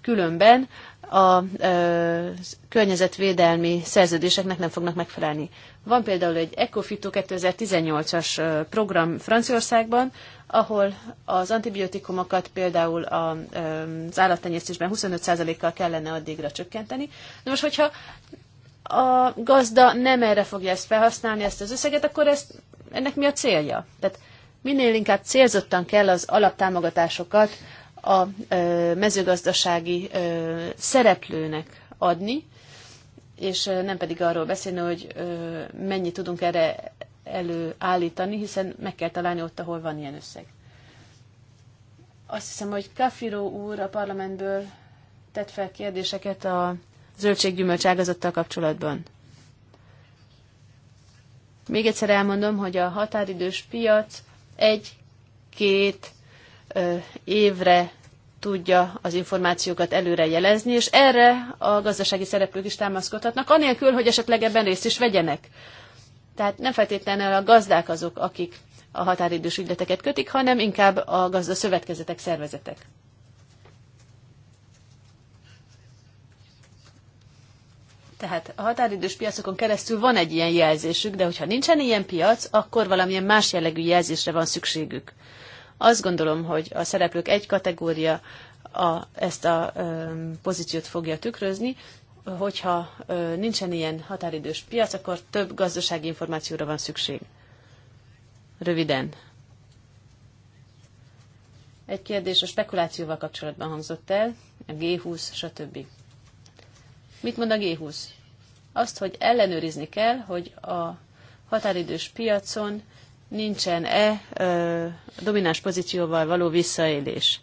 Különben a ö, környezetvédelmi szerződéseknek nem fognak megfelelni. Van például egy Ecofito 2018-as program Franciaországban, ahol az antibiotikumokat például a, ö, az állattenyésztésben 25%-kal kellene addigra csökkenteni. Na most, hogyha a gazda nem erre fogja ezt felhasználni, ezt az összeget, akkor ezt, ennek mi a célja? Tehát minél inkább célzottan kell az alaptámogatásokat a mezőgazdasági szereplőnek adni, és nem pedig arról beszélni, hogy mennyit tudunk erre előállítani, hiszen meg kell találni ott, ahol van ilyen összeg. Azt hiszem, hogy Kafiró úr a parlamentből tett fel kérdéseket a zöldséggyümölcs ágazattal kapcsolatban. Még egyszer elmondom, hogy a határidős piac egy-két évre tudja az információkat előre jelezni, és erre a gazdasági szereplők is támaszkodhatnak, anélkül, hogy esetleg ebben részt is vegyenek. Tehát nem feltétlenül a gazdák azok, akik a határidős ügyleteket kötik, hanem inkább a gazda szövetkezetek, szervezetek. Tehát a határidős piacokon keresztül van egy ilyen jelzésük, de hogyha nincsen ilyen piac, akkor valamilyen más jellegű jelzésre van szükségük. Azt gondolom, hogy a szereplők egy kategória a, ezt a ö, pozíciót fogja tükrözni, hogyha ö, nincsen ilyen határidős piac, akkor több gazdasági információra van szükség. Röviden. Egy kérdés a spekulációval kapcsolatban hangzott el, a G20, stb. Mit mond a G20? Azt, hogy ellenőrizni kell, hogy a határidős piacon nincsen-e domináns pozícióval való visszaélés.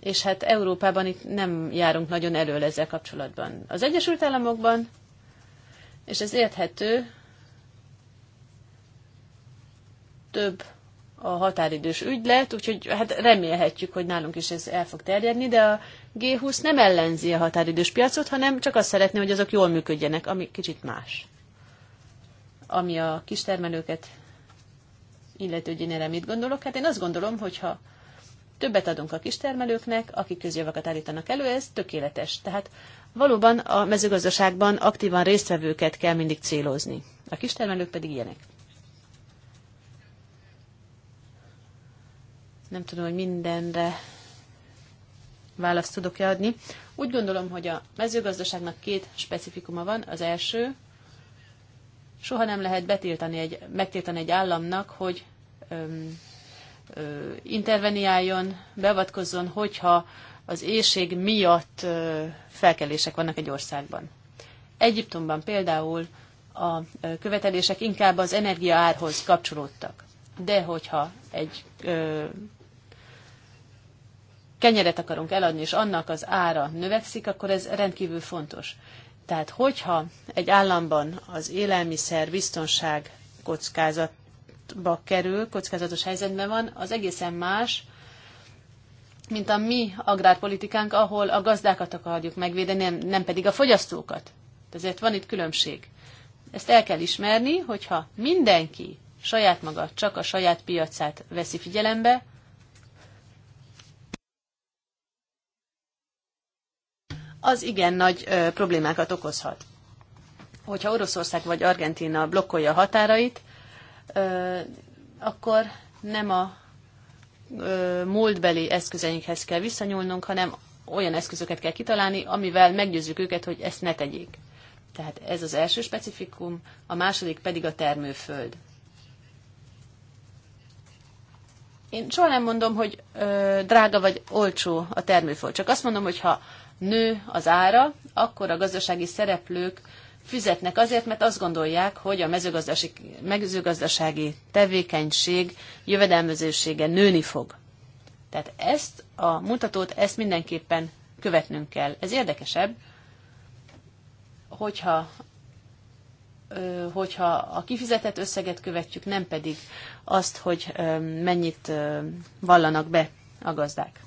És hát Európában itt nem járunk nagyon elől ezzel kapcsolatban. Az Egyesült Államokban, és ez érthető, több a határidős ügylet, úgyhogy hát remélhetjük, hogy nálunk is ez el fog terjedni, de a G20 nem ellenzi a határidős piacot, hanem csak azt szeretné, hogy azok jól működjenek, ami kicsit más. Ami a kistermelőket illető, hogy én erre mit gondolok. Hát én azt gondolom, hogyha többet adunk a kistermelőknek, akik közjavakat állítanak elő, ez tökéletes. Tehát valóban a mezőgazdaságban aktívan résztvevőket kell mindig célozni. A kistermelők pedig ilyenek. Nem tudom, hogy mindenre választ tudok-e adni. Úgy gondolom, hogy a mezőgazdaságnak két specifikuma van. Az első, Soha nem lehet betiltani egy, megtiltani egy államnak, hogy öm, ö, interveniáljon, beavatkozzon, hogyha az éjség miatt ö, felkelések vannak egy országban. Egyiptomban például a követelések inkább az energiaárhoz kapcsolódtak. De hogyha egy ö, kenyeret akarunk eladni, és annak az ára növekszik, akkor ez rendkívül fontos. Tehát hogyha egy államban az élelmiszer biztonság kockázatba kerül, kockázatos helyzetben van, az egészen más, mint a mi agrárpolitikánk, ahol a gazdákat akarjuk megvédeni, nem, pedig a fogyasztókat. Ezért van itt különbség. Ezt el kell ismerni, hogyha mindenki saját maga csak a saját piacát veszi figyelembe, az igen nagy problémákat okozhat. Hogyha Oroszország vagy Argentína blokkolja a határait, akkor nem a múltbeli eszközeinkhez kell visszanyúlnunk, hanem olyan eszközöket kell kitalálni, amivel meggyőzzük őket, hogy ezt ne tegyék. Tehát ez az első specifikum, a második pedig a termőföld. Én soha nem mondom, hogy ö, drága vagy olcsó a termőföld, csak azt mondom, hogy ha nő az ára, akkor a gazdasági szereplők fizetnek azért, mert azt gondolják, hogy a mezőgazdasági, mezőgazdasági tevékenység jövedelmezősége nőni fog. Tehát ezt a mutatót, ezt mindenképpen követnünk kell. Ez érdekesebb, hogyha, hogyha a kifizetett összeget követjük, nem pedig azt, hogy mennyit vallanak be a gazdák.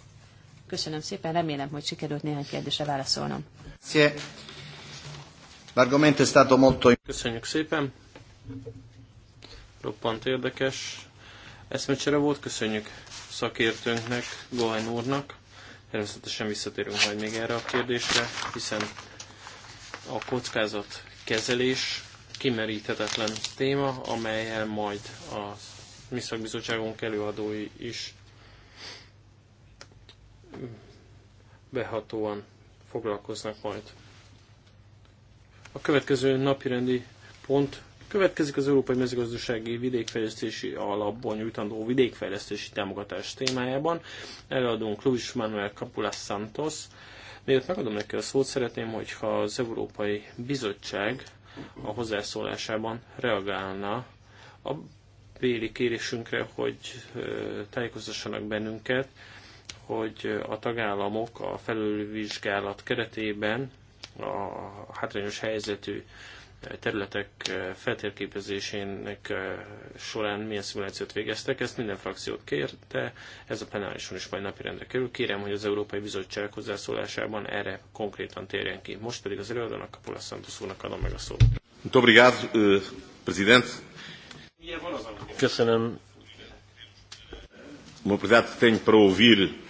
Köszönöm szépen, remélem, hogy sikerült néhány kérdésre válaszolnom. Köszönjük szépen. Roppant érdekes eszmecsere volt, köszönjük szakértőnknek, Gohain úrnak. Természetesen visszatérünk majd még erre a kérdésre, hiszen a kockázat kezelés kimeríthetetlen téma, amelyel majd a mi szakbizottságunk előadói is behatóan foglalkoznak majd. A következő napirendi pont következik az Európai Mezőgazdasági Vidékfejlesztési Alapból nyújtandó vidékfejlesztési támogatás témájában. Előadunk Luis Manuel Capulas Santos. Miért megadom neki a szót, szeretném, hogyha az Európai Bizottság a hozzászólásában reagálna a béli kérésünkre, hogy tájékoztassanak bennünket hogy a tagállamok a felülvizsgálat keretében a hátrányos helyzetű területek feltérképezésének eh, során milyen szimulációt végeztek, ezt minden frakciót kérte, ez a plenárison is majd napirendre kerül. Kérem, hogy az Európai Bizottság hozzászólásában erre konkrétan térjen ki. Most pedig az előadónak, a Santos úrnak adom meg a szót. Eh, Köszönöm. Uma Köszönöm. Köszönöm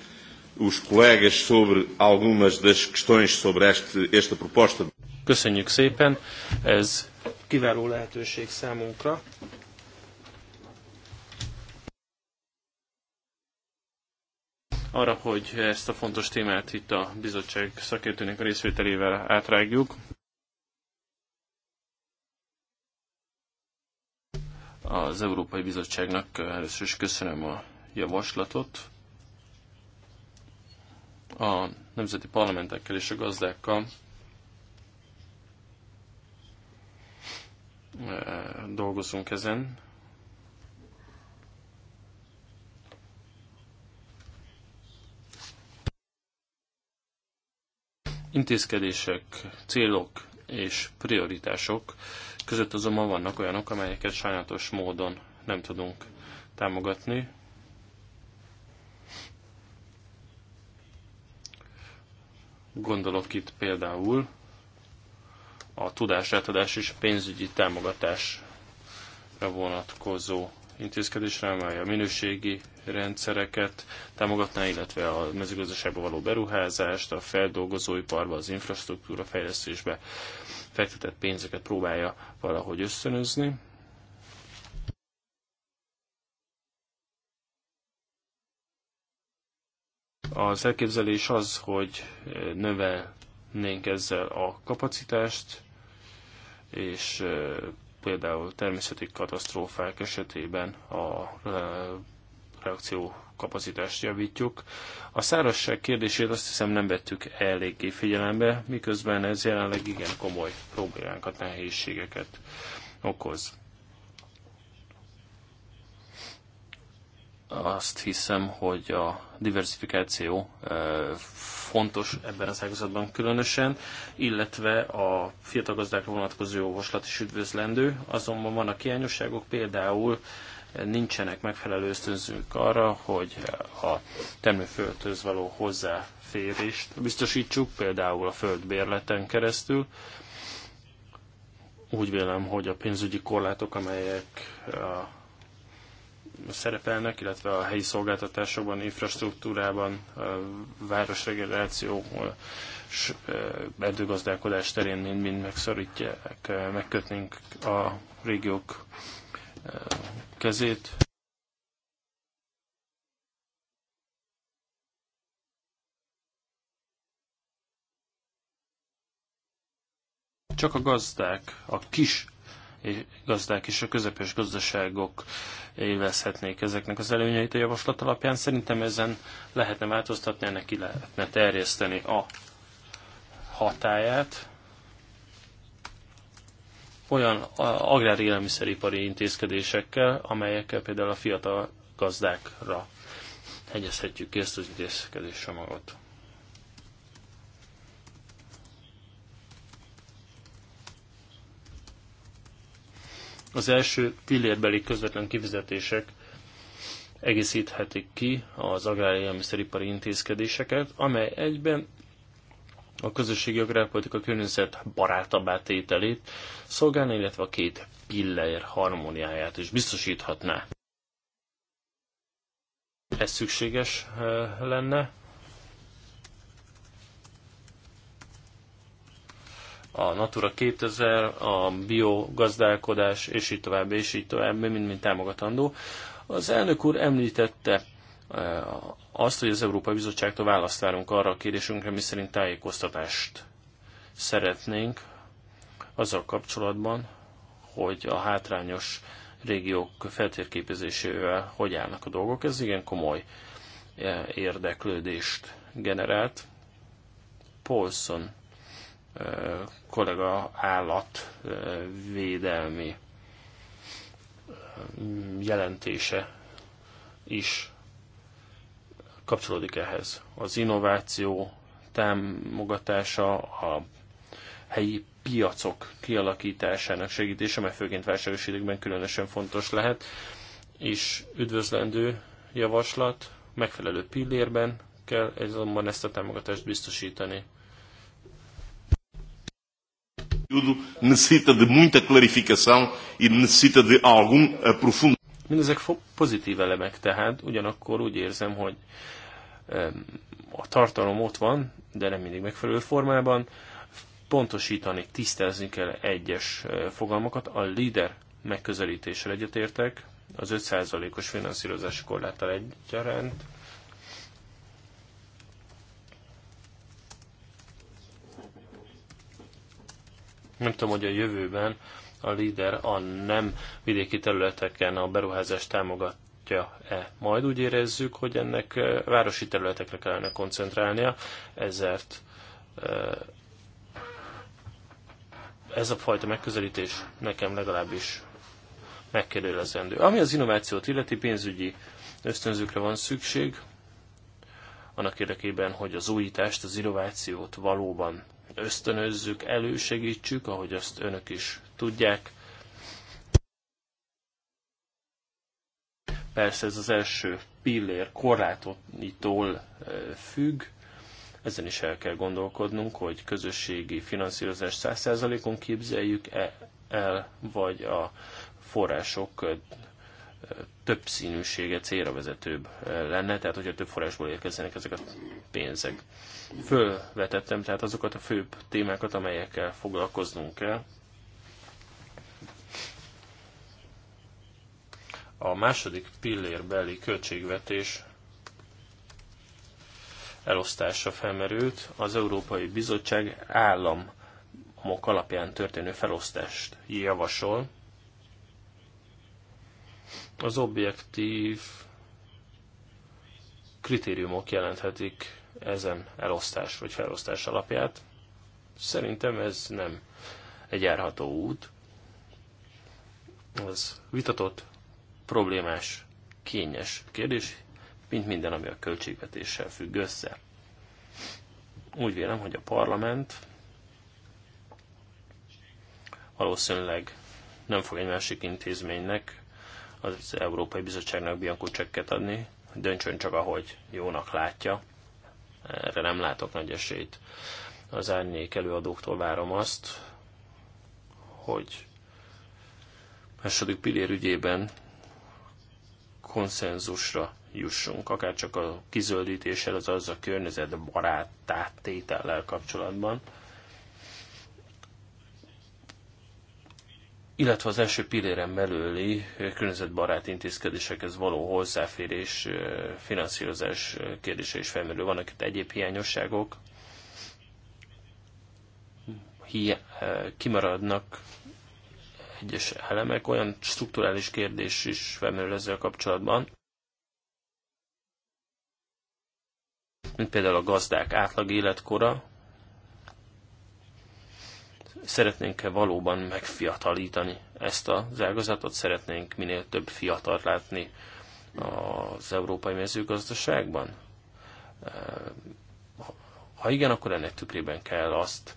os colegas sobre algumas das questões sobre este, esta proposta. Köszönjük szépen, ez kiváló lehetőség számunkra. arra, hogy ezt a fontos témát itt a bizottság szakértőnek a részvételével átrágjuk. Az Európai Bizottságnak először is köszönöm a javaslatot a nemzeti parlamentekkel és a gazdákkal dolgozunk ezen. Intézkedések, célok és prioritások között azonban vannak olyanok, amelyeket sajnálatos módon nem tudunk támogatni, Gondolok itt például a tudásátadás és a pénzügyi támogatásra vonatkozó intézkedésre, amely a minőségi rendszereket támogatná, illetve a mezőgazdaságba való beruházást, a feldolgozóiparba, az infrastruktúra fejlesztésbe fektetett pénzeket próbálja valahogy ösztönözni. Az elképzelés az, hogy eh, növelnénk ezzel a kapacitást, és eh, például természeti katasztrófák esetében a eh, reakció kapacitást javítjuk. A szárazság kérdését azt hiszem nem vettük eléggé figyelembe, miközben ez jelenleg igen komoly problémákat, nehézségeket okoz. Azt hiszem, hogy a diversifikáció fontos ebben az ágazatban különösen, illetve a fiatal gazdákra vonatkozó javaslat is üdvözlendő, azonban vannak hiányosságok, például nincsenek megfelelő ösztönzők arra, hogy a termőföldhöz való hozzáférést biztosítsuk, például a földbérleten keresztül. Úgy vélem, hogy a pénzügyi korlátok, amelyek a szerepelnek, illetve a helyi szolgáltatásokban, infrastruktúrában, városregeneráció, erdőgazdálkodás terén mind-mind megszorítják, megkötnénk a régiók kezét. Csak a gazdák, a kis gazdák és a közepes gazdaságok élvezhetnék ezeknek az előnyeit a javaslat alapján. Szerintem ezen lehetne változtatni, ennek ki lehetne terjeszteni a hatáját. Olyan agrár-élelmiszeripari intézkedésekkel, amelyekkel például a fiatal gazdákra hegyezhetjük ki ezt az intézkedés magot. Az első pillérbeli közvetlen kifizetések egészíthetik ki az agrárélelmiszeripari intézkedéseket, amely egyben a közösségi agrárpolitika környezet barátabbá tételét szolgálna, illetve a két pillér harmóniáját is biztosíthatná. Ez szükséges eh, lenne, a Natura 2000, a biogazdálkodás, és így tovább, és így tovább, mind-mind támogatandó. Az elnök úr említette eh, azt, hogy az Európai Bizottságtól választ várunk arra a kérdésünkre, mi szerint tájékoztatást szeretnénk azzal kapcsolatban, hogy a hátrányos régiók feltérképezésével hogy állnak a dolgok. Ez igen komoly eh, érdeklődést generált. Paulson kollega állatvédelmi jelentése is kapcsolódik ehhez. Az innováció támogatása, a helyi piacok kialakításának segítése, mely főként válságos időkben különösen fontos lehet, és üdvözlendő javaslat, megfelelő pillérben kell ezonban ezt a támogatást biztosítani tudo necessita de muita clarificação e necessita de algum aprofundamento. Mindezek pozitív elemek tehát, ugyanakkor úgy érzem, hogy a tartalom ott van, de nem mindig megfelelő formában. Pontosítani, tisztázni kell egyes fogalmakat. A líder megközelítésre egyetértek, az 5%-os finanszírozási korláttal egyaránt Nem tudom, hogy a jövőben a líder a nem vidéki területeken a beruházást támogatja-e. Majd úgy érezzük, hogy ennek eh, városi területekre kellene koncentrálnia, ezért eh, ez a fajta megközelítés nekem legalábbis megkérdőjelezendő. Ami az innovációt illeti, pénzügyi ösztönzőkre van szükség, annak érdekében, hogy az újítást, az innovációt valóban ösztönözzük, elősegítsük, ahogy azt önök is tudják. Persze ez az első pillér korlátitól eh, függ, ezen is el kell gondolkodnunk, hogy közösségi finanszírozást 100%-on képzeljük -e el, vagy a források eh, több színűsége célra vezetőbb lenne, tehát hogyha több forrásból érkezzenek ezek a pénzek. Fölvetettem tehát azokat a főbb témákat, amelyekkel foglalkoznunk kell. A második pillérbeli költségvetés elosztása felmerült, az Európai Bizottság államok alapján történő felosztást javasol, az objektív kritériumok jelenthetik ezen elosztás vagy felosztás alapját. Szerintem ez nem egy járható út. Ez vitatott, problémás, kényes kérdés, mint minden, ami a költségvetéssel függ össze. Úgy vélem, hogy a parlament valószínűleg nem fog egy másik intézménynek az Európai Bizottságnak Bianco csekket adni, döntsön csak ahogy jónak látja. Erre nem látok nagy esélyt. Az árnyék előadóktól várom azt, hogy második pillér ügyében konszenzusra jussunk, akár csak a kizöldítéssel, azaz a környezet baráttá tétellel kapcsolatban. illetve az első pilléren belüli eh, környezetbarát intézkedésekhez való hozzáférés, eh, finanszírozás eh, kérdése is felmerül. Vannak itt egyéb hiányosságok, hi- kimaradnak egyes elemek, olyan strukturális kérdés is felmerül ezzel kapcsolatban, mint például a gazdák átlag életkora, szeretnénk-e valóban megfiatalítani ezt az ágazatot, szeretnénk minél több fiatal látni az európai mezőgazdaságban? Ha igen, akkor ennek tükrében kell azt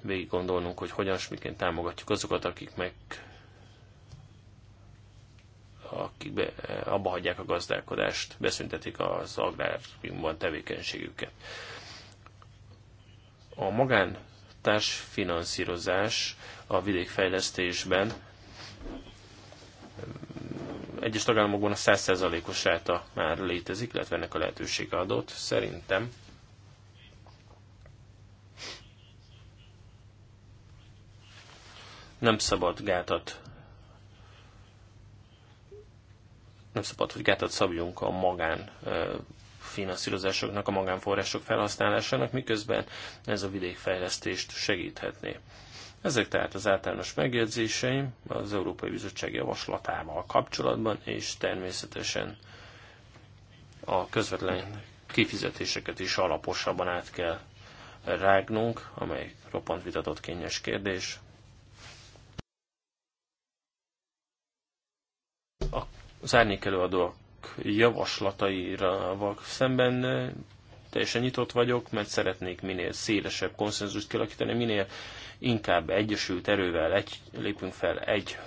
végig gondolnunk, hogy hogyan és miként támogatjuk azokat, akik meg akik be, abba hagyják a gazdálkodást, beszüntetik az agráriumban tevékenységüket. A magán társfinanszírozás a vidékfejlesztésben egyes tagállamokban a 100%-os ráta már létezik, illetve ennek a lehetősége adott. Szerintem nem szabad gátat nem szabad, hogy gátat szabjunk a magán finanszírozásoknak, a magánforrások felhasználásának, miközben ez a vidékfejlesztést segíthetné. Ezek tehát az általános megjegyzéseim az Európai Bizottság javaslatával kapcsolatban, és természetesen a közvetlen kifizetéseket is alaposabban át kell rágnunk, amely roppant vitatott kényes kérdés. A az árnyék előadó önök javaslatairával szemben teljesen nyitott vagyok, mert szeretnék minél szélesebb konszenzust kialakítani, minél inkább egyesült erővel egy, lépünk fel, egy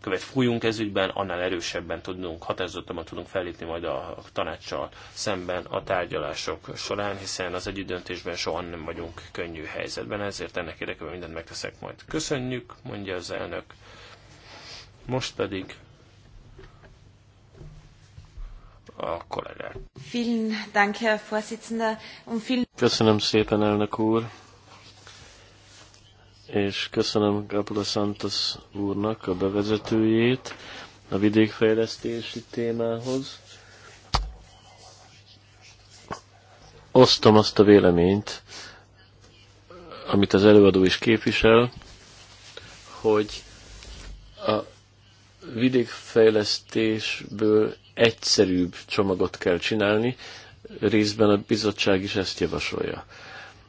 követ fújunk ezügyben, annál erősebben tudunk, határozottabban tudunk fellépni majd a tanácssal szemben a tárgyalások során, hiszen az döntésben soha nem vagyunk könnyű helyzetben, ezért ennek érdekében mindent megteszek majd. Köszönjük, mondja az elnök. Most pedig a kollégák. Köszönöm szépen, elnök úr, és köszönöm Gabula Santos úrnak a bevezetőjét a vidékfejlesztési témához. Osztom azt a véleményt, amit az előadó is képvisel, hogy a vidékfejlesztésből egyszerűbb csomagot kell csinálni, részben a bizottság is ezt javasolja.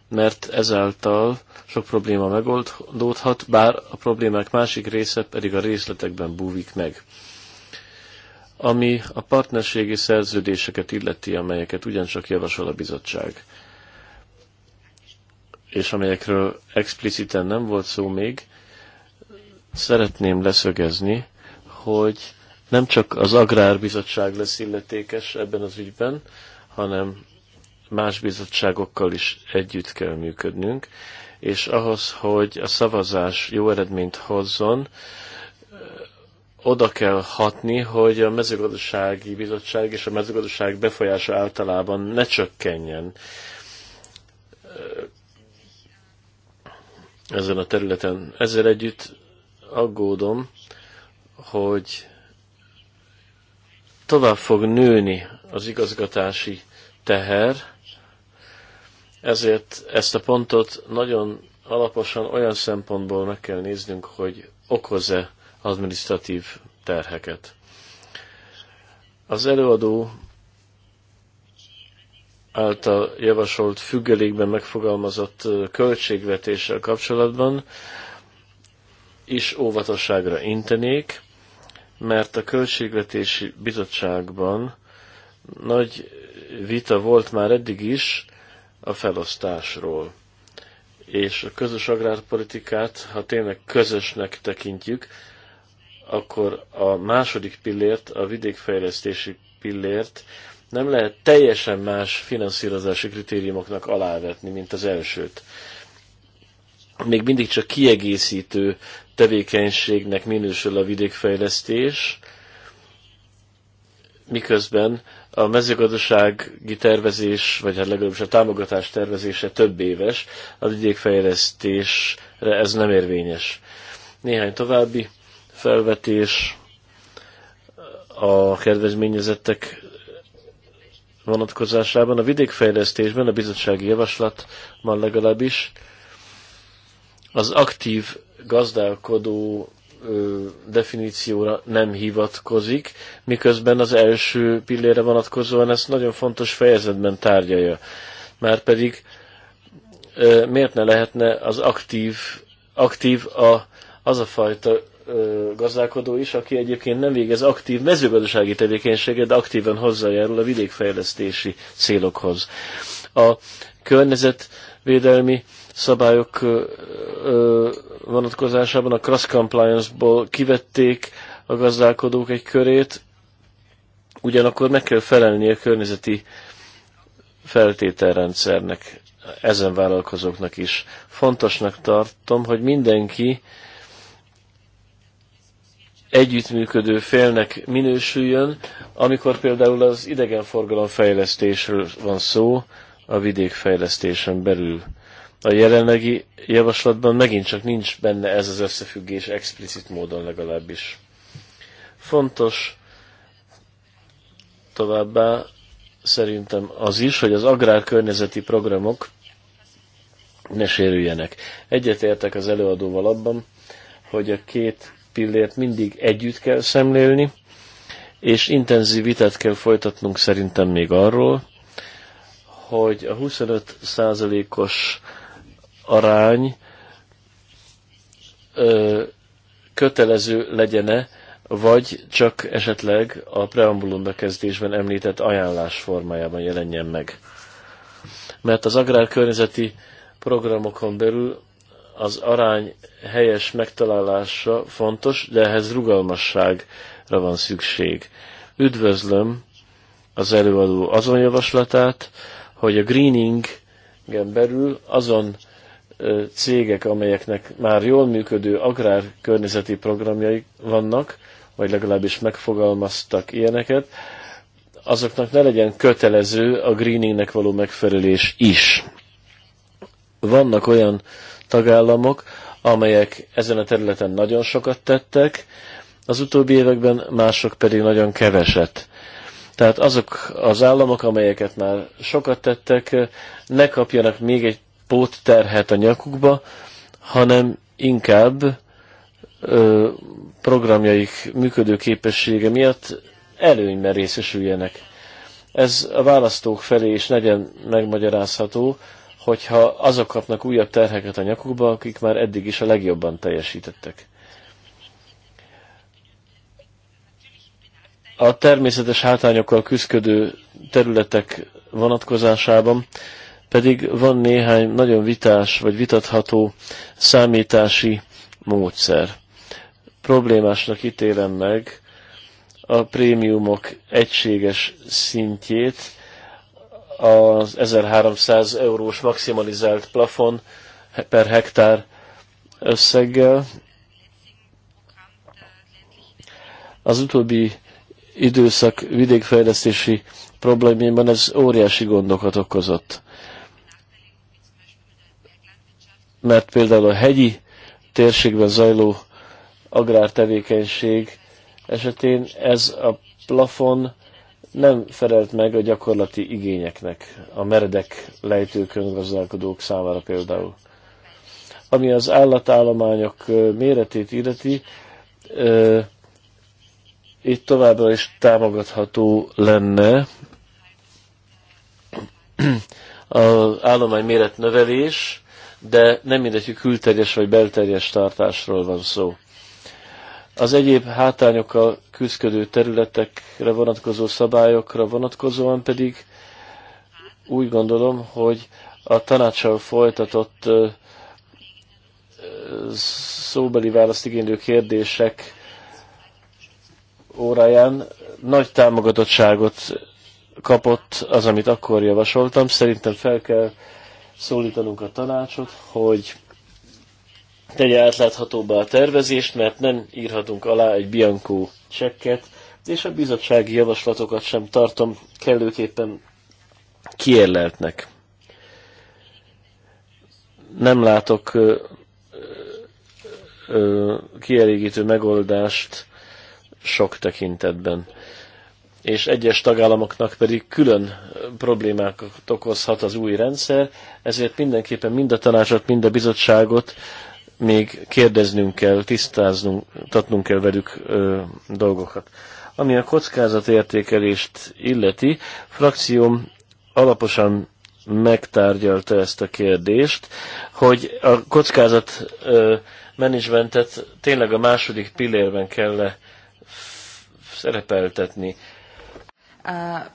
Mert ezáltal sok probléma megoldódhat, bár a problémák másik része pedig a részletekben búvik meg. Ami a partnerségi szerződéseket illeti, amelyeket ugyancsak javasol a bizottság, és amelyekről expliciten nem volt szó még, szeretném leszögezni, hogy nem csak az Agrárbizottság lesz illetékes ebben az ügyben, hanem más bizottságokkal is együtt kell működnünk, és ahhoz, hogy a szavazás jó eredményt hozzon, oda kell hatni, hogy a mezőgazdasági bizottság és a mezőgazdaság befolyása általában ne csökkenjen ezen a területen. Ezzel együtt aggódom, hogy tovább fog nőni az igazgatási teher, ezért ezt a pontot nagyon alaposan olyan szempontból meg kell néznünk, hogy okoz-e administratív terheket. Az előadó által javasolt függelékben megfogalmazott költségvetéssel kapcsolatban is óvatosságra intenék mert a Költségvetési Bizottságban nagy vita volt már eddig is a felosztásról. És a közös agrárpolitikát, ha tényleg közösnek tekintjük, akkor a második pillért, a vidékfejlesztési pillért nem lehet teljesen más finanszírozási kritériumoknak alávetni, mint az elsőt még mindig csak kiegészítő tevékenységnek minősül a vidékfejlesztés, miközben a mezőgazdasági tervezés, vagy hát legalábbis a támogatás tervezése több éves, a vidékfejlesztésre ez nem érvényes. Néhány további felvetés a kedvezményezettek vonatkozásában. A vidékfejlesztésben a bizottsági javaslatban legalábbis az aktív gazdálkodó definícióra nem hivatkozik, miközben az első pillére vonatkozóan ezt nagyon fontos fejezetben tárgyalja. Márpedig miért ne lehetne az aktív, aktív a, az a fajta gazdálkodó is, aki egyébként nem végez aktív mezőgazdasági tevékenységet, de aktívan hozzájárul a vidékfejlesztési célokhoz. A környezetvédelmi szabályok vonatkozásában a cross compliance-ból kivették a gazdálkodók egy körét, ugyanakkor meg kell felelni a környezeti feltételrendszernek, ezen vállalkozóknak is. Fontosnak tartom, hogy mindenki együttműködő félnek minősüljön, amikor például az idegenforgalom fejlesztésről van szó a vidékfejlesztésen belül a jelenlegi javaslatban megint csak nincs benne ez az összefüggés explicit módon legalábbis. Fontos továbbá szerintem az is, hogy az agrárkörnyezeti programok ne sérüljenek. Egyetértek az előadóval abban, hogy a két pillért mindig együtt kell szemlélni, és intenzív vitát kell folytatnunk szerintem még arról, hogy a 25%-os arány ö, kötelező legyene, vagy csak esetleg a preambulum bekezdésben említett ajánlás formájában jelenjen meg. Mert az agrárkörnyezeti programokon belül az arány helyes megtalálása fontos, de ehhez rugalmasságra van szükség. Üdvözlöm az előadó azon javaslatát, hogy a greening belül azon cégek, amelyeknek már jól működő agrárkörnyezeti programjai vannak, vagy legalábbis megfogalmaztak ilyeneket, azoknak ne legyen kötelező a greeningnek való megfelelés is. Vannak olyan tagállamok, amelyek ezen a területen nagyon sokat tettek, az utóbbi években mások pedig nagyon keveset. Tehát azok az államok, amelyeket már sokat tettek, ne kapjanak még egy pótterhet a nyakukba, hanem inkább ö, programjaik képessége miatt előnyben részesüljenek. Ez a választók felé is legyen megmagyarázható, hogyha azok kapnak újabb terheket a nyakukba, akik már eddig is a legjobban teljesítettek. A természetes hátrányokkal küzdködő területek vonatkozásában pedig van néhány nagyon vitás vagy vitatható számítási módszer. Problémásnak ítélem meg a prémiumok egységes szintjét, az 1300 eurós maximalizált plafon per hektár összeggel. Az utóbbi időszak vidékfejlesztési problémában ez óriási gondokat okozott. mert például a hegyi térségben zajló agrártevékenység esetén ez a plafon nem felelt meg a gyakorlati igényeknek, a meredek lejtőkön gazdálkodók számára például. Ami az állatállományok méretét illeti, itt továbbra is támogatható lenne az állomány méret növelés, de nem mindegy, hogy külterjes vagy belterjes tartásról van szó. Az egyéb hátányokkal küzdködő területekre vonatkozó szabályokra vonatkozóan pedig úgy gondolom, hogy a tanácssal folytatott szóbeli választ igénylő kérdések óráján nagy támogatottságot kapott az, amit akkor javasoltam. Szerintem fel kell szólítanunk a tanácsot, hogy tegye átláthatóbbá a tervezést, mert nem írhatunk alá egy Bianco csekket, és a bizottsági javaslatokat sem tartom kellőképpen kiérleltnek. Nem látok ö, ö, kielégítő megoldást sok tekintetben és egyes tagállamoknak pedig külön problémákat okozhat az új rendszer, ezért mindenképpen mind a tanácsot, mind a bizottságot még kérdeznünk kell, tisztáznunk, tatnunk kell velük ö, dolgokat. Ami a kockázatértékelést illeti, frakcióm alaposan megtárgyalta ezt a kérdést, hogy a kockázat ö, menedzsmentet tényleg a második pillérben kell -e szerepeltetni. Uh,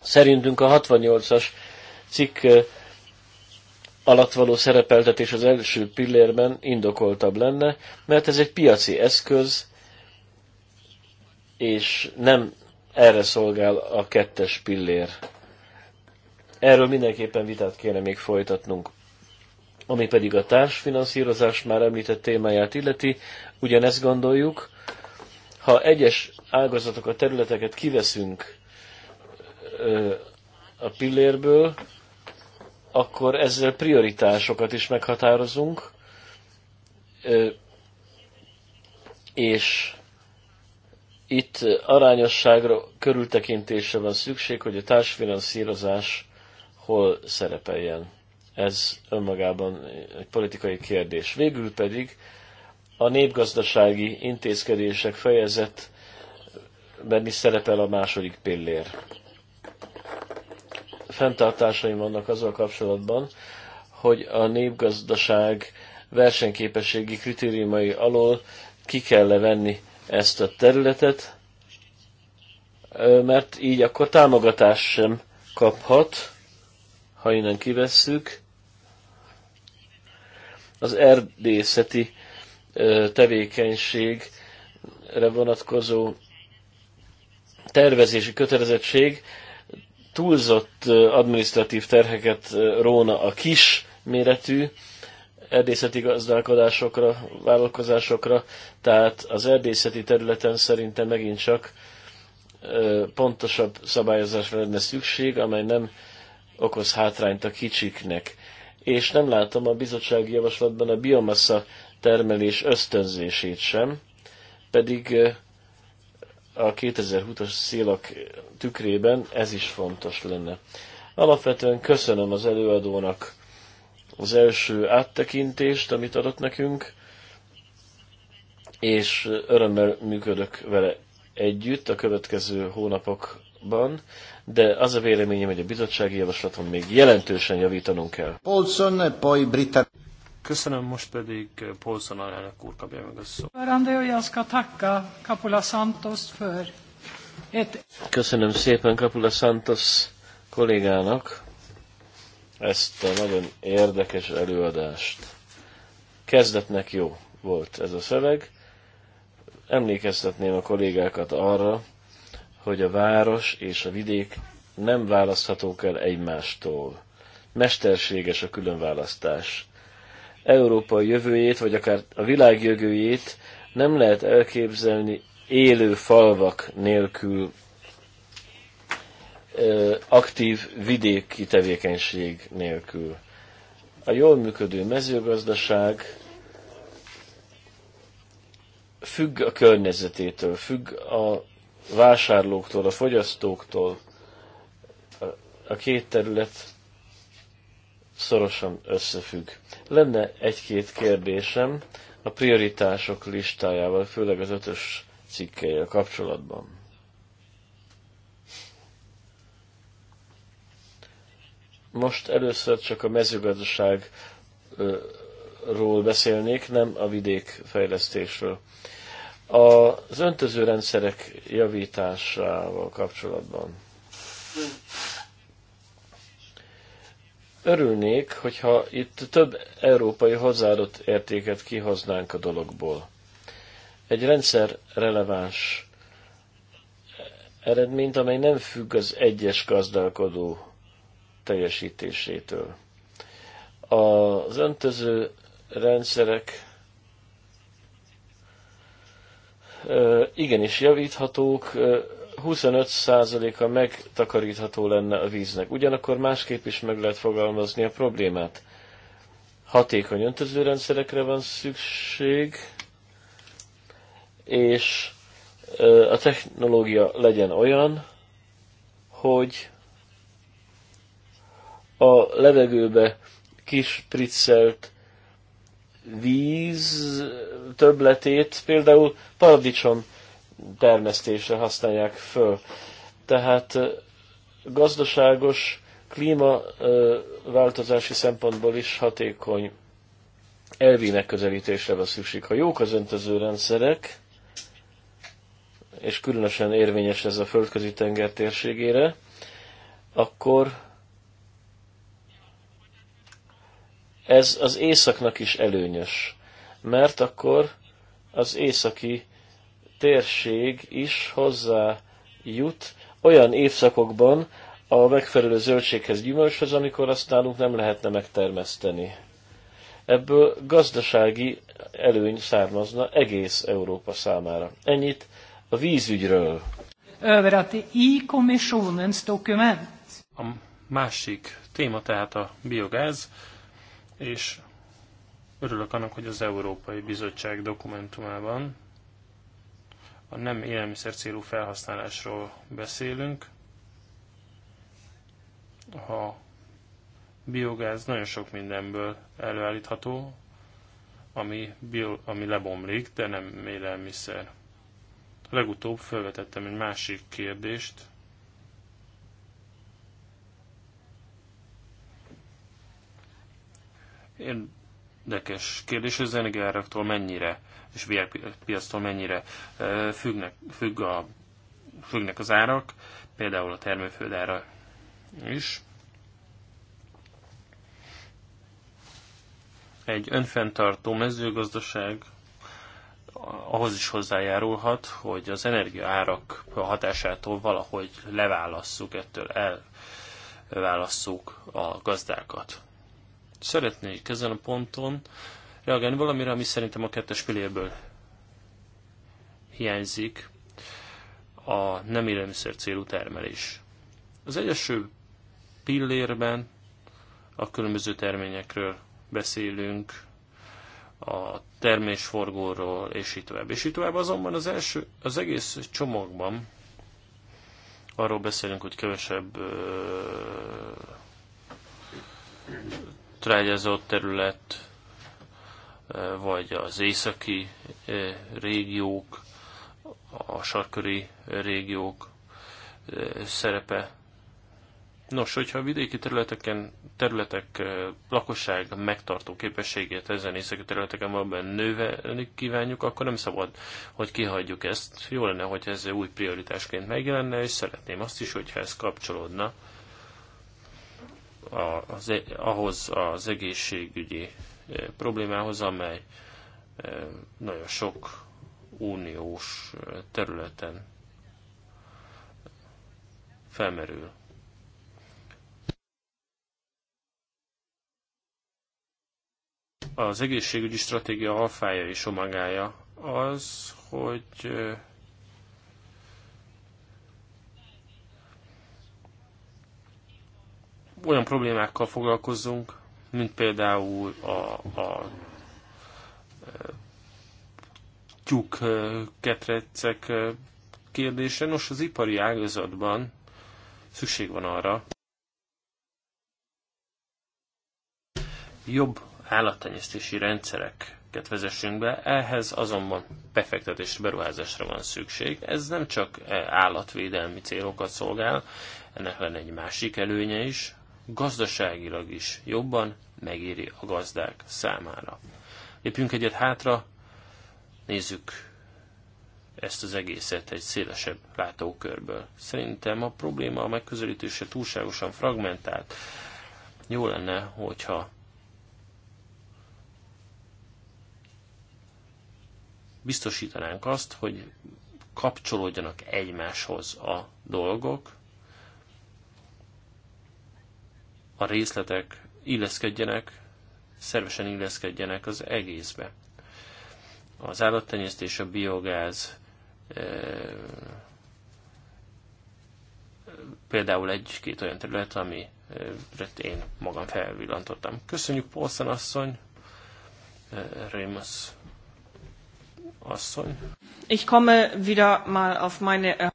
Szerintünk a 68-as cikk uh, alatt való szerepeltetés az első pillérben indokoltabb lenne, mert ez egy piaci eszköz, és nem erre szolgál a kettes pillér. Erről mindenképpen vitát kéne még folytatnunk. Ami pedig a társfinanszírozás már említett témáját illeti, ugyanezt gondoljuk, ha egyes ágazatokat, területeket kiveszünk a pillérből, akkor ezzel prioritásokat is meghatározunk, és itt arányosságra, körültekintése van szükség, hogy a társfinanszírozás hol szerepeljen. Ez önmagában egy politikai kérdés. Végül pedig a népgazdasági intézkedések fejezetben is szerepel a második pillér. Fentartásaim vannak azzal kapcsolatban, hogy a népgazdaság versenyképességi kritériumai alól ki kell venni ezt a területet, mert így akkor támogatás sem kaphat, ha innen kivesszük. Az erdészeti tevékenységre vonatkozó tervezési kötelezettség túlzott administratív terheket róna a kis méretű erdészeti gazdálkodásokra, vállalkozásokra, tehát az erdészeti területen szerintem megint csak pontosabb szabályozásra lenne szükség, amely nem okoz hátrányt a kicsiknek. És nem látom a bizottsági javaslatban a biomassa termelés ösztönzését sem, pedig a 2020-as szélak tükrében ez is fontos lenne. Alapvetően köszönöm az előadónak az első áttekintést, amit adott nekünk, és örömmel működök vele együtt a következő hónapokban, de az a véleményem, hogy a bizottsági javaslaton még jelentősen javítanunk kell. Paulson, poi Britta. Köszönöm, most pedig Polson alelnök úr kapja meg a szót. Köszönöm szépen Kapula Santos kollégának ezt a nagyon érdekes előadást. Kezdetnek jó volt ez a szöveg. Emlékeztetném a kollégákat arra, hogy a város és a vidék nem választhatók el egymástól. Mesterséges a különválasztás. Európa jövőjét, vagy akár a világ jövőjét nem lehet elképzelni élő falvak nélkül aktív vidéki tevékenység nélkül. A jól működő mezőgazdaság függ a környezetétől, függ a vásárlóktól, a fogyasztóktól, a két terület szorosan összefügg. Lenne egy-két kérdésem a prioritások listájával, főleg az ötös cikkelyel kapcsolatban. Most először csak a mezőgazdaságról beszélnék, nem a vidékfejlesztésről. Az öntözőrendszerek javításával kapcsolatban Örülnék, hogyha itt több európai hozzáadott értéket kihoznánk a dologból. Egy rendszer releváns eredményt, amely nem függ az egyes gazdálkodó teljesítésétől. Az öntöző rendszerek igenis javíthatók, 25%-a megtakarítható lenne a víznek. Ugyanakkor másképp is meg lehet fogalmazni a problémát. Hatékony öntözőrendszerekre van szükség, és a technológia legyen olyan, hogy a levegőbe kis priccelt víz többletét, például paradicsom termesztésre használják föl. Tehát gazdaságos, klímaváltozási szempontból is hatékony elvének közelítésre van szükség. Ha jók az öntöző rendszerek, és különösen érvényes ez a földközi tenger térségére, akkor ez az északnak is előnyös, mert akkor az északi térség is hozzá jut olyan évszakokban a megfelelő zöldséghez, gyümölcshöz, amikor azt nálunk nem lehetne megtermeszteni. Ebből gazdasági előny származna egész Európa számára. Ennyit a vízügyről. dokument. A másik téma tehát a biogáz, és örülök annak, hogy az Európai Bizottság dokumentumában a nem élelmiszer célú felhasználásról beszélünk. Ha biogáz nagyon sok mindenből előállítható, ami, bio, ami lebomlik, de nem élelmiszer. Legutóbb felvetettem egy másik kérdést, Érdekes kérdés, az energiáraktól mennyire és világpiasztól mennyire függnek, függ a, függnek az árak, például a ára is. Egy önfenntartó mezőgazdaság ahhoz is hozzájárulhat, hogy az energiaárak hatásától valahogy leválasszuk, ettől elválasszuk a gazdákat. Szeretnék ezen a ponton reagálni valamire, ami szerintem a kettes pillérből hiányzik, a nem élelmiszer célú termelés. Az egyeső pillérben a különböző terményekről beszélünk, a termésforgóról, és így tovább. És így tovább azonban az, első, az egész csomagban arról beszélünk, hogy kevesebb ö, trágyázott terület, vagy az északi eh, régiók, a sarköri régiók eh, szerepe. Nos, hogyha a vidéki területeken, területek eh, lakosság megtartó képességét ezen északi területeken valóban növelni kívánjuk, akkor nem szabad, hogy kihagyjuk ezt. Jó lenne, hogy ez új prioritásként megjelenne, és szeretném azt is, hogyha ez kapcsolódna az, e, ahhoz az egészségügyi problémához, amely eh, nagyon sok uniós eh, területen felmerül. Az egészségügyi stratégia alfája és omagája az, hogy eh, olyan problémákkal foglalkozzunk, mint például a, a e, tyúk ketrecek e, kérdése. Nos, az ipari ágazatban szükség van arra, jobb állattenyésztési rendszereket vezessünk be, ehhez azonban befektetés beruházásra van szükség. Ez nem csak e, állatvédelmi célokat szolgál, ennek lenne egy másik előnye is, gazdaságilag is jobban megéri a gazdák számára. Lépjünk egyet hátra, nézzük ezt az egészet egy szélesebb látókörből. Szerintem a probléma a megközelítése túlságosan fragmentált. Jó lenne, hogyha biztosítanánk azt, hogy kapcsolódjanak egymáshoz a dolgok, a részletek illeszkedjenek, szervesen illeszkedjenek az egészbe. Az állattenyésztés, a biogáz e, például egy-két olyan terület, amire én magam felvillantottam. Köszönjük Paulsen asszony, e, Rémus asszony. Ich komme wieder mal auf meine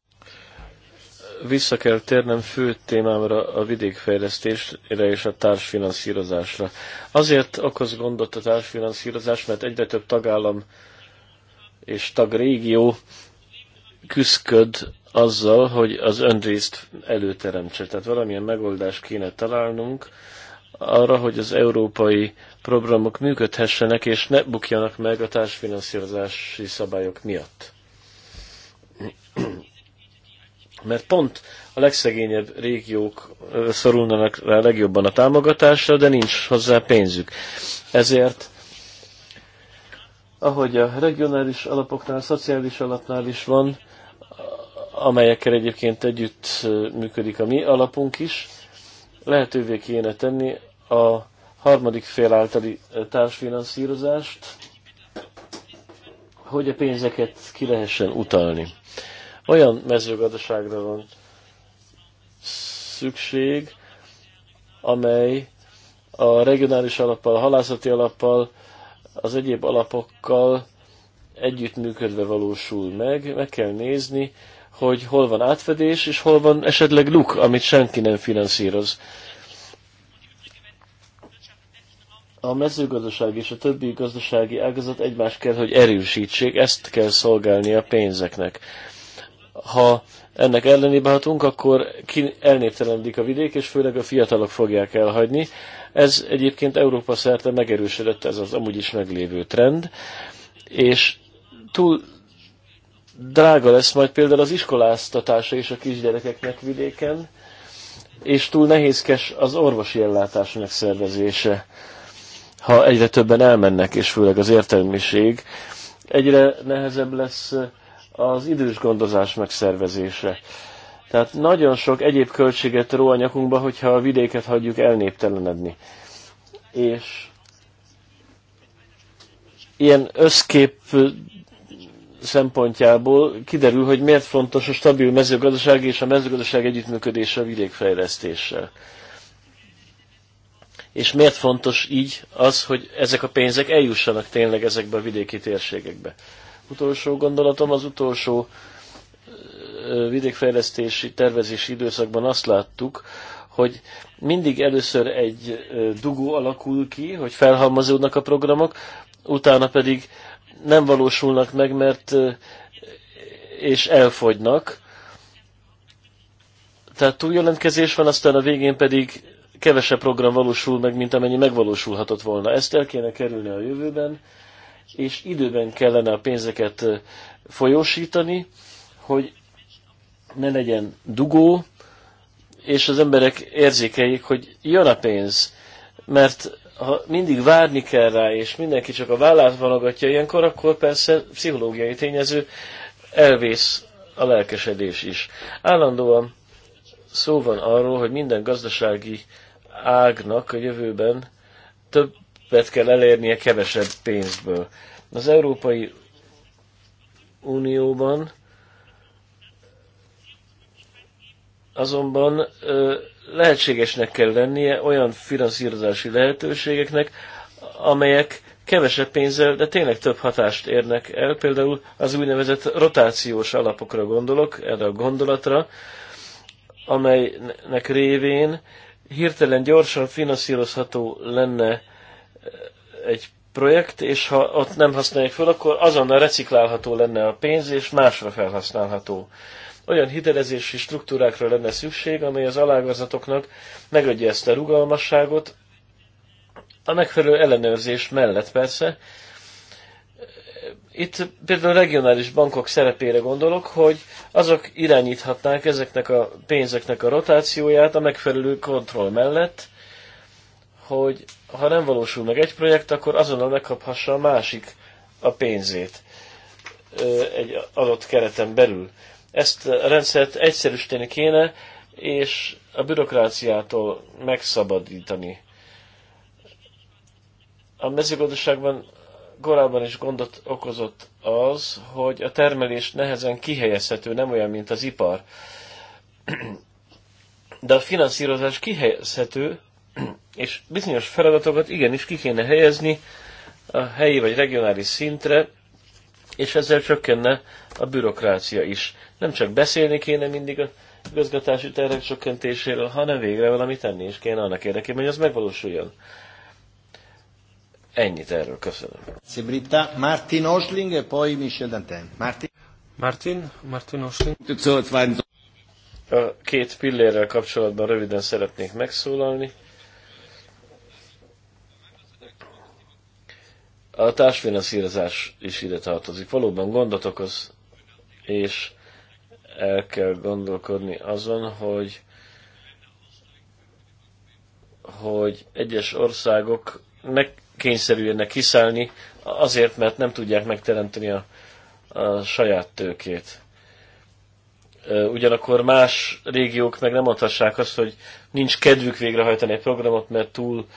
vissza kell térnem fő témámra, a vidékfejlesztésre és a társfinanszírozásra. Azért okoz gondot a társfinanszírozás, mert egyre több tagállam és tagrégió küszköd azzal, hogy az önrészt előteremtse. Tehát valamilyen megoldást kéne találnunk arra, hogy az európai programok működhessenek, és ne bukjanak meg a társfinanszírozási szabályok miatt mert pont a legszegényebb régiók szorulnak rá legjobban a támogatásra, de nincs hozzá pénzük. Ezért, ahogy a regionális alapoknál, a szociális alapnál is van, amelyekkel egyébként együtt működik a mi alapunk is, lehetővé kéne tenni a harmadik fél általi társfinanszírozást, hogy a pénzeket ki lehessen utalni olyan mezőgazdaságra van szükség, amely a regionális alappal, a halászati alappal, az egyéb alapokkal együttműködve valósul meg. Meg kell nézni, hogy hol van átfedés, és hol van esetleg luk, amit senki nem finanszíroz. A mezőgazdaság és a többi gazdasági ágazat egymást kell, hogy erősítsék, ezt kell szolgálni a pénzeknek. Ha ennek ellenébe hatunk, akkor elnéptelenedik a vidék, és főleg a fiatalok fogják elhagyni. Ez egyébként Európa szerte megerősödött ez az amúgy is meglévő trend, és túl drága lesz majd például az iskoláztatása is a kisgyerekeknek vidéken, és túl nehézkes az orvosi ellátás megszervezése, ha egyre többen elmennek, és főleg az értelmiség. Egyre nehezebb lesz az idős gondozás megszervezése. Tehát nagyon sok egyéb költséget ró a nyakunkba, hogyha a vidéket hagyjuk elnéptelenedni. És ilyen összkép szempontjából kiderül, hogy miért fontos a stabil mezőgazdaság és a mezőgazdaság együttműködése a vidékfejlesztéssel. És miért fontos így az, hogy ezek a pénzek eljussanak tényleg ezekbe a vidéki térségekbe utolsó gondolatom. Az utolsó vidékfejlesztési tervezési időszakban azt láttuk, hogy mindig először egy dugó alakul ki, hogy felhalmozódnak a programok, utána pedig nem valósulnak meg, mert és elfogynak. Tehát túljelentkezés van, aztán a végén pedig kevesebb program valósul meg, mint amennyi megvalósulhatott volna. Ezt el kéne kerülni a jövőben, és időben kellene a pénzeket folyósítani, hogy ne legyen dugó, és az emberek érzékeljék, hogy jön a pénz, mert ha mindig várni kell rá, és mindenki csak a vállát vanogatja ilyenkor, akkor persze pszichológiai tényező elvész a lelkesedés is. Állandóan szó van arról, hogy minden gazdasági ágnak a jövőben több többet kell elérnie kevesebb pénzből. Az Európai Unióban azonban lehetségesnek kell lennie olyan finanszírozási lehetőségeknek, amelyek kevesebb pénzzel, de tényleg több hatást érnek el. Például az úgynevezett rotációs alapokra gondolok, erre a gondolatra, amelynek révén hirtelen gyorsan finanszírozható lenne egy projekt, és ha ott nem használják fel, akkor azonnal reciklálható lenne a pénz, és másra felhasználható. Olyan hitelezési struktúrákra lenne szükség, amely az alágazatoknak megadja ezt a rugalmasságot, a megfelelő ellenőrzés mellett persze. Itt például regionális bankok szerepére gondolok, hogy azok irányíthatnák ezeknek a pénzeknek a rotációját a megfelelő kontroll mellett, hogy ha nem valósul meg egy projekt, akkor azonnal megkaphassa a másik a pénzét egy adott kereten belül. Ezt a rendszert egyszerűsíteni kéne, és a bürokráciától megszabadítani. A mezőgazdaságban korábban is gondot okozott az, hogy a termelés nehezen kihelyezhető, nem olyan, mint az ipar. De a finanszírozás kihelyezhető, és bizonyos feladatokat igenis ki kéne helyezni a helyi vagy regionális szintre, és ezzel csökkenne a bürokrácia is. Nem csak beszélni kéne mindig a igazgatási terhek csökkentéséről, hanem végre valami tenni is kéne annak érdekében, hogy az megvalósuljon. Ennyit erről, köszönöm. Szibrita, Martin Osling, e poi Michel Dantin. Martin. Martin, Martin Osling. A két pillérrel kapcsolatban röviden szeretnék megszólalni. A társfinanszírozás is ide tartozik. Valóban gondot okoz, és el kell gondolkodni azon, hogy hogy egyes országok megkényszerüljenek kiszállni azért, mert nem tudják megteremteni a, a saját tőkét. Ugyanakkor más régiók meg nem mondhassák azt, hogy nincs kedvük végrehajtani egy programot, mert túl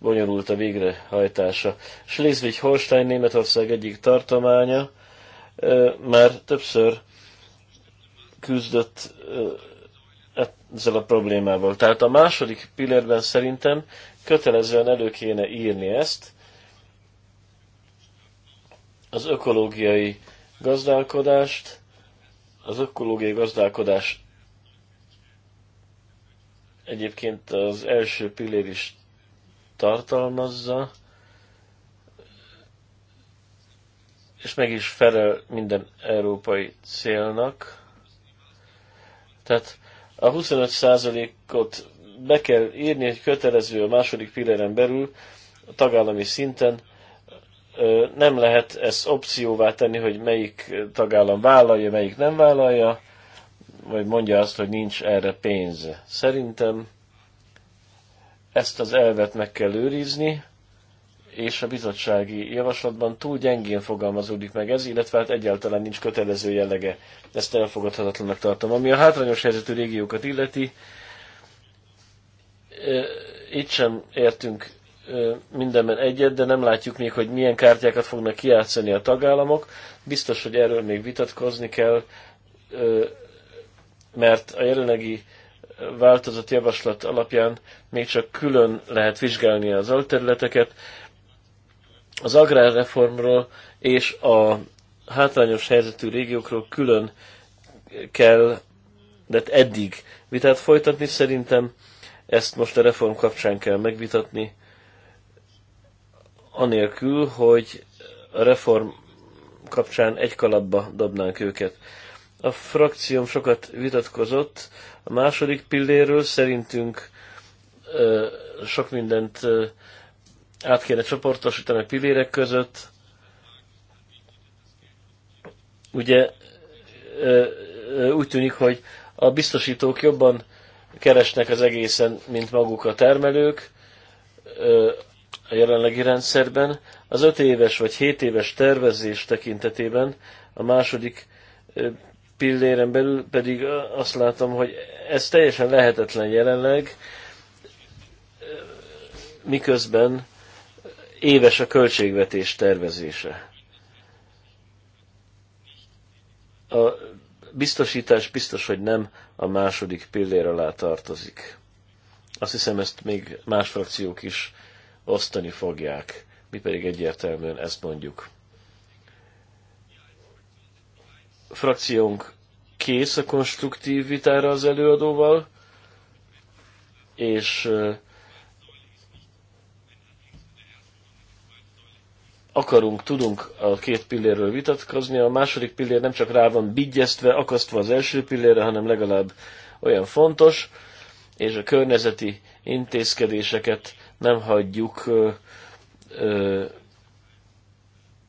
bonyolult a végrehajtása. Schleswig-Holstein Németország egyik tartománya már többször küzdött ezzel a problémával. Tehát a második pillérben szerintem kötelezően elő kéne írni ezt, az ökológiai gazdálkodást, az ökológiai gazdálkodás egyébként az első pillér is tartalmazza, és meg is felel minden európai célnak. Tehát a 25%-ot be kell írni, hogy kötelező a második pilléren belül, a tagállami szinten. Nem lehet ezt opcióvá tenni, hogy melyik tagállam vállalja, melyik nem vállalja, vagy mondja azt, hogy nincs erre pénze. Szerintem ezt az elvet meg kell őrizni, és a bizottsági javaslatban túl gyengén fogalmazódik meg ez, illetve hát egyáltalán nincs kötelező jellege. Ezt elfogadhatatlanak tartom. Ami a hátrányos helyzetű régiókat illeti, itt sem értünk mindenben egyet, de nem látjuk még, hogy milyen kártyákat fognak kiátszani a tagállamok. Biztos, hogy erről még vitatkozni kell, mert a jelenlegi változott javaslat alapján még csak külön lehet vizsgálni az alterületeket. Az agrárreformról és a hátrányos helyzetű régiókról külön kell, de hát eddig vitát folytatni. Szerintem ezt most a reform kapcsán kell megvitatni, anélkül, hogy a reform kapcsán egy kalapba dobnánk őket. A frakcióm sokat vitatkozott a második pilléről, szerintünk sok mindent át kéne csoportosítani a pillérek között. Ugye úgy tűnik, hogy a biztosítók jobban keresnek az egészen, mint maguk a termelők a jelenlegi rendszerben. Az öt éves vagy hét éves tervezés tekintetében a második pilléren belül pedig azt látom, hogy ez teljesen lehetetlen jelenleg, miközben éves a költségvetés tervezése. A biztosítás biztos, hogy nem a második pillér alá tartozik. Azt hiszem, ezt még más frakciók is osztani fogják. Mi pedig egyértelműen ezt mondjuk. frakciónk kész a konstruktív vitára az előadóval, és akarunk, tudunk a két pillérről vitatkozni. A második pillér nem csak rá van bigyeztve, akasztva az első pillérre, hanem legalább olyan fontos, és a környezeti intézkedéseket nem hagyjuk ö, ö,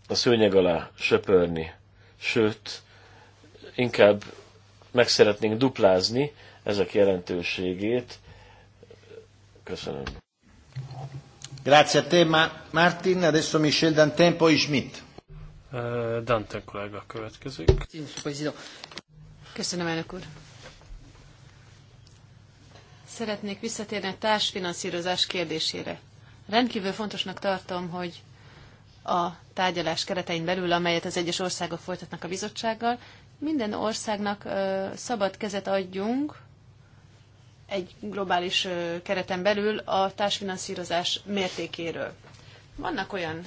a szőnyeg alá söpörni. Sőt, inkább meg szeretnénk duplázni ezek jelentőségét. Köszönöm. Grazie a te, Ma Martin. Adesso Michel Dantempo poi Schmidt. Uh, Dantin kollega következik. Köszönöm, elnök úr. Szeretnék visszatérni a társfinanszírozás kérdésére. Rendkívül fontosnak tartom, hogy a tárgyalás keretein belül, amelyet az egyes országok folytatnak a bizottsággal, minden országnak szabad kezet adjunk egy globális kereten belül a társfinanszírozás mértékéről. Vannak olyan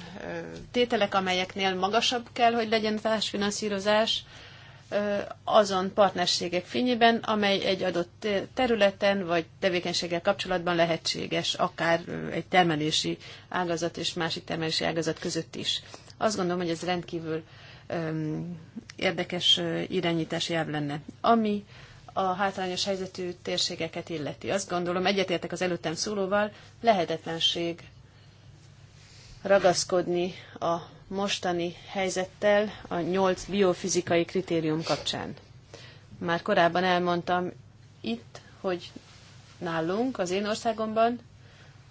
tételek, amelyeknél magasabb kell, hogy legyen társfinanszírozás azon partnerségek fényében, amely egy adott területen vagy tevékenységgel kapcsolatban lehetséges, akár egy termelési ágazat és másik termelési ágazat között is. Azt gondolom, hogy ez rendkívül érdekes irányítási elv lenne. Ami a hátrányos helyzetű térségeket illeti. Azt gondolom, egyetértek az előttem szólóval, lehetetlenség ragaszkodni a mostani helyzettel a nyolc biofizikai kritérium kapcsán. Már korábban elmondtam itt, hogy nálunk, az én országomban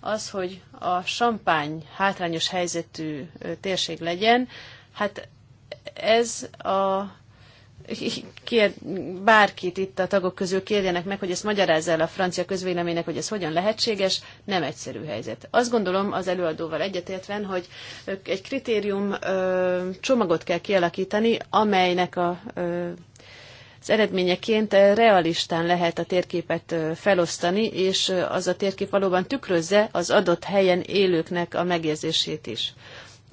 az, hogy a sampány hátrányos helyzetű térség legyen, hát ez a kér, bárkit itt a tagok közül kérjenek meg, hogy ezt magyarázza el a francia közvéleménynek, hogy ez hogyan lehetséges, nem egyszerű helyzet. Azt gondolom az előadóval egyetértve, hogy egy kritérium ö, csomagot kell kialakítani, amelynek a ö, az eredményeként realistán lehet a térképet felosztani, és az a térkép valóban tükrözze az adott helyen élőknek a megérzését is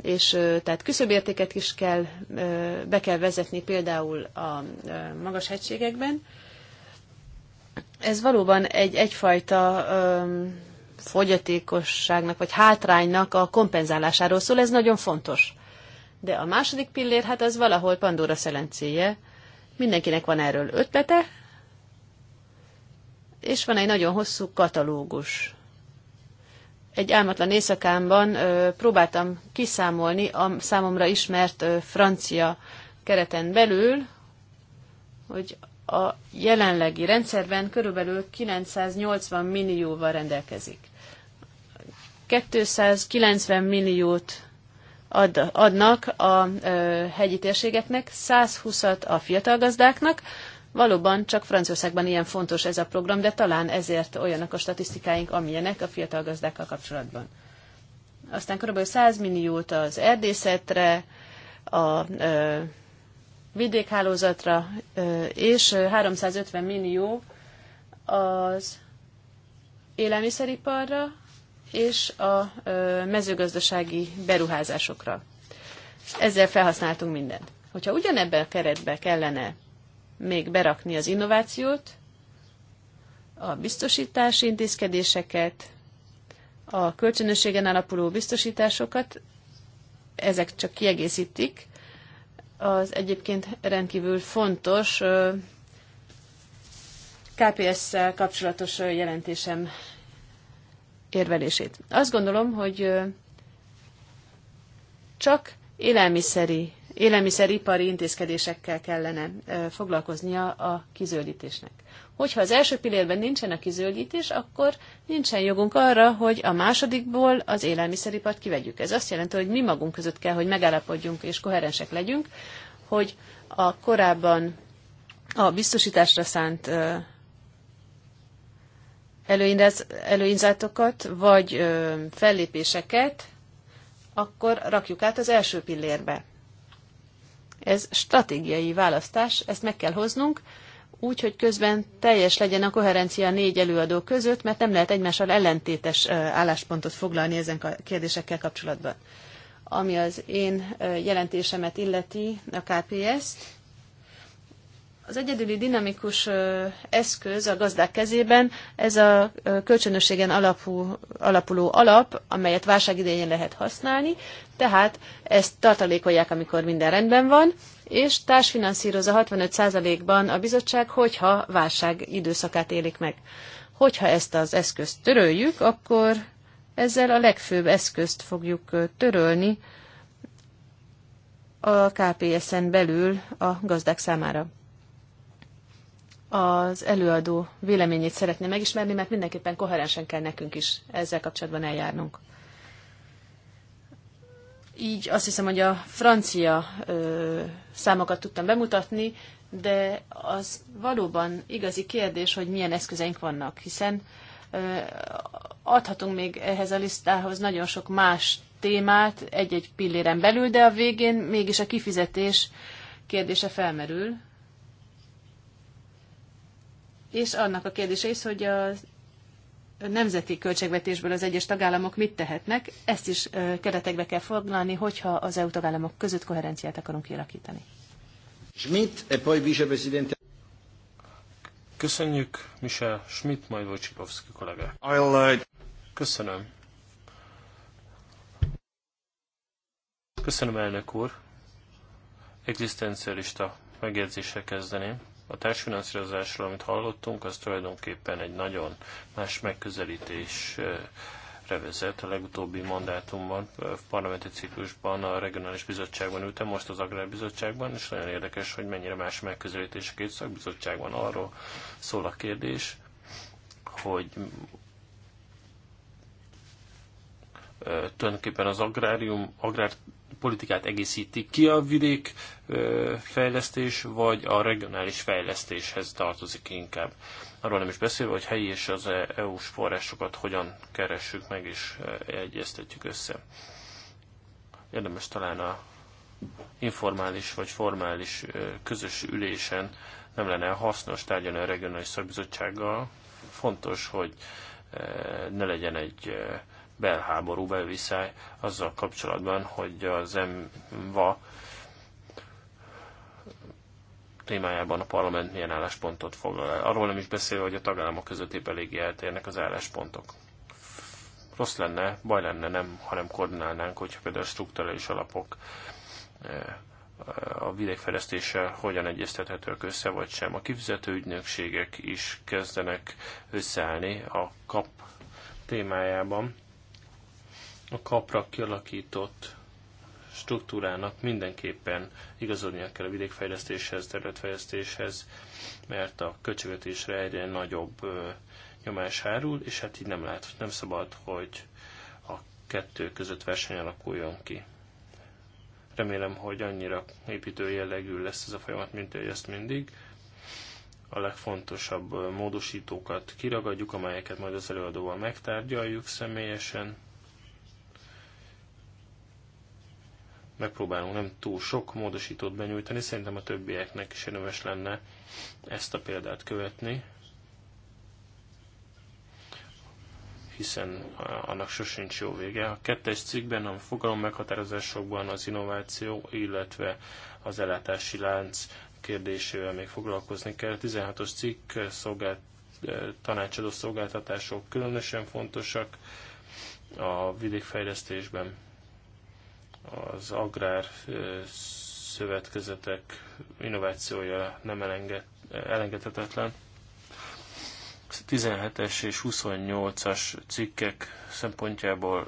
és tehát küszöbértéket is kell, be kell vezetni például a magas hegységekben. Ez valóban egy egyfajta fogyatékosságnak vagy hátránynak a kompenzálásáról szól, ez nagyon fontos. De a második pillér, hát az valahol Pandora szelencéje. Mindenkinek van erről ötlete, és van egy nagyon hosszú katalógus egy álmatlan éjszakámban próbáltam kiszámolni a számomra ismert francia kereten belül, hogy a jelenlegi rendszerben körülbelül 980 millióval rendelkezik. 290 milliót ad, adnak a ö, hegyi térségeknek, 120-at a fiatal gazdáknak, Valóban csak Franciaországban ilyen fontos ez a program, de talán ezért olyanak a statisztikáink, amilyenek a fiatal gazdákkal kapcsolatban. Aztán kb. 100 milliót az erdészetre, a ö, vidékhálózatra, ö, és 350 millió az élelmiszeriparra és a ö, mezőgazdasági beruházásokra. Ezzel felhasználtunk mindent. Hogyha ugyanebben a keretbe kellene még berakni az innovációt, a biztosítási intézkedéseket, a kölcsönösségen alapuló biztosításokat, ezek csak kiegészítik az egyébként rendkívül fontos KPS-szel kapcsolatos jelentésem érvelését. Azt gondolom, hogy csak élelmiszeri élelmiszeripari intézkedésekkel kellene foglalkoznia a kizöldítésnek. Hogyha az első pillérben nincsen a kizöldítés, akkor nincsen jogunk arra, hogy a másodikból az élelmiszeripart kivegyük. Ez azt jelenti, hogy mi magunk között kell, hogy megállapodjunk és koherensek legyünk, hogy a korábban a biztosításra szánt előinzátokat vagy fellépéseket, akkor rakjuk át az első pillérbe. Ez stratégiai választás, ezt meg kell hoznunk, úgy, hogy közben teljes legyen a koherencia a négy előadó között, mert nem lehet egymással ellentétes álláspontot foglalni ezen a kérdésekkel kapcsolatban. Ami az én jelentésemet illeti, a KPS-t, az egyedüli dinamikus eszköz a gazdák kezében ez a kölcsönösségen alapú, alapuló alap, amelyet válságidején lehet használni, tehát ezt tartalékolják, amikor minden rendben van, és társfinanszírozza 65%-ban a bizottság, hogyha válság időszakát élik meg. Hogyha ezt az eszközt töröljük, akkor ezzel a legfőbb eszközt fogjuk törölni a KPSZ-en belül a gazdák számára az előadó véleményét szeretné megismerni, mert mindenképpen koherensen kell nekünk is ezzel kapcsolatban eljárnunk. Így azt hiszem, hogy a francia ö, számokat tudtam bemutatni, de az valóban igazi kérdés, hogy milyen eszközeink vannak, hiszen ö, adhatunk még ehhez a listához nagyon sok más témát egy-egy pilléren belül, de a végén mégis a kifizetés kérdése felmerül, és annak a kérdése is, hogy a nemzeti költségvetésből az egyes tagállamok mit tehetnek, ezt is keretekbe kell foglalni, hogyha az EU tagállamok között koherenciát akarunk kialakítani. Schmidt, e poi vicepresidente. Köszönjük, Michel Schmidt, majd Wojcikowski kollega. Like... Uh, Köszönöm. Köszönöm, elnök úr. Egzisztencialista megjegyzéssel kezdeném. A társfinanszírozásról, amit hallottunk, az tulajdonképpen egy nagyon más megközelítés vezet. A legutóbbi mandátumban, a parlamenti ciklusban, a regionális bizottságban ültem, most az agrárbizottságban, és nagyon érdekes, hogy mennyire más megközelítés a két szakbizottságban. Arról szól a kérdés, hogy tulajdonképpen az agrárium, agrár politikát egészítik ki a vidék fejlesztés, vagy a regionális fejlesztéshez tartozik inkább. Arról nem is beszélve, hogy helyi és az EU-s forrásokat hogyan keressük meg és egyeztetjük össze. Érdemes talán a informális vagy formális közös ülésen nem lenne hasznos tárgyalni a regionális szakbizottsággal. Fontos, hogy ne legyen egy belháború, belviszály azzal kapcsolatban, hogy az EMVA témájában a parlament milyen álláspontot foglal el. Arról nem is beszélve, hogy a tagállamok között épp eléggé eltérnek az álláspontok. Rossz lenne, baj lenne, nem, hanem koordinálnánk, hogyha például a strukturális alapok eh, a vidékfejlesztéssel hogyan egyeztethetők össze, vagy sem. A kifizető ügynökségek is kezdenek összeállni a kap témájában a kapra kialakított struktúrának mindenképpen igazodnia kell a vidékfejlesztéshez, területfejlesztéshez, mert a költségvetésre egyre nagyobb nyomás hárul, és hát így nem, lehet, nem szabad, hogy a kettő között verseny alakuljon ki. Remélem, hogy annyira építő jellegű lesz ez a folyamat, mint hogy ezt mindig. A legfontosabb módosítókat kiragadjuk, amelyeket majd az előadóval megtárgyaljuk személyesen megpróbálunk nem túl sok módosítót benyújtani, szerintem a többieknek is érdemes lenne ezt a példát követni, hiszen annak sosincs jó vége. A kettes cikkben a fogalom meghatározásokban az innováció, illetve az ellátási lánc kérdésével még foglalkozni kell. 16-os cikk szolgált, tanácsadó szolgáltatások különösen fontosak a vidékfejlesztésben az agrár szövetkezetek innovációja nem elenged, elengedhetetlen. 17-es és 28-as cikkek szempontjából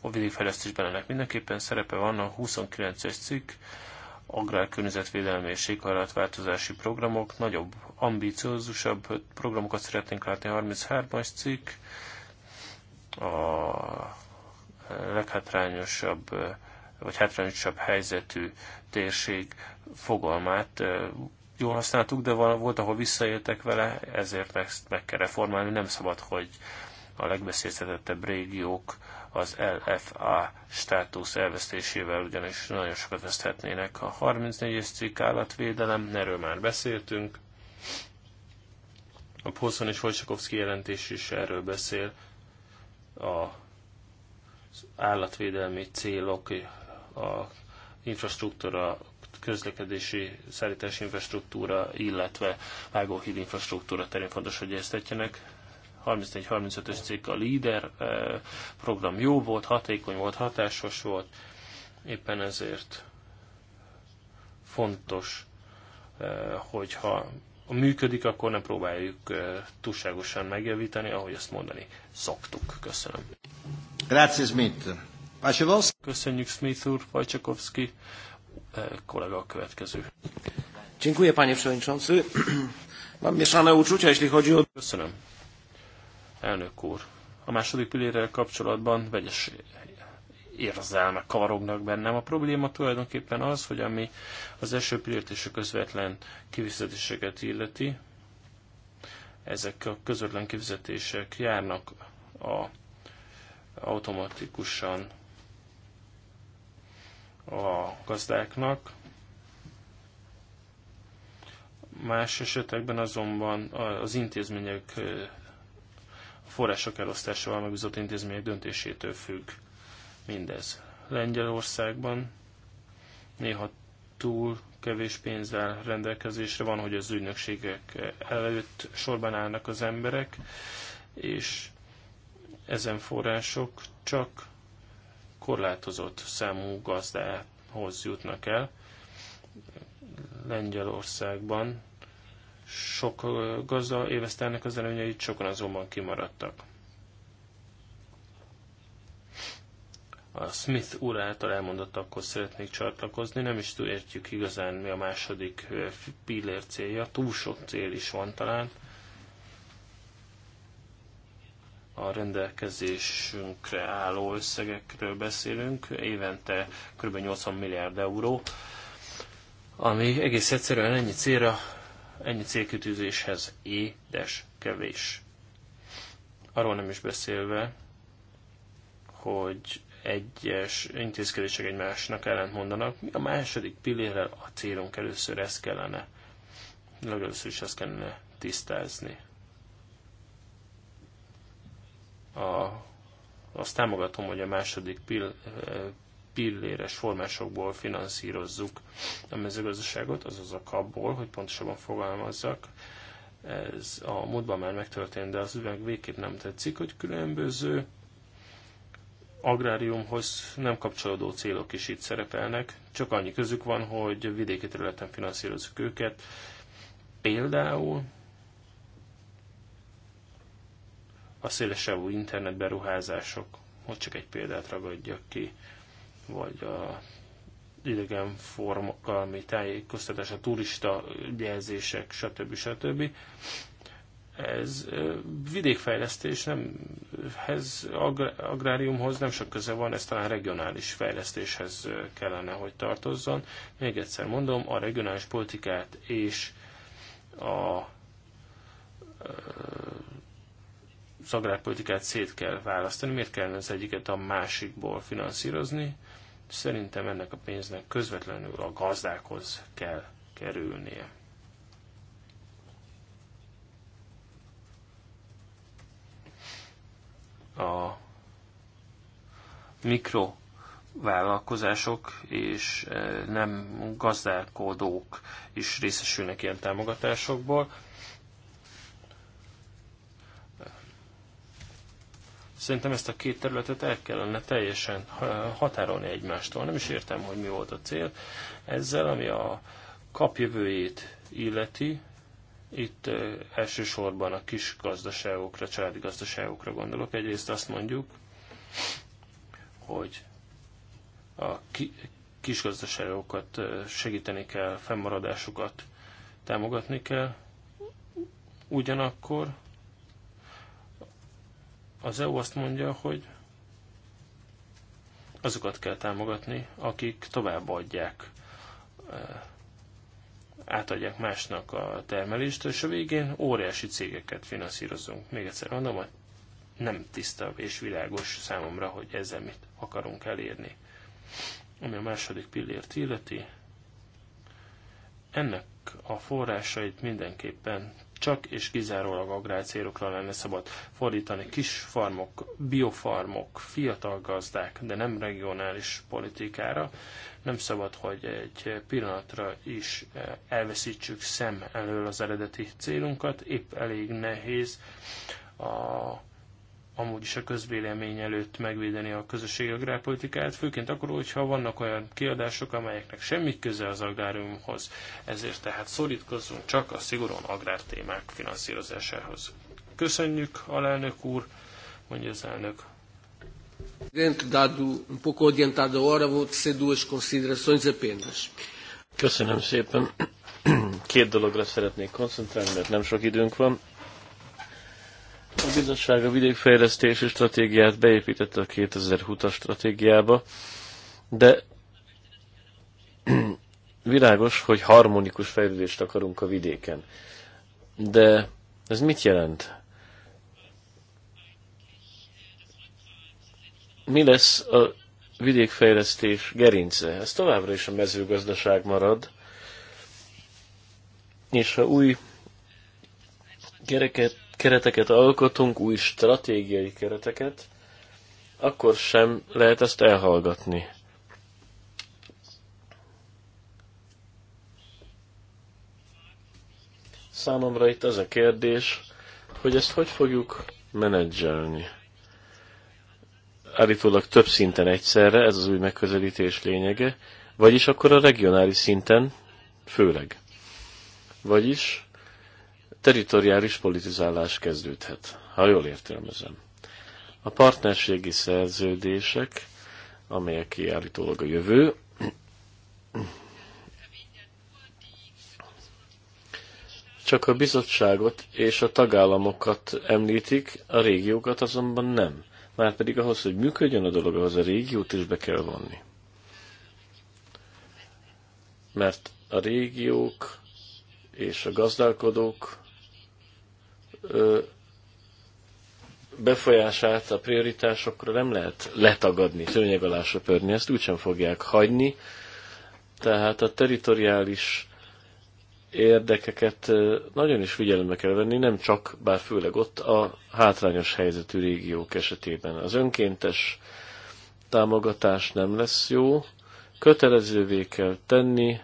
a vidékfejlesztésben ennek mindenképpen szerepe van a 29-es cikk, agrárkörnyezetvédelmi és éghajlatváltozási programok, nagyobb, ambíciózusabb programokat szeretnénk látni, 33-as cikk, a leghátrányosabb vagy hátrányosabb helyzetű térség fogalmát jól használtuk, de volt, ahol visszaéltek vele, ezért ezt meg kell reformálni. Nem szabad, hogy a legbeszélhetettebb régiók az LFA státusz elvesztésével ugyanis nagyon sokat veszthetnének. A 34-es cikk állatvédelem, erről már beszéltünk. A Poszon és Wojciechowski jelentés is erről beszél. A állatvédelmi célok, a infrastruktúra, közlekedési, szállítási infrastruktúra, illetve vágóhíd infrastruktúra terén fontos, hogy ezt egyeztetjenek. 34-35-ös cikk a líder eh, program jó volt, hatékony volt, hatásos volt, éppen ezért fontos, eh, hogyha működik, akkor nem próbáljuk eh, túlságosan megjavítani, ahogy azt mondani szoktuk. Köszönöm. Grazie, Smith. Köszönjük, Smith úr, Vajcsakovszki eh, kollega a következő. Dziękuję, panie przewodniczący. Mam mieszane uczucia, jeśli chodzi o... Köszönöm. Elnök úr, a második pillérrel kapcsolatban vegyes érzelmek kavarognak bennem. A probléma tulajdonképpen az, hogy ami az első pillért és a közvetlen kivizetéseket illeti, ezek a közvetlen kivizetések járnak a automatikusan a gazdáknak. Más esetekben azonban az intézmények a források elosztásával megbízott intézmények döntésétől függ mindez. Lengyelországban néha túl kevés pénzzel rendelkezésre van, hogy az ügynökségek előtt sorban állnak az emberek, és ezen források csak korlátozott számú gazdához jutnak el. Lengyelországban sok gazda élvezte ennek az előnyeit, sokan azonban kimaradtak. A Smith úr által elmondottakhoz szeretnék csatlakozni, nem is értjük igazán mi a második eh, pillér célja, túl sok cél is van talán. a rendelkezésünkre álló összegekről beszélünk, évente kb. 80 milliárd euró, ami egész egyszerűen ennyi célra, ennyi célkütőzéshez édes kevés. Arról nem is beszélve, hogy egyes intézkedések egymásnak mondanak. Mi a második pillérrel a célunk először ezt kellene, legelőször is ezt kellene tisztázni. a, azt támogatom, hogy a második pill, eh, pilléres formásokból finanszírozzuk a mezőgazdaságot, azaz a kapból, hogy pontosabban fogalmazzak. Ez a módban már megtörtént, de az üveg végképp nem tetszik, hogy különböző agráriumhoz nem kapcsolódó célok is itt szerepelnek, csak annyi közük van, hogy vidéki területen finanszírozzuk őket. Például a szélesebb internetberuházások, hogy csak egy példát ragadjak ki, vagy a idegen formokkal, tájékoztatás, a turista jelzések, stb. stb. Ez vidékfejlesztés nem, ez agráriumhoz nem sok köze van, ez talán regionális fejlesztéshez kellene, hogy tartozzon. Még egyszer mondom, a regionális politikát és a az agrárpolitikát szét kell választani, miért kellene az egyiket a másikból finanszírozni. Szerintem ennek a pénznek közvetlenül a gazdákhoz kell kerülnie. A mikro vállalkozások és eh, nem gazdálkodók is részesülnek ilyen támogatásokból. Szerintem ezt a két területet el kellene teljesen határolni egymástól. Nem is értem, hogy mi volt a cél. Ezzel, ami a kapjövőjét illeti, itt elsősorban a kis gazdaságokra, családi gazdaságokra gondolok. Egyrészt azt mondjuk, hogy a kis gazdaságokat segíteni kell, fennmaradásukat támogatni kell. Ugyanakkor az EU azt mondja, hogy azokat kell támogatni, akik továbbadják, átadják másnak a termelést, és a végén óriási cégeket finanszírozunk. Még egyszer mondom, hogy nem tiszta és világos számomra, hogy ezzel mit akarunk elérni. Ami a második pillért illeti, ennek a forrásait mindenképpen csak és kizárólag agrárcélokra lenne szabad fordítani. Kis farmok, biofarmok, fiatal gazdák, de nem regionális politikára. Nem szabad, hogy egy pillanatra is eh, elveszítsük szem elől az eredeti célunkat. Épp elég nehéz a amúgy is a közvélemény előtt megvédeni a közösségi agrárpolitikát, főként akkor, hogyha vannak olyan kiadások, amelyeknek semmi köze az agráriumhoz. Ezért tehát szorítkozzunk csak a szigorúan agrártémák finanszírozásához. Köszönjük, alelnök úr, mondja az elnök. Dado um pouco vou duas considerações apenas. Köszönöm szépen. Két dologra szeretnék koncentrálni, mert nem sok időnk van a bizottság a vidékfejlesztési stratégiát beépítette a 2020-as stratégiába, de világos, hogy harmonikus fejlődést akarunk a vidéken. De ez mit jelent? Mi lesz a vidékfejlesztés gerince? Ez továbbra is a mezőgazdaság marad, és ha új gyereket kereteket alkotunk, új stratégiai kereteket, akkor sem lehet ezt elhallgatni. Számomra itt az a kérdés, hogy ezt hogy fogjuk menedzselni. Állítólag több szinten egyszerre, ez az új megközelítés lényege, vagyis akkor a regionális szinten főleg. Vagyis teritoriális politizálás kezdődhet, ha jól értelmezem. A partnerségi szerződések, amelyek kiállítólag a jövő, csak a bizottságot és a tagállamokat említik, a régiókat azonban nem. Márpedig ahhoz, hogy működjön a dolog, ahhoz a régiót is be kell vonni. Mert a régiók és a gazdálkodók befolyását a prioritásokra nem lehet letagadni, szőnyeg alá söpörni, ezt úgysem fogják hagyni. Tehát a teritoriális érdekeket nagyon is figyelembe kell venni, nem csak, bár főleg ott a hátrányos helyzetű régiók esetében. Az önkéntes támogatás nem lesz jó, kötelezővé kell tenni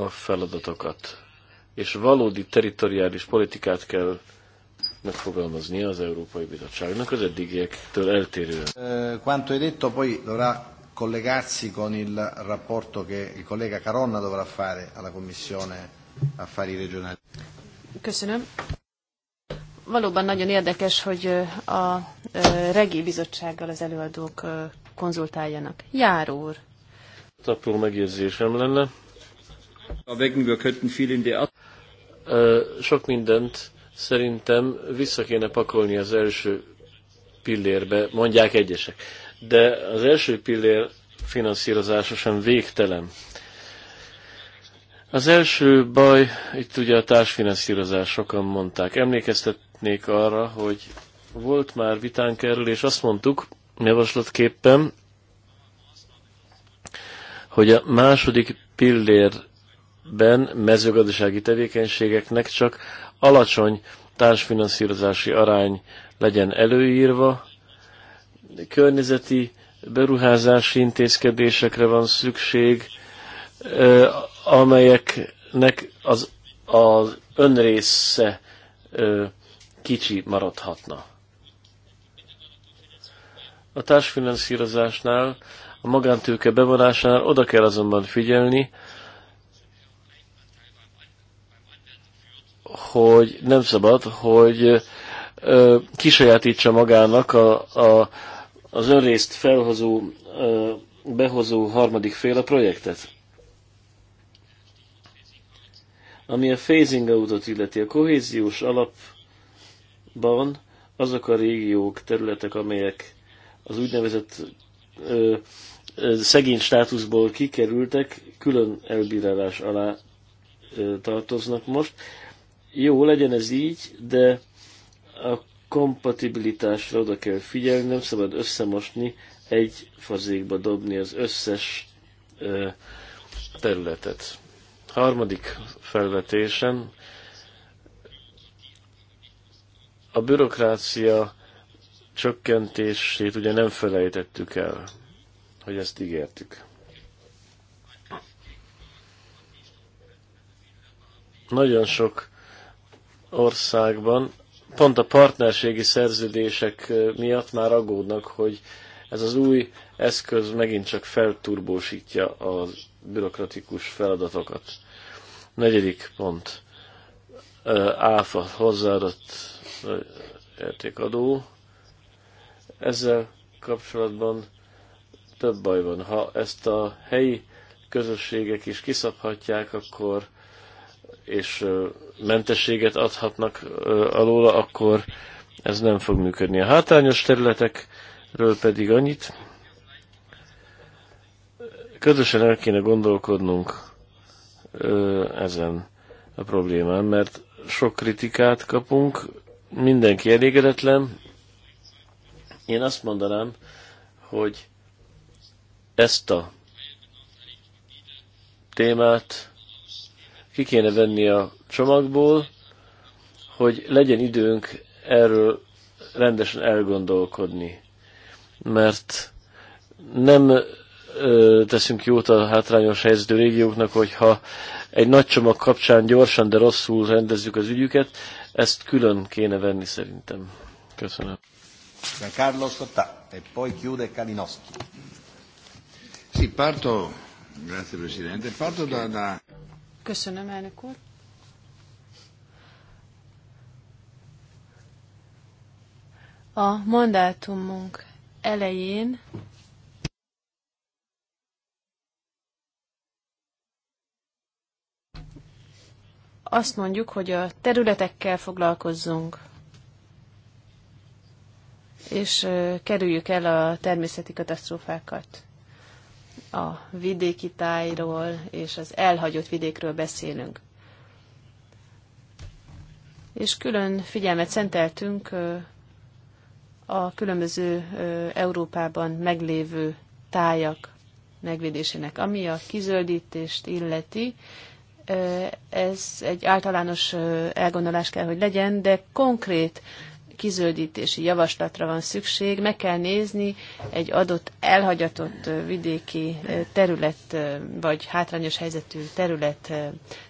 a feladatokat, és valódi teritoriális politikát kell megfogalmaznia az Európai Bizottságnak az eddigiektől eltérően. Eh, quanto detto poi dovrà collegarsi con il rapporto che il collega Caronna dovrà fare alla Commissione Affari Regionali. Köszönöm. Valóban nagyon érdekes, hogy eh, a eh, regi bizottsággal az előadók konzultáljanak. Jár úr. Apró megérzésem lenne. Sok mindent szerintem vissza kéne pakolni az első pillérbe, mondják egyesek. De az első pillér finanszírozása sem végtelen. Az első baj, itt ugye a társfinanszírozás, sokan mondták. Emlékeztetnék arra, hogy volt már vitánk erről, és azt mondtuk javaslatképpen, hogy a második pillér ben mezőgazdasági tevékenységeknek csak alacsony társfinanszírozási arány legyen előírva, környezeti beruházási intézkedésekre van szükség, amelyeknek az, az önrésze kicsi maradhatna. A társfinanszírozásnál, a magántőke bevonásánál oda kell azonban figyelni, hogy nem szabad, hogy ö, kisajátítsa magának a, a, az önrészt felhozó, ö, behozó harmadik fél a projektet. Ami a phasing outot illeti, a kohéziós alapban azok a régiók, területek, amelyek az úgynevezett ö, ö, szegény státuszból kikerültek, külön elbírálás alá ö, tartoznak most. Jó, legyen ez így, de a kompatibilitásra oda kell figyelni, nem szabad összemosni, egy fazékba dobni az összes ö, területet. Harmadik felvetésem, a bürokrácia csökkentését ugye nem felejtettük el, hogy ezt ígértük. Nagyon sok országban pont a partnerségi szerződések miatt már aggódnak, hogy ez az új eszköz megint csak felturbósítja a bürokratikus feladatokat. Negyedik pont. Áfa hozzáadott értékadó. Ezzel kapcsolatban több baj van. Ha ezt a helyi közösségek is kiszabhatják, akkor és mentességet adhatnak alóla, akkor ez nem fog működni. A hátrányos területekről pedig annyit, közösen el kéne gondolkodnunk ezen a problémán, mert sok kritikát kapunk, mindenki elégedetlen. Én azt mondanám, hogy ezt a témát ki kéne venni a csomagból, hogy legyen időnk erről rendesen elgondolkodni. Mert nem ö, teszünk jót a hátrányos helyzetű régióknak, hogyha egy nagy csomag kapcsán gyorsan, de rosszul rendezzük az ügyüket, ezt külön kéne venni szerintem. Köszönöm. Carlos Sottà, e poi chiude Kalinowski. Sì, parto, grazie Presidente, parto da, da... Köszönöm, elnök úr. A mandátumunk elején azt mondjuk, hogy a területekkel foglalkozzunk, és kerüljük el a természeti katasztrófákat a vidéki tájról és az elhagyott vidékről beszélünk. És külön figyelmet szenteltünk a különböző Európában meglévő tájak megvédésének. Ami a kizöldítést illeti, ez egy általános elgondolás kell, hogy legyen, de konkrét kizöldítési javaslatra van szükség, meg kell nézni egy adott elhagyatott vidéki terület, vagy hátrányos helyzetű terület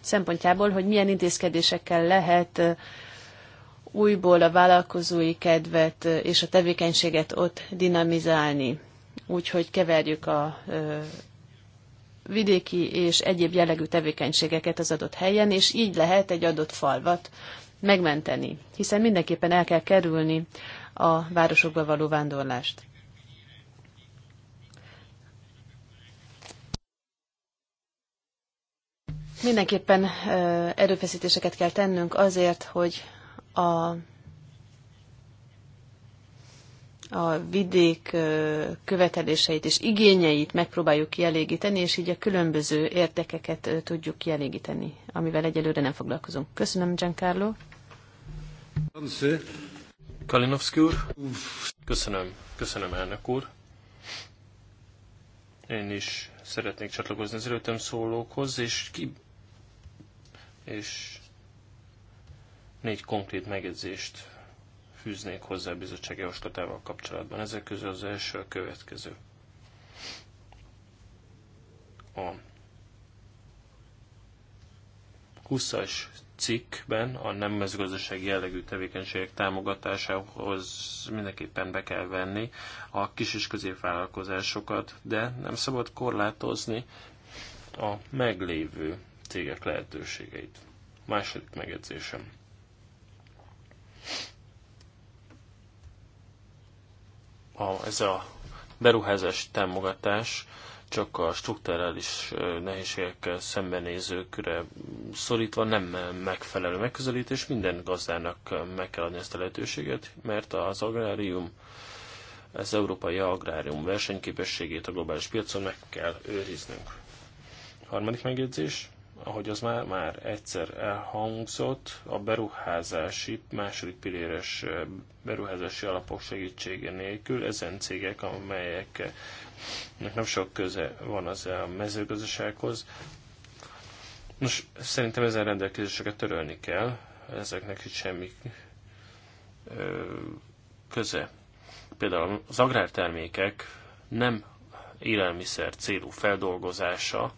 szempontjából, hogy milyen intézkedésekkel lehet újból a vállalkozói kedvet és a tevékenységet ott dinamizálni. Úgyhogy keverjük a vidéki és egyéb jellegű tevékenységeket az adott helyen, és így lehet egy adott falvat megmenteni, hiszen mindenképpen el kell kerülni a városokba való vándorlást. Mindenképpen erőfeszítéseket kell tennünk azért, hogy a a vidék követeléseit és igényeit megpróbáljuk kielégíteni, és így a különböző érdekeket tudjuk kielégíteni, amivel egyelőre nem foglalkozunk. Köszönöm, Giancarlo. Kalinowski úr. Köszönöm, köszönöm elnök úr. Én is szeretnék csatlakozni az előttem szólókhoz, és ki... és négy konkrét megjegyzést fűznék hozzá a bizottsági javaslatával kapcsolatban. Ezek közül az első a következő. A 20-as cikkben a nem mezőgazdasági jellegű tevékenységek támogatásához mindenképpen be kell venni a kis és középvállalkozásokat, de nem szabad korlátozni a meglévő cégek lehetőségeit. Második megjegyzésem. A, ez a beruházás támogatás csak a strukturális nehézségekkel szembenézőkre szorítva nem megfelelő megközelítés. Minden gazdának meg kell adni ezt a lehetőséget, mert az agrárium, az európai agrárium versenyképességét a globális piacon meg kell őriznünk. Harmadik megjegyzés ahogy az már, már egyszer elhangzott, a beruházási, második piléres eh, beruházási alapok segítsége nélkül ezen cégek, amelyeknek eh, nem sok köze van az a mezőgazdasághoz. Nos, szerintem ezen rendelkezéseket törölni kell, ezeknek itt semmi eh, köze. Például az agrártermékek nem élelmiszer célú feldolgozása,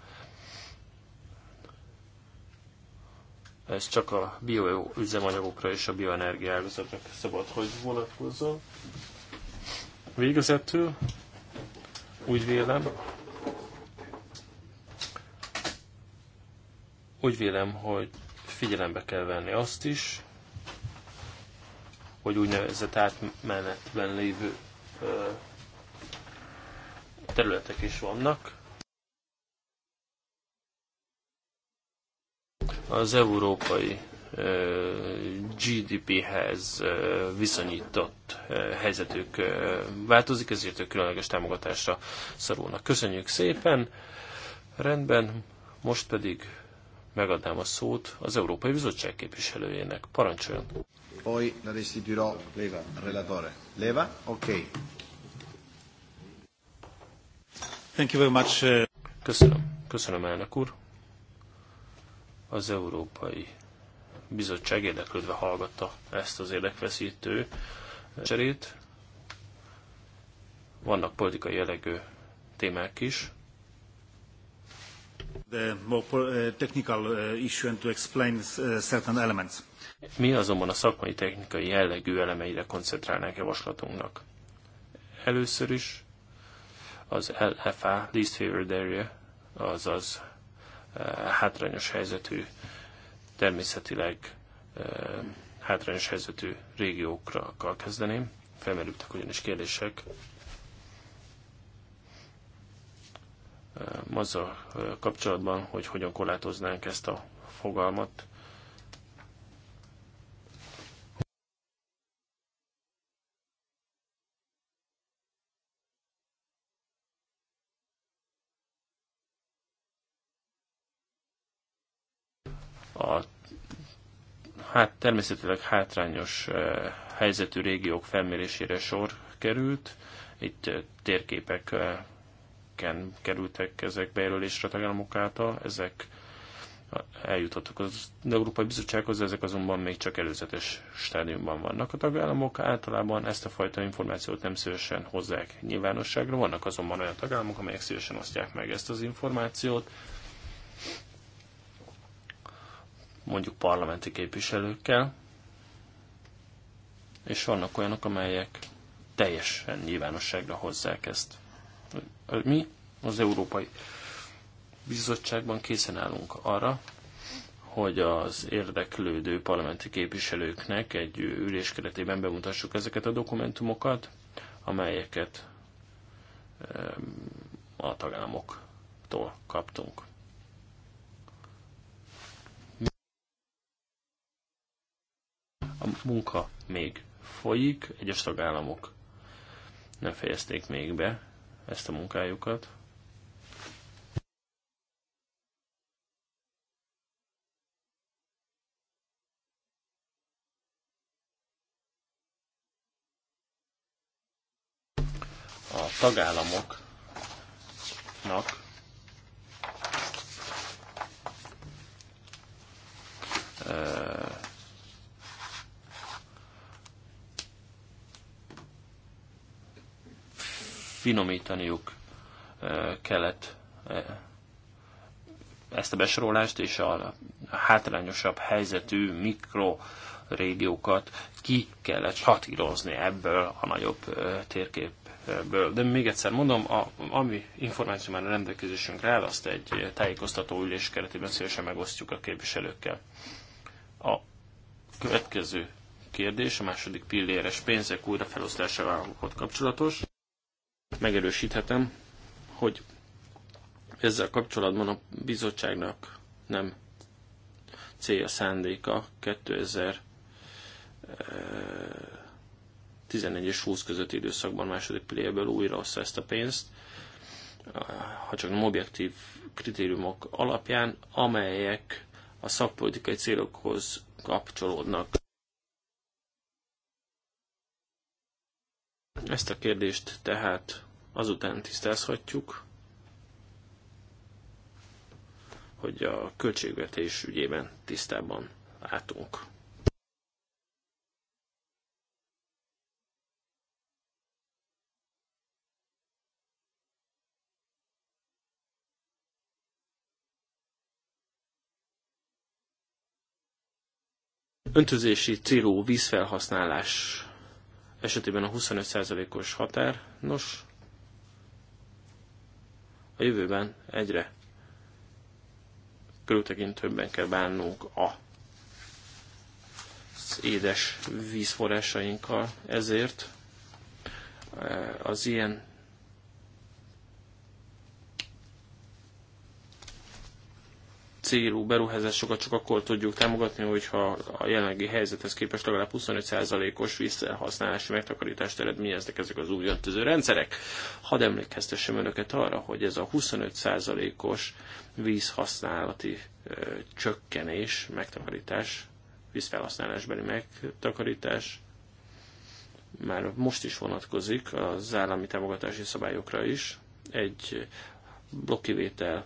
ez csak a bioüzemanyagokra és a bioenergia ágazatra szabad, hogy vonatkozzon. Végezetül úgy vélem, úgy vélem, hogy figyelembe kell venni azt is, hogy úgynevezett átmenetben lévő területek is vannak, az európai GDP-hez viszonyított helyzetük változik, ezért ők különleges támogatásra szorulnak. Köszönjük szépen! Rendben, most pedig megadnám a szót az Európai Bizottság képviselőjének. Parancsoljon! Poi la restituirò Leva, relatore. Leva? Ok. Thank you very much. Uh, Köszönöm. Köszönöm, elnök úr. Az Európai Bizottság érdeklődve hallgatta ezt az érdekveszítő cserét. Vannak politikai jellegű témák is. The more eh, technical eh, issue to explain eh, certain elements. Mi azonban a szakmai technikai jellegű elemeire koncentrálnánk javaslatunknak. Először is az LFA, Least Favored Area, azaz Eh, hátrányos helyzetű, természetileg eh, hátrányos helyzetű régiókkal kezdeném. Felmerültek ugyanis kérdések. Eh, azzal kapcsolatban, hogy hogyan korlátoznánk ezt a fogalmat, a hát, természetileg hátrányos helyzetű régiók felmérésére sor került. Itt térképeken kerültek ezek bejelölésre tagállamok által, ezek eljutottak az Európai Bizottsághoz, ezek azonban még csak előzetes stádiumban vannak. A tagállamok általában ezt a fajta információt nem szívesen hozzák nyilvánosságra, vannak azonban olyan tagállamok, amelyek szívesen osztják meg ezt az információt, mondjuk parlamenti képviselőkkel, és vannak olyanok, amelyek teljesen nyilvánosságra hozzák ezt. Mi az Európai Bizottságban készen állunk arra, hogy az érdeklődő parlamenti képviselőknek egy ülés keretében bemutassuk ezeket a dokumentumokat, amelyeket a tagállamoktól kaptunk. A munka még folyik, egyes tagállamok nem fejezték még be ezt a munkájukat. A tagállamoknak finomítaniuk kellett ezt a besorolást, és a hátrányosabb helyzetű mikro régiókat ki kellett hatírozni ebből a nagyobb térképből. De még egyszer mondom, a, ami információ már a rendelkezésünkre áll, azt egy tájékoztató ülés keretében szívesen megosztjuk a képviselőkkel. A következő kérdés, a második pilléres pénzek újrafelosztásával kapcsolatos. Megerősíthetem, hogy ezzel kapcsolatban a bizottságnak nem célja szándéka 2011 eh, és 20 közötti időszakban második pillérből újra oszta ezt a pénzt, eh, ha csak nem objektív kritériumok alapján, amelyek a szakpolitikai célokhoz kapcsolódnak. Ezt a kérdést tehát azután tisztázhatjuk, hogy a költségvetés ügyében tisztában látunk. öntözési célú vízfelhasználás esetében a 25%-os határ, nos, a jövőben egyre körültekintőbben kell bánnunk a édes vízforrásainkkal, ezért eh, az ilyen célú beruházásokat csak akkor tudjuk támogatni, hogyha a jelenlegi helyzethez képest legalább 25%-os visszahasználási megtakarítást eredményeznek ezek az új öntöző rendszerek. Hadd emlékeztessem önöket arra, hogy ez a 25%-os vízhasználati ö, csökkenés, megtakarítás, vízfelhasználásbeli megtakarítás már most is vonatkozik az állami támogatási szabályokra is. Egy blokkivétel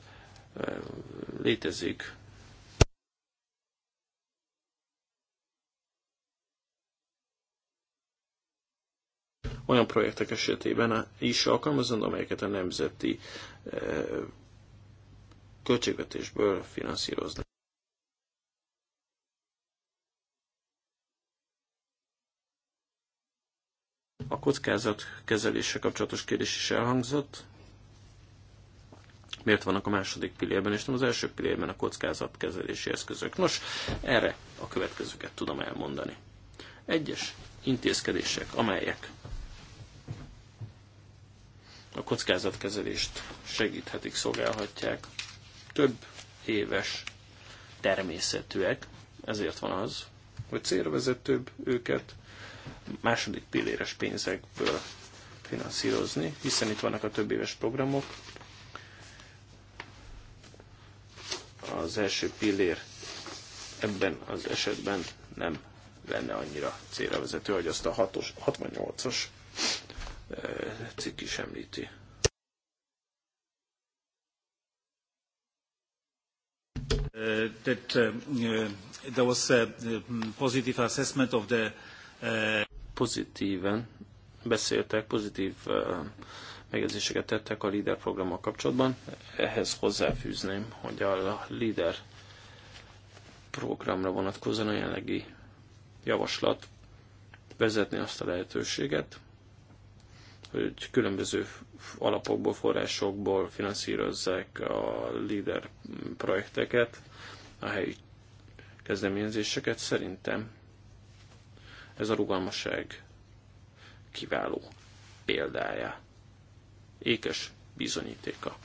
létezik. Olyan projektek esetében is alkalmazom, amelyeket a nemzeti eh, költségvetésből finanszírozni. A kockázat kezelése kapcsolatos kérdés is elhangzott miért vannak a második pillérben, és nem az első pillérben a kockázatkezelési eszközök. Nos, erre a következőket tudom elmondani. Egyes intézkedések, amelyek a kockázatkezelést segíthetik, szolgálhatják, több éves természetűek, ezért van az, hogy célvezetőbb őket második pilléres pénzekből finanszírozni, hiszen itt vannak a több éves programok, az első pillér ebben az esetben nem lenne annyira célra vezető, hogy azt a 68-as eh, cikk is említi. Uh, that uh, there was a mm, positive assessment of the uh... pozitíven beszéltek, pozitív uh, megjegyzéseket tettek a LEADER programmal kapcsolatban. Ehhez hozzáfűzném, hogy a LEADER programra vonatkozóan a jelenlegi javaslat vezetni azt a lehetőséget, hogy különböző alapokból, forrásokból finanszírozzák a LEADER projekteket, a helyi kezdeményezéseket. Szerintem ez a rugalmasság kiváló példája ékes bizonyítéka.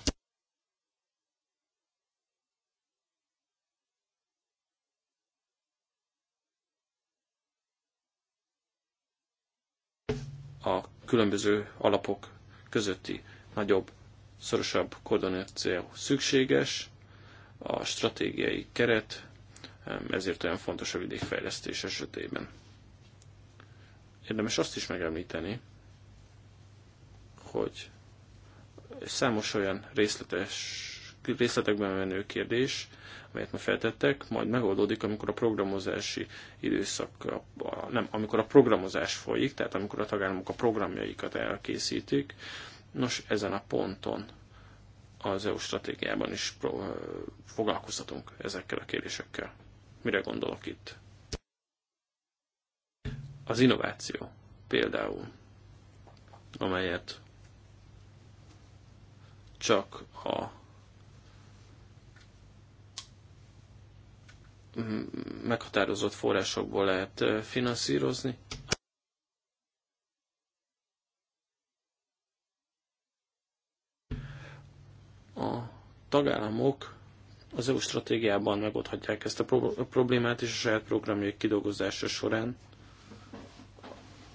A különböző alapok közötti nagyobb, szorosabb koordináció szükséges, a stratégiai keret, ezért olyan fontos a vidékfejlesztés esetében. Érdemes azt is megemlíteni, hogy és számos olyan részletes, részletekben menő kérdés, amelyet ma feltettek, majd megoldódik, amikor a programozási időszak, nem, amikor a programozás folyik, tehát amikor a tagállamok a programjaikat elkészítik. Nos, ezen a ponton az EU stratégiában is foglalkoztatunk ezekkel a kérdésekkel. Mire gondolok itt? Az innováció például, amelyet csak a meghatározott forrásokból lehet finanszírozni. A tagállamok az EU stratégiában megoldhatják ezt a problémát, és a saját programjaik kidolgozása során,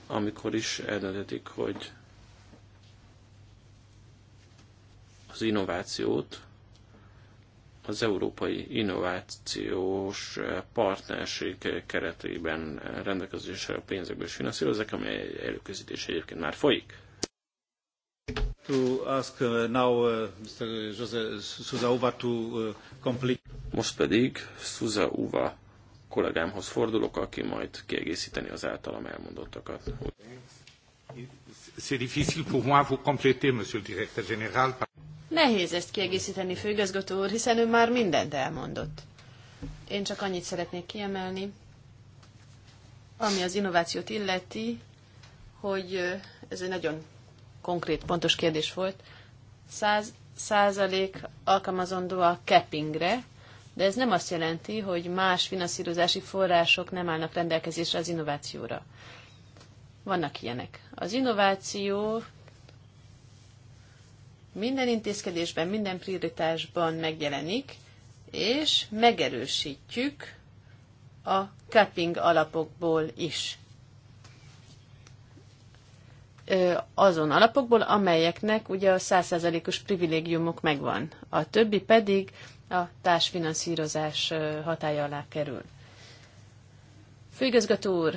amikor is eldöntetik, hogy az innovációt az Európai Innovációs Partnerség keretében rendelkezésre a pénzekből is finanszírozzák, amely előközítés egyébként már folyik. To ask uh, now uh, Mr. Jose Souza Uva to uh, complete. Most pedig Suza Uva kollégámhoz fordulok, aki majd kiegészíteni az általam elmondottakat. C'est difficile pour moi vous compléter, Monsieur le Directeur Général, Nehéz ezt kiegészíteni, főigazgató úr, hiszen ő már mindent elmondott. Én csak annyit szeretnék kiemelni, ami az innovációt illeti, hogy ez egy nagyon konkrét, pontos kérdés volt. 100 százalék alkalmazandó a cappingre, de ez nem azt jelenti, hogy más finanszírozási források nem állnak rendelkezésre az innovációra. Vannak ilyenek. Az innováció minden intézkedésben, minden prioritásban megjelenik, és megerősítjük a capping alapokból is. Azon alapokból, amelyeknek ugye a százszerzalékos privilégiumok megvan. A többi pedig a társfinanszírozás hatája alá kerül. Főigazgató úr,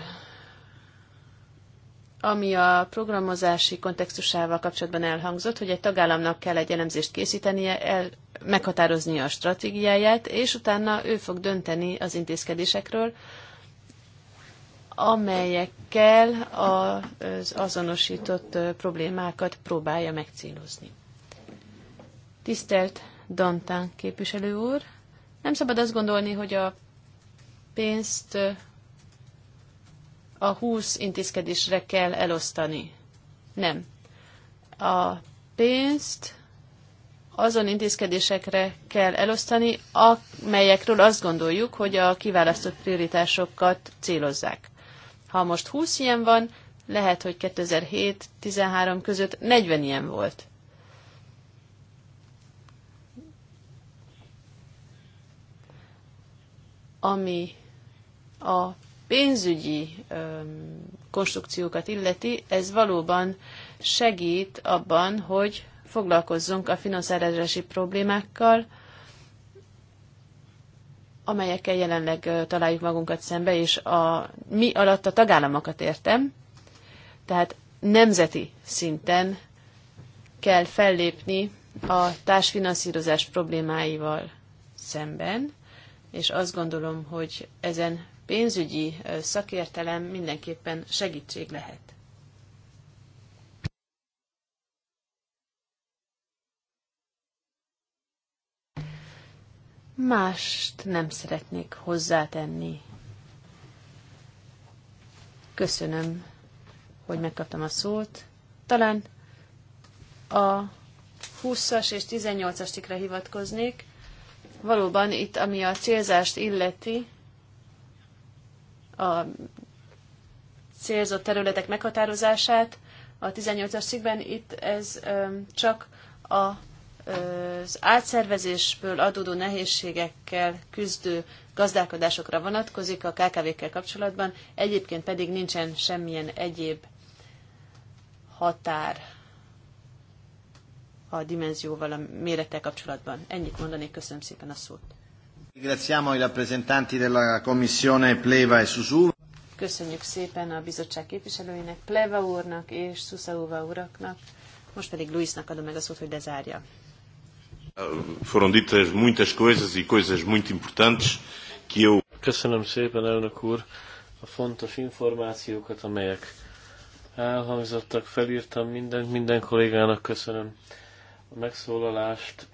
ami a programozási kontextusával kapcsolatban elhangzott, hogy egy tagállamnak kell egy elemzést készítenie, el, meghatároznia a stratégiáját, és utána ő fog dönteni az intézkedésekről, amelyekkel az azonosított problémákat próbálja megcélozni. Tisztelt Dantán képviselő úr, nem szabad azt gondolni, hogy a pénzt a 20 intézkedésre kell elosztani. Nem. A pénzt azon intézkedésekre kell elosztani, amelyekről azt gondoljuk, hogy a kiválasztott prioritásokat célozzák. Ha most 20 ilyen van, lehet, hogy 2007-13 között 40 ilyen volt. Ami a pénzügyi konstrukciókat illeti, ez valóban segít abban, hogy foglalkozzunk a finanszírozási problémákkal, amelyekkel jelenleg találjuk magunkat szembe, és a, mi alatt a tagállamokat értem, tehát nemzeti szinten kell fellépni a társfinanszírozás problémáival szemben, és azt gondolom, hogy ezen pénzügyi szakértelem mindenképpen segítség lehet. Mást nem szeretnék hozzátenni. Köszönöm, hogy megkaptam a szót. Talán a 20-as és 18-as cikkre hivatkoznék. Valóban itt, ami a célzást illeti, a célzott területek meghatározását a 18-as cikkben. Itt ez csak a, az átszervezésből adódó nehézségekkel küzdő gazdálkodásokra vonatkozik a KKV-kkel kapcsolatban, egyébként pedig nincsen semmilyen egyéb határ a dimenzióval, a mérettel kapcsolatban. Ennyit mondanék, köszönöm szépen a szót. Ringraziamo i rappresentanti della Commissione Pleva e Susuva. Köszönjük szépen a bizottság képviselőinek, Pleva úrnak és Susauva uraknak. Most pedig Luisnak adom meg a szót, hogy lezárja. Foram ditas muitas coisas e coisas muito importantes que eu... Köszönöm szépen, elnök úr, a fontos információkat, amelyek elhangzottak, felírtam mindent, minden kollégának köszönöm a megszólalást,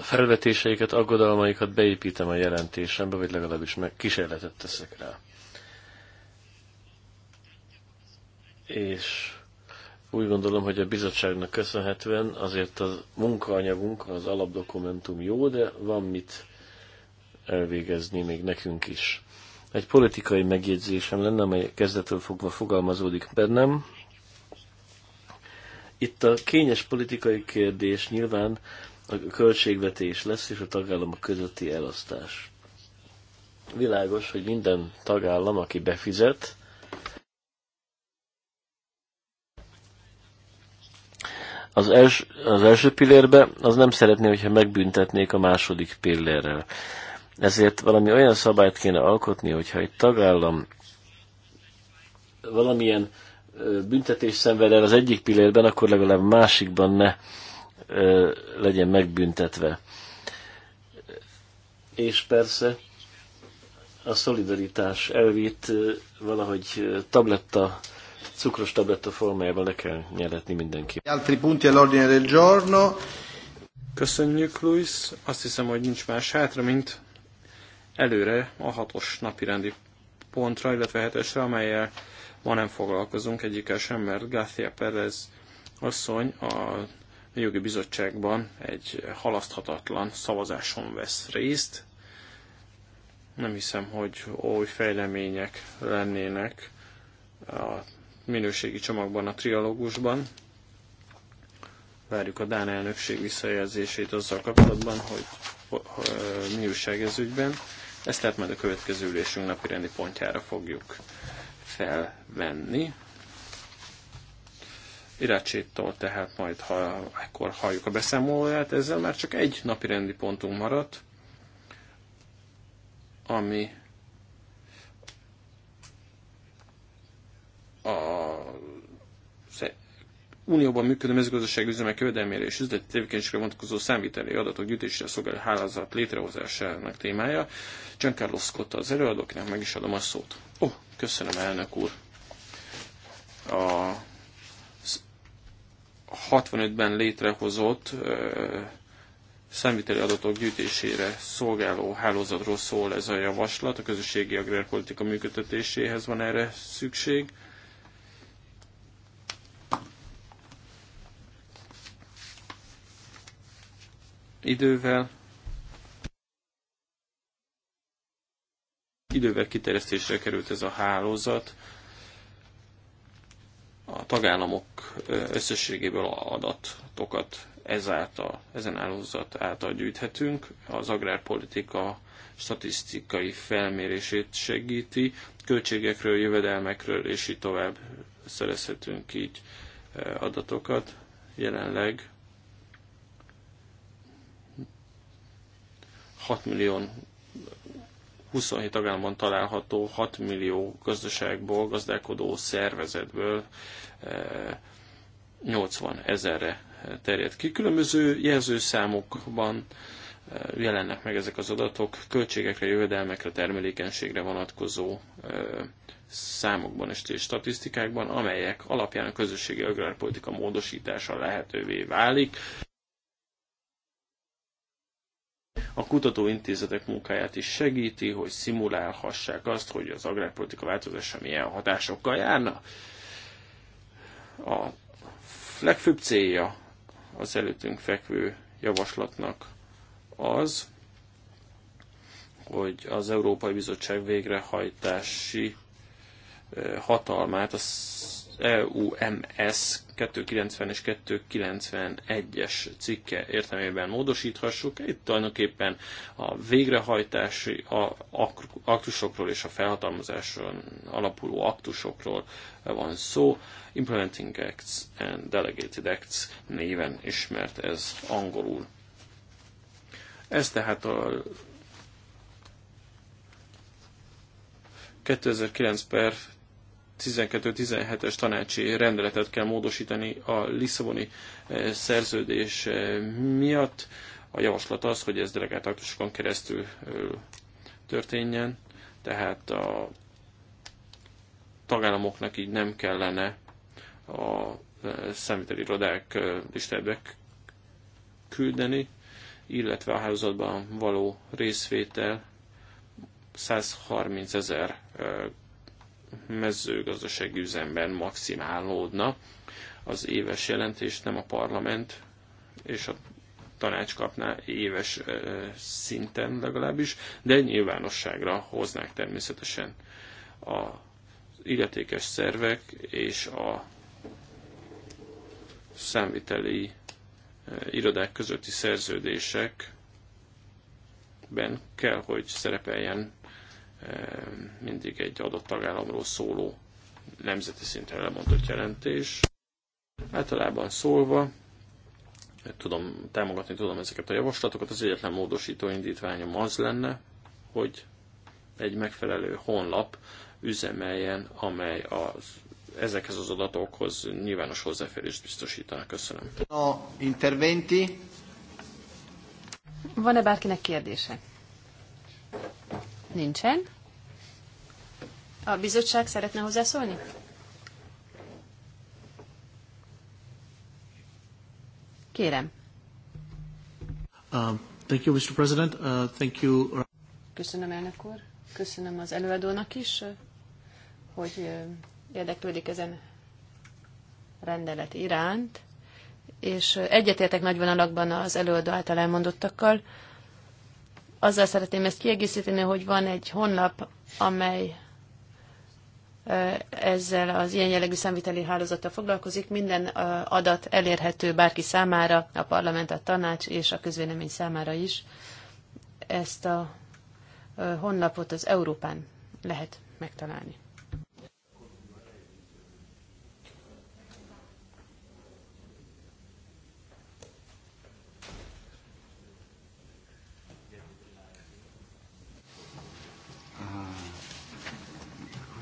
felvetéseiket, aggodalmaikat beépítem a jelentésembe, vagy legalábbis meg kísérletet teszek rá. És úgy gondolom, hogy a bizottságnak köszönhetően azért a munkaanyagunk, az alapdokumentum jó, de van mit elvégezni még nekünk is. Egy politikai megjegyzésem lenne, amely kezdetől fogva fogalmazódik bennem. Itt a kényes politikai kérdés nyilván a költségvetés lesz, és a tagállamok közötti elosztás. Világos, hogy minden tagállam, aki befizet, az, els, az első pillérbe, az nem szeretné, hogyha megbüntetnék a második pillérrel. Ezért valami olyan szabályt kéne alkotni, hogyha egy tagállam valamilyen büntetés szenved el az egyik pillérben, akkor legalább másikban ne legyen megbüntetve. És persze a szolidaritás elvét valahogy tabletta, cukros tabletta formájában le kell nyeretni mindenki. Altri punti all'ordine del giorno. Köszönjük, Luis. Azt hiszem, hogy nincs más hátra, mint előre a hatos napirendi pontra, illetve hetesre, amelyel ma nem foglalkozunk egyikkel sem, mert Gáthia Perez asszony a a jogi bizottságban egy halaszthatatlan szavazáson vesz részt. Nem hiszem, hogy oly fejlemények lennének a minőségi csomagban, a trialógusban. Várjuk a Dán elnökség visszajelzését azzal kapcsolatban, hogy mi újság ez ügyben. Ezt tehát majd a következő ülésünk napi rendi pontjára fogjuk felvenni. Irácsétól tehát majd, ha ekkor halljuk a beszámolóját, ezzel már csak egy napi rendi pontunk maradt, ami a Unióban működő mezőgazdaság üzemek jövedelmére és üzleti tevékenységre vonatkozó számviteli adatok gyűjtésére szolgáló hálózat létrehozásának témája. Giancarlo Scott az előadóknak meg is adom a szót. Ó, oh, köszönöm elnök úr! A 65-ben létrehozott szemviteli adatok gyűjtésére szolgáló hálózatról szól ez a javaslat, a közösségi agrárpolitika működtetéséhez van erre szükség. Idővel idővel kiterjesztésre került ez a hálózat, a tagállamok összességéből adatokat ezáltal, ezen állózat által gyűjthetünk. Az agrárpolitika statisztikai felmérését segíti, költségekről, jövedelmekről, és így tovább szerezhetünk így adatokat. Jelenleg 6 millió 27 tagállamban található 6 millió gazdaságból, gazdálkodó szervezetből 80 eh, ezerre eh, terjed ki. Különböző jelzőszámokban eh, jelennek meg ezek az adatok, költségekre, jövedelmekre, termelékenységre vonatkozó számokban és statisztikákban, amelyek alapján a közösségi agrárpolitika módosítása lehetővé válik. A kutatóintézetek munkáját is segíti, hogy szimulálhassák azt, hogy az agrárpolitika változása milyen hatásokkal járna. A legfőbb célja az előttünk fekvő javaslatnak az, hogy az Európai Bizottság végrehajtási eh, hatalmát az EUMS 290 és 291-es cikke értelmében módosíthassuk. Itt tulajdonképpen a végrehajtási a aktusokról és a felhatalmazáson alapuló aktusokról van szó. Implementing Acts and Delegated Acts néven ismert ez angolul. Ez tehát a 2009 per 12-17-es tanácsi rendeletet kell módosítani a Lisszaboni eh, szerződés eh, miatt. A javaslat az, hogy ez delegált keresztül eh, történjen, tehát a tagállamoknak így nem kellene a számíteli irodák listájába küldeni, illetve a hálózatban való részvétel 130 ezer mezőgazdasági üzemben maximálódna. Az éves jelentést nem a parlament és a tanács kapná éves szinten legalábbis, de nyilvánosságra hoznák természetesen a illetékes szervek és a számviteli irodák közötti szerződésekben kell, hogy szerepeljen mindig egy adott tagállamról szóló nemzeti szinten lemondott jelentés. Általában szólva, tudom, támogatni tudom ezeket a javaslatokat, az egyetlen módosító indítványom az lenne, hogy egy megfelelő honlap üzemeljen, amely az ezekhez az adatokhoz nyilvános hozzáférést biztosítanak. Köszönöm. A interventi. Van-e bárkinek kérdése? Nincsen. A bizottság szeretne hozzászólni? Kérem. Uh, thank you, Mr. President. Uh, thank you. Uh, Köszönöm, elnök úr. Köszönöm az előadónak is, uh, hogy uh, érdeklődik ezen rendelet iránt, és egyetértek nagy vonalakban az előadó által elmondottakkal. Azzal szeretném ezt kiegészíteni, hogy van egy honlap, amely ezzel az ilyen jellegű számviteli hálózattal foglalkozik. Minden adat elérhető bárki számára, a parlament, a tanács és a közvélemény számára is. Ezt a honlapot az Európán lehet megtalálni.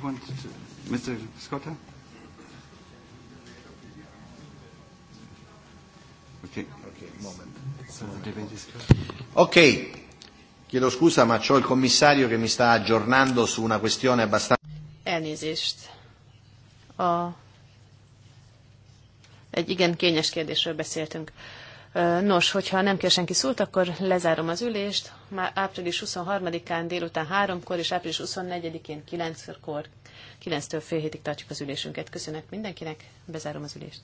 want to, Mr. Scotta? Okay. Okay, moment. So the debate is ok, chiedo scusa ma c'ho il commissario che mi sta aggiornando su una questione abbastanza... Elnézést. A... Egy igen kényes kérdésről beszéltünk. Nos, hogyha nem kér senki szólt, akkor lezárom az ülést. Már április 23-án délután 3-kor és április 24-én 9-kor, 9-től fél hétig tartjuk az ülésünket. Köszönök mindenkinek, bezárom az ülést.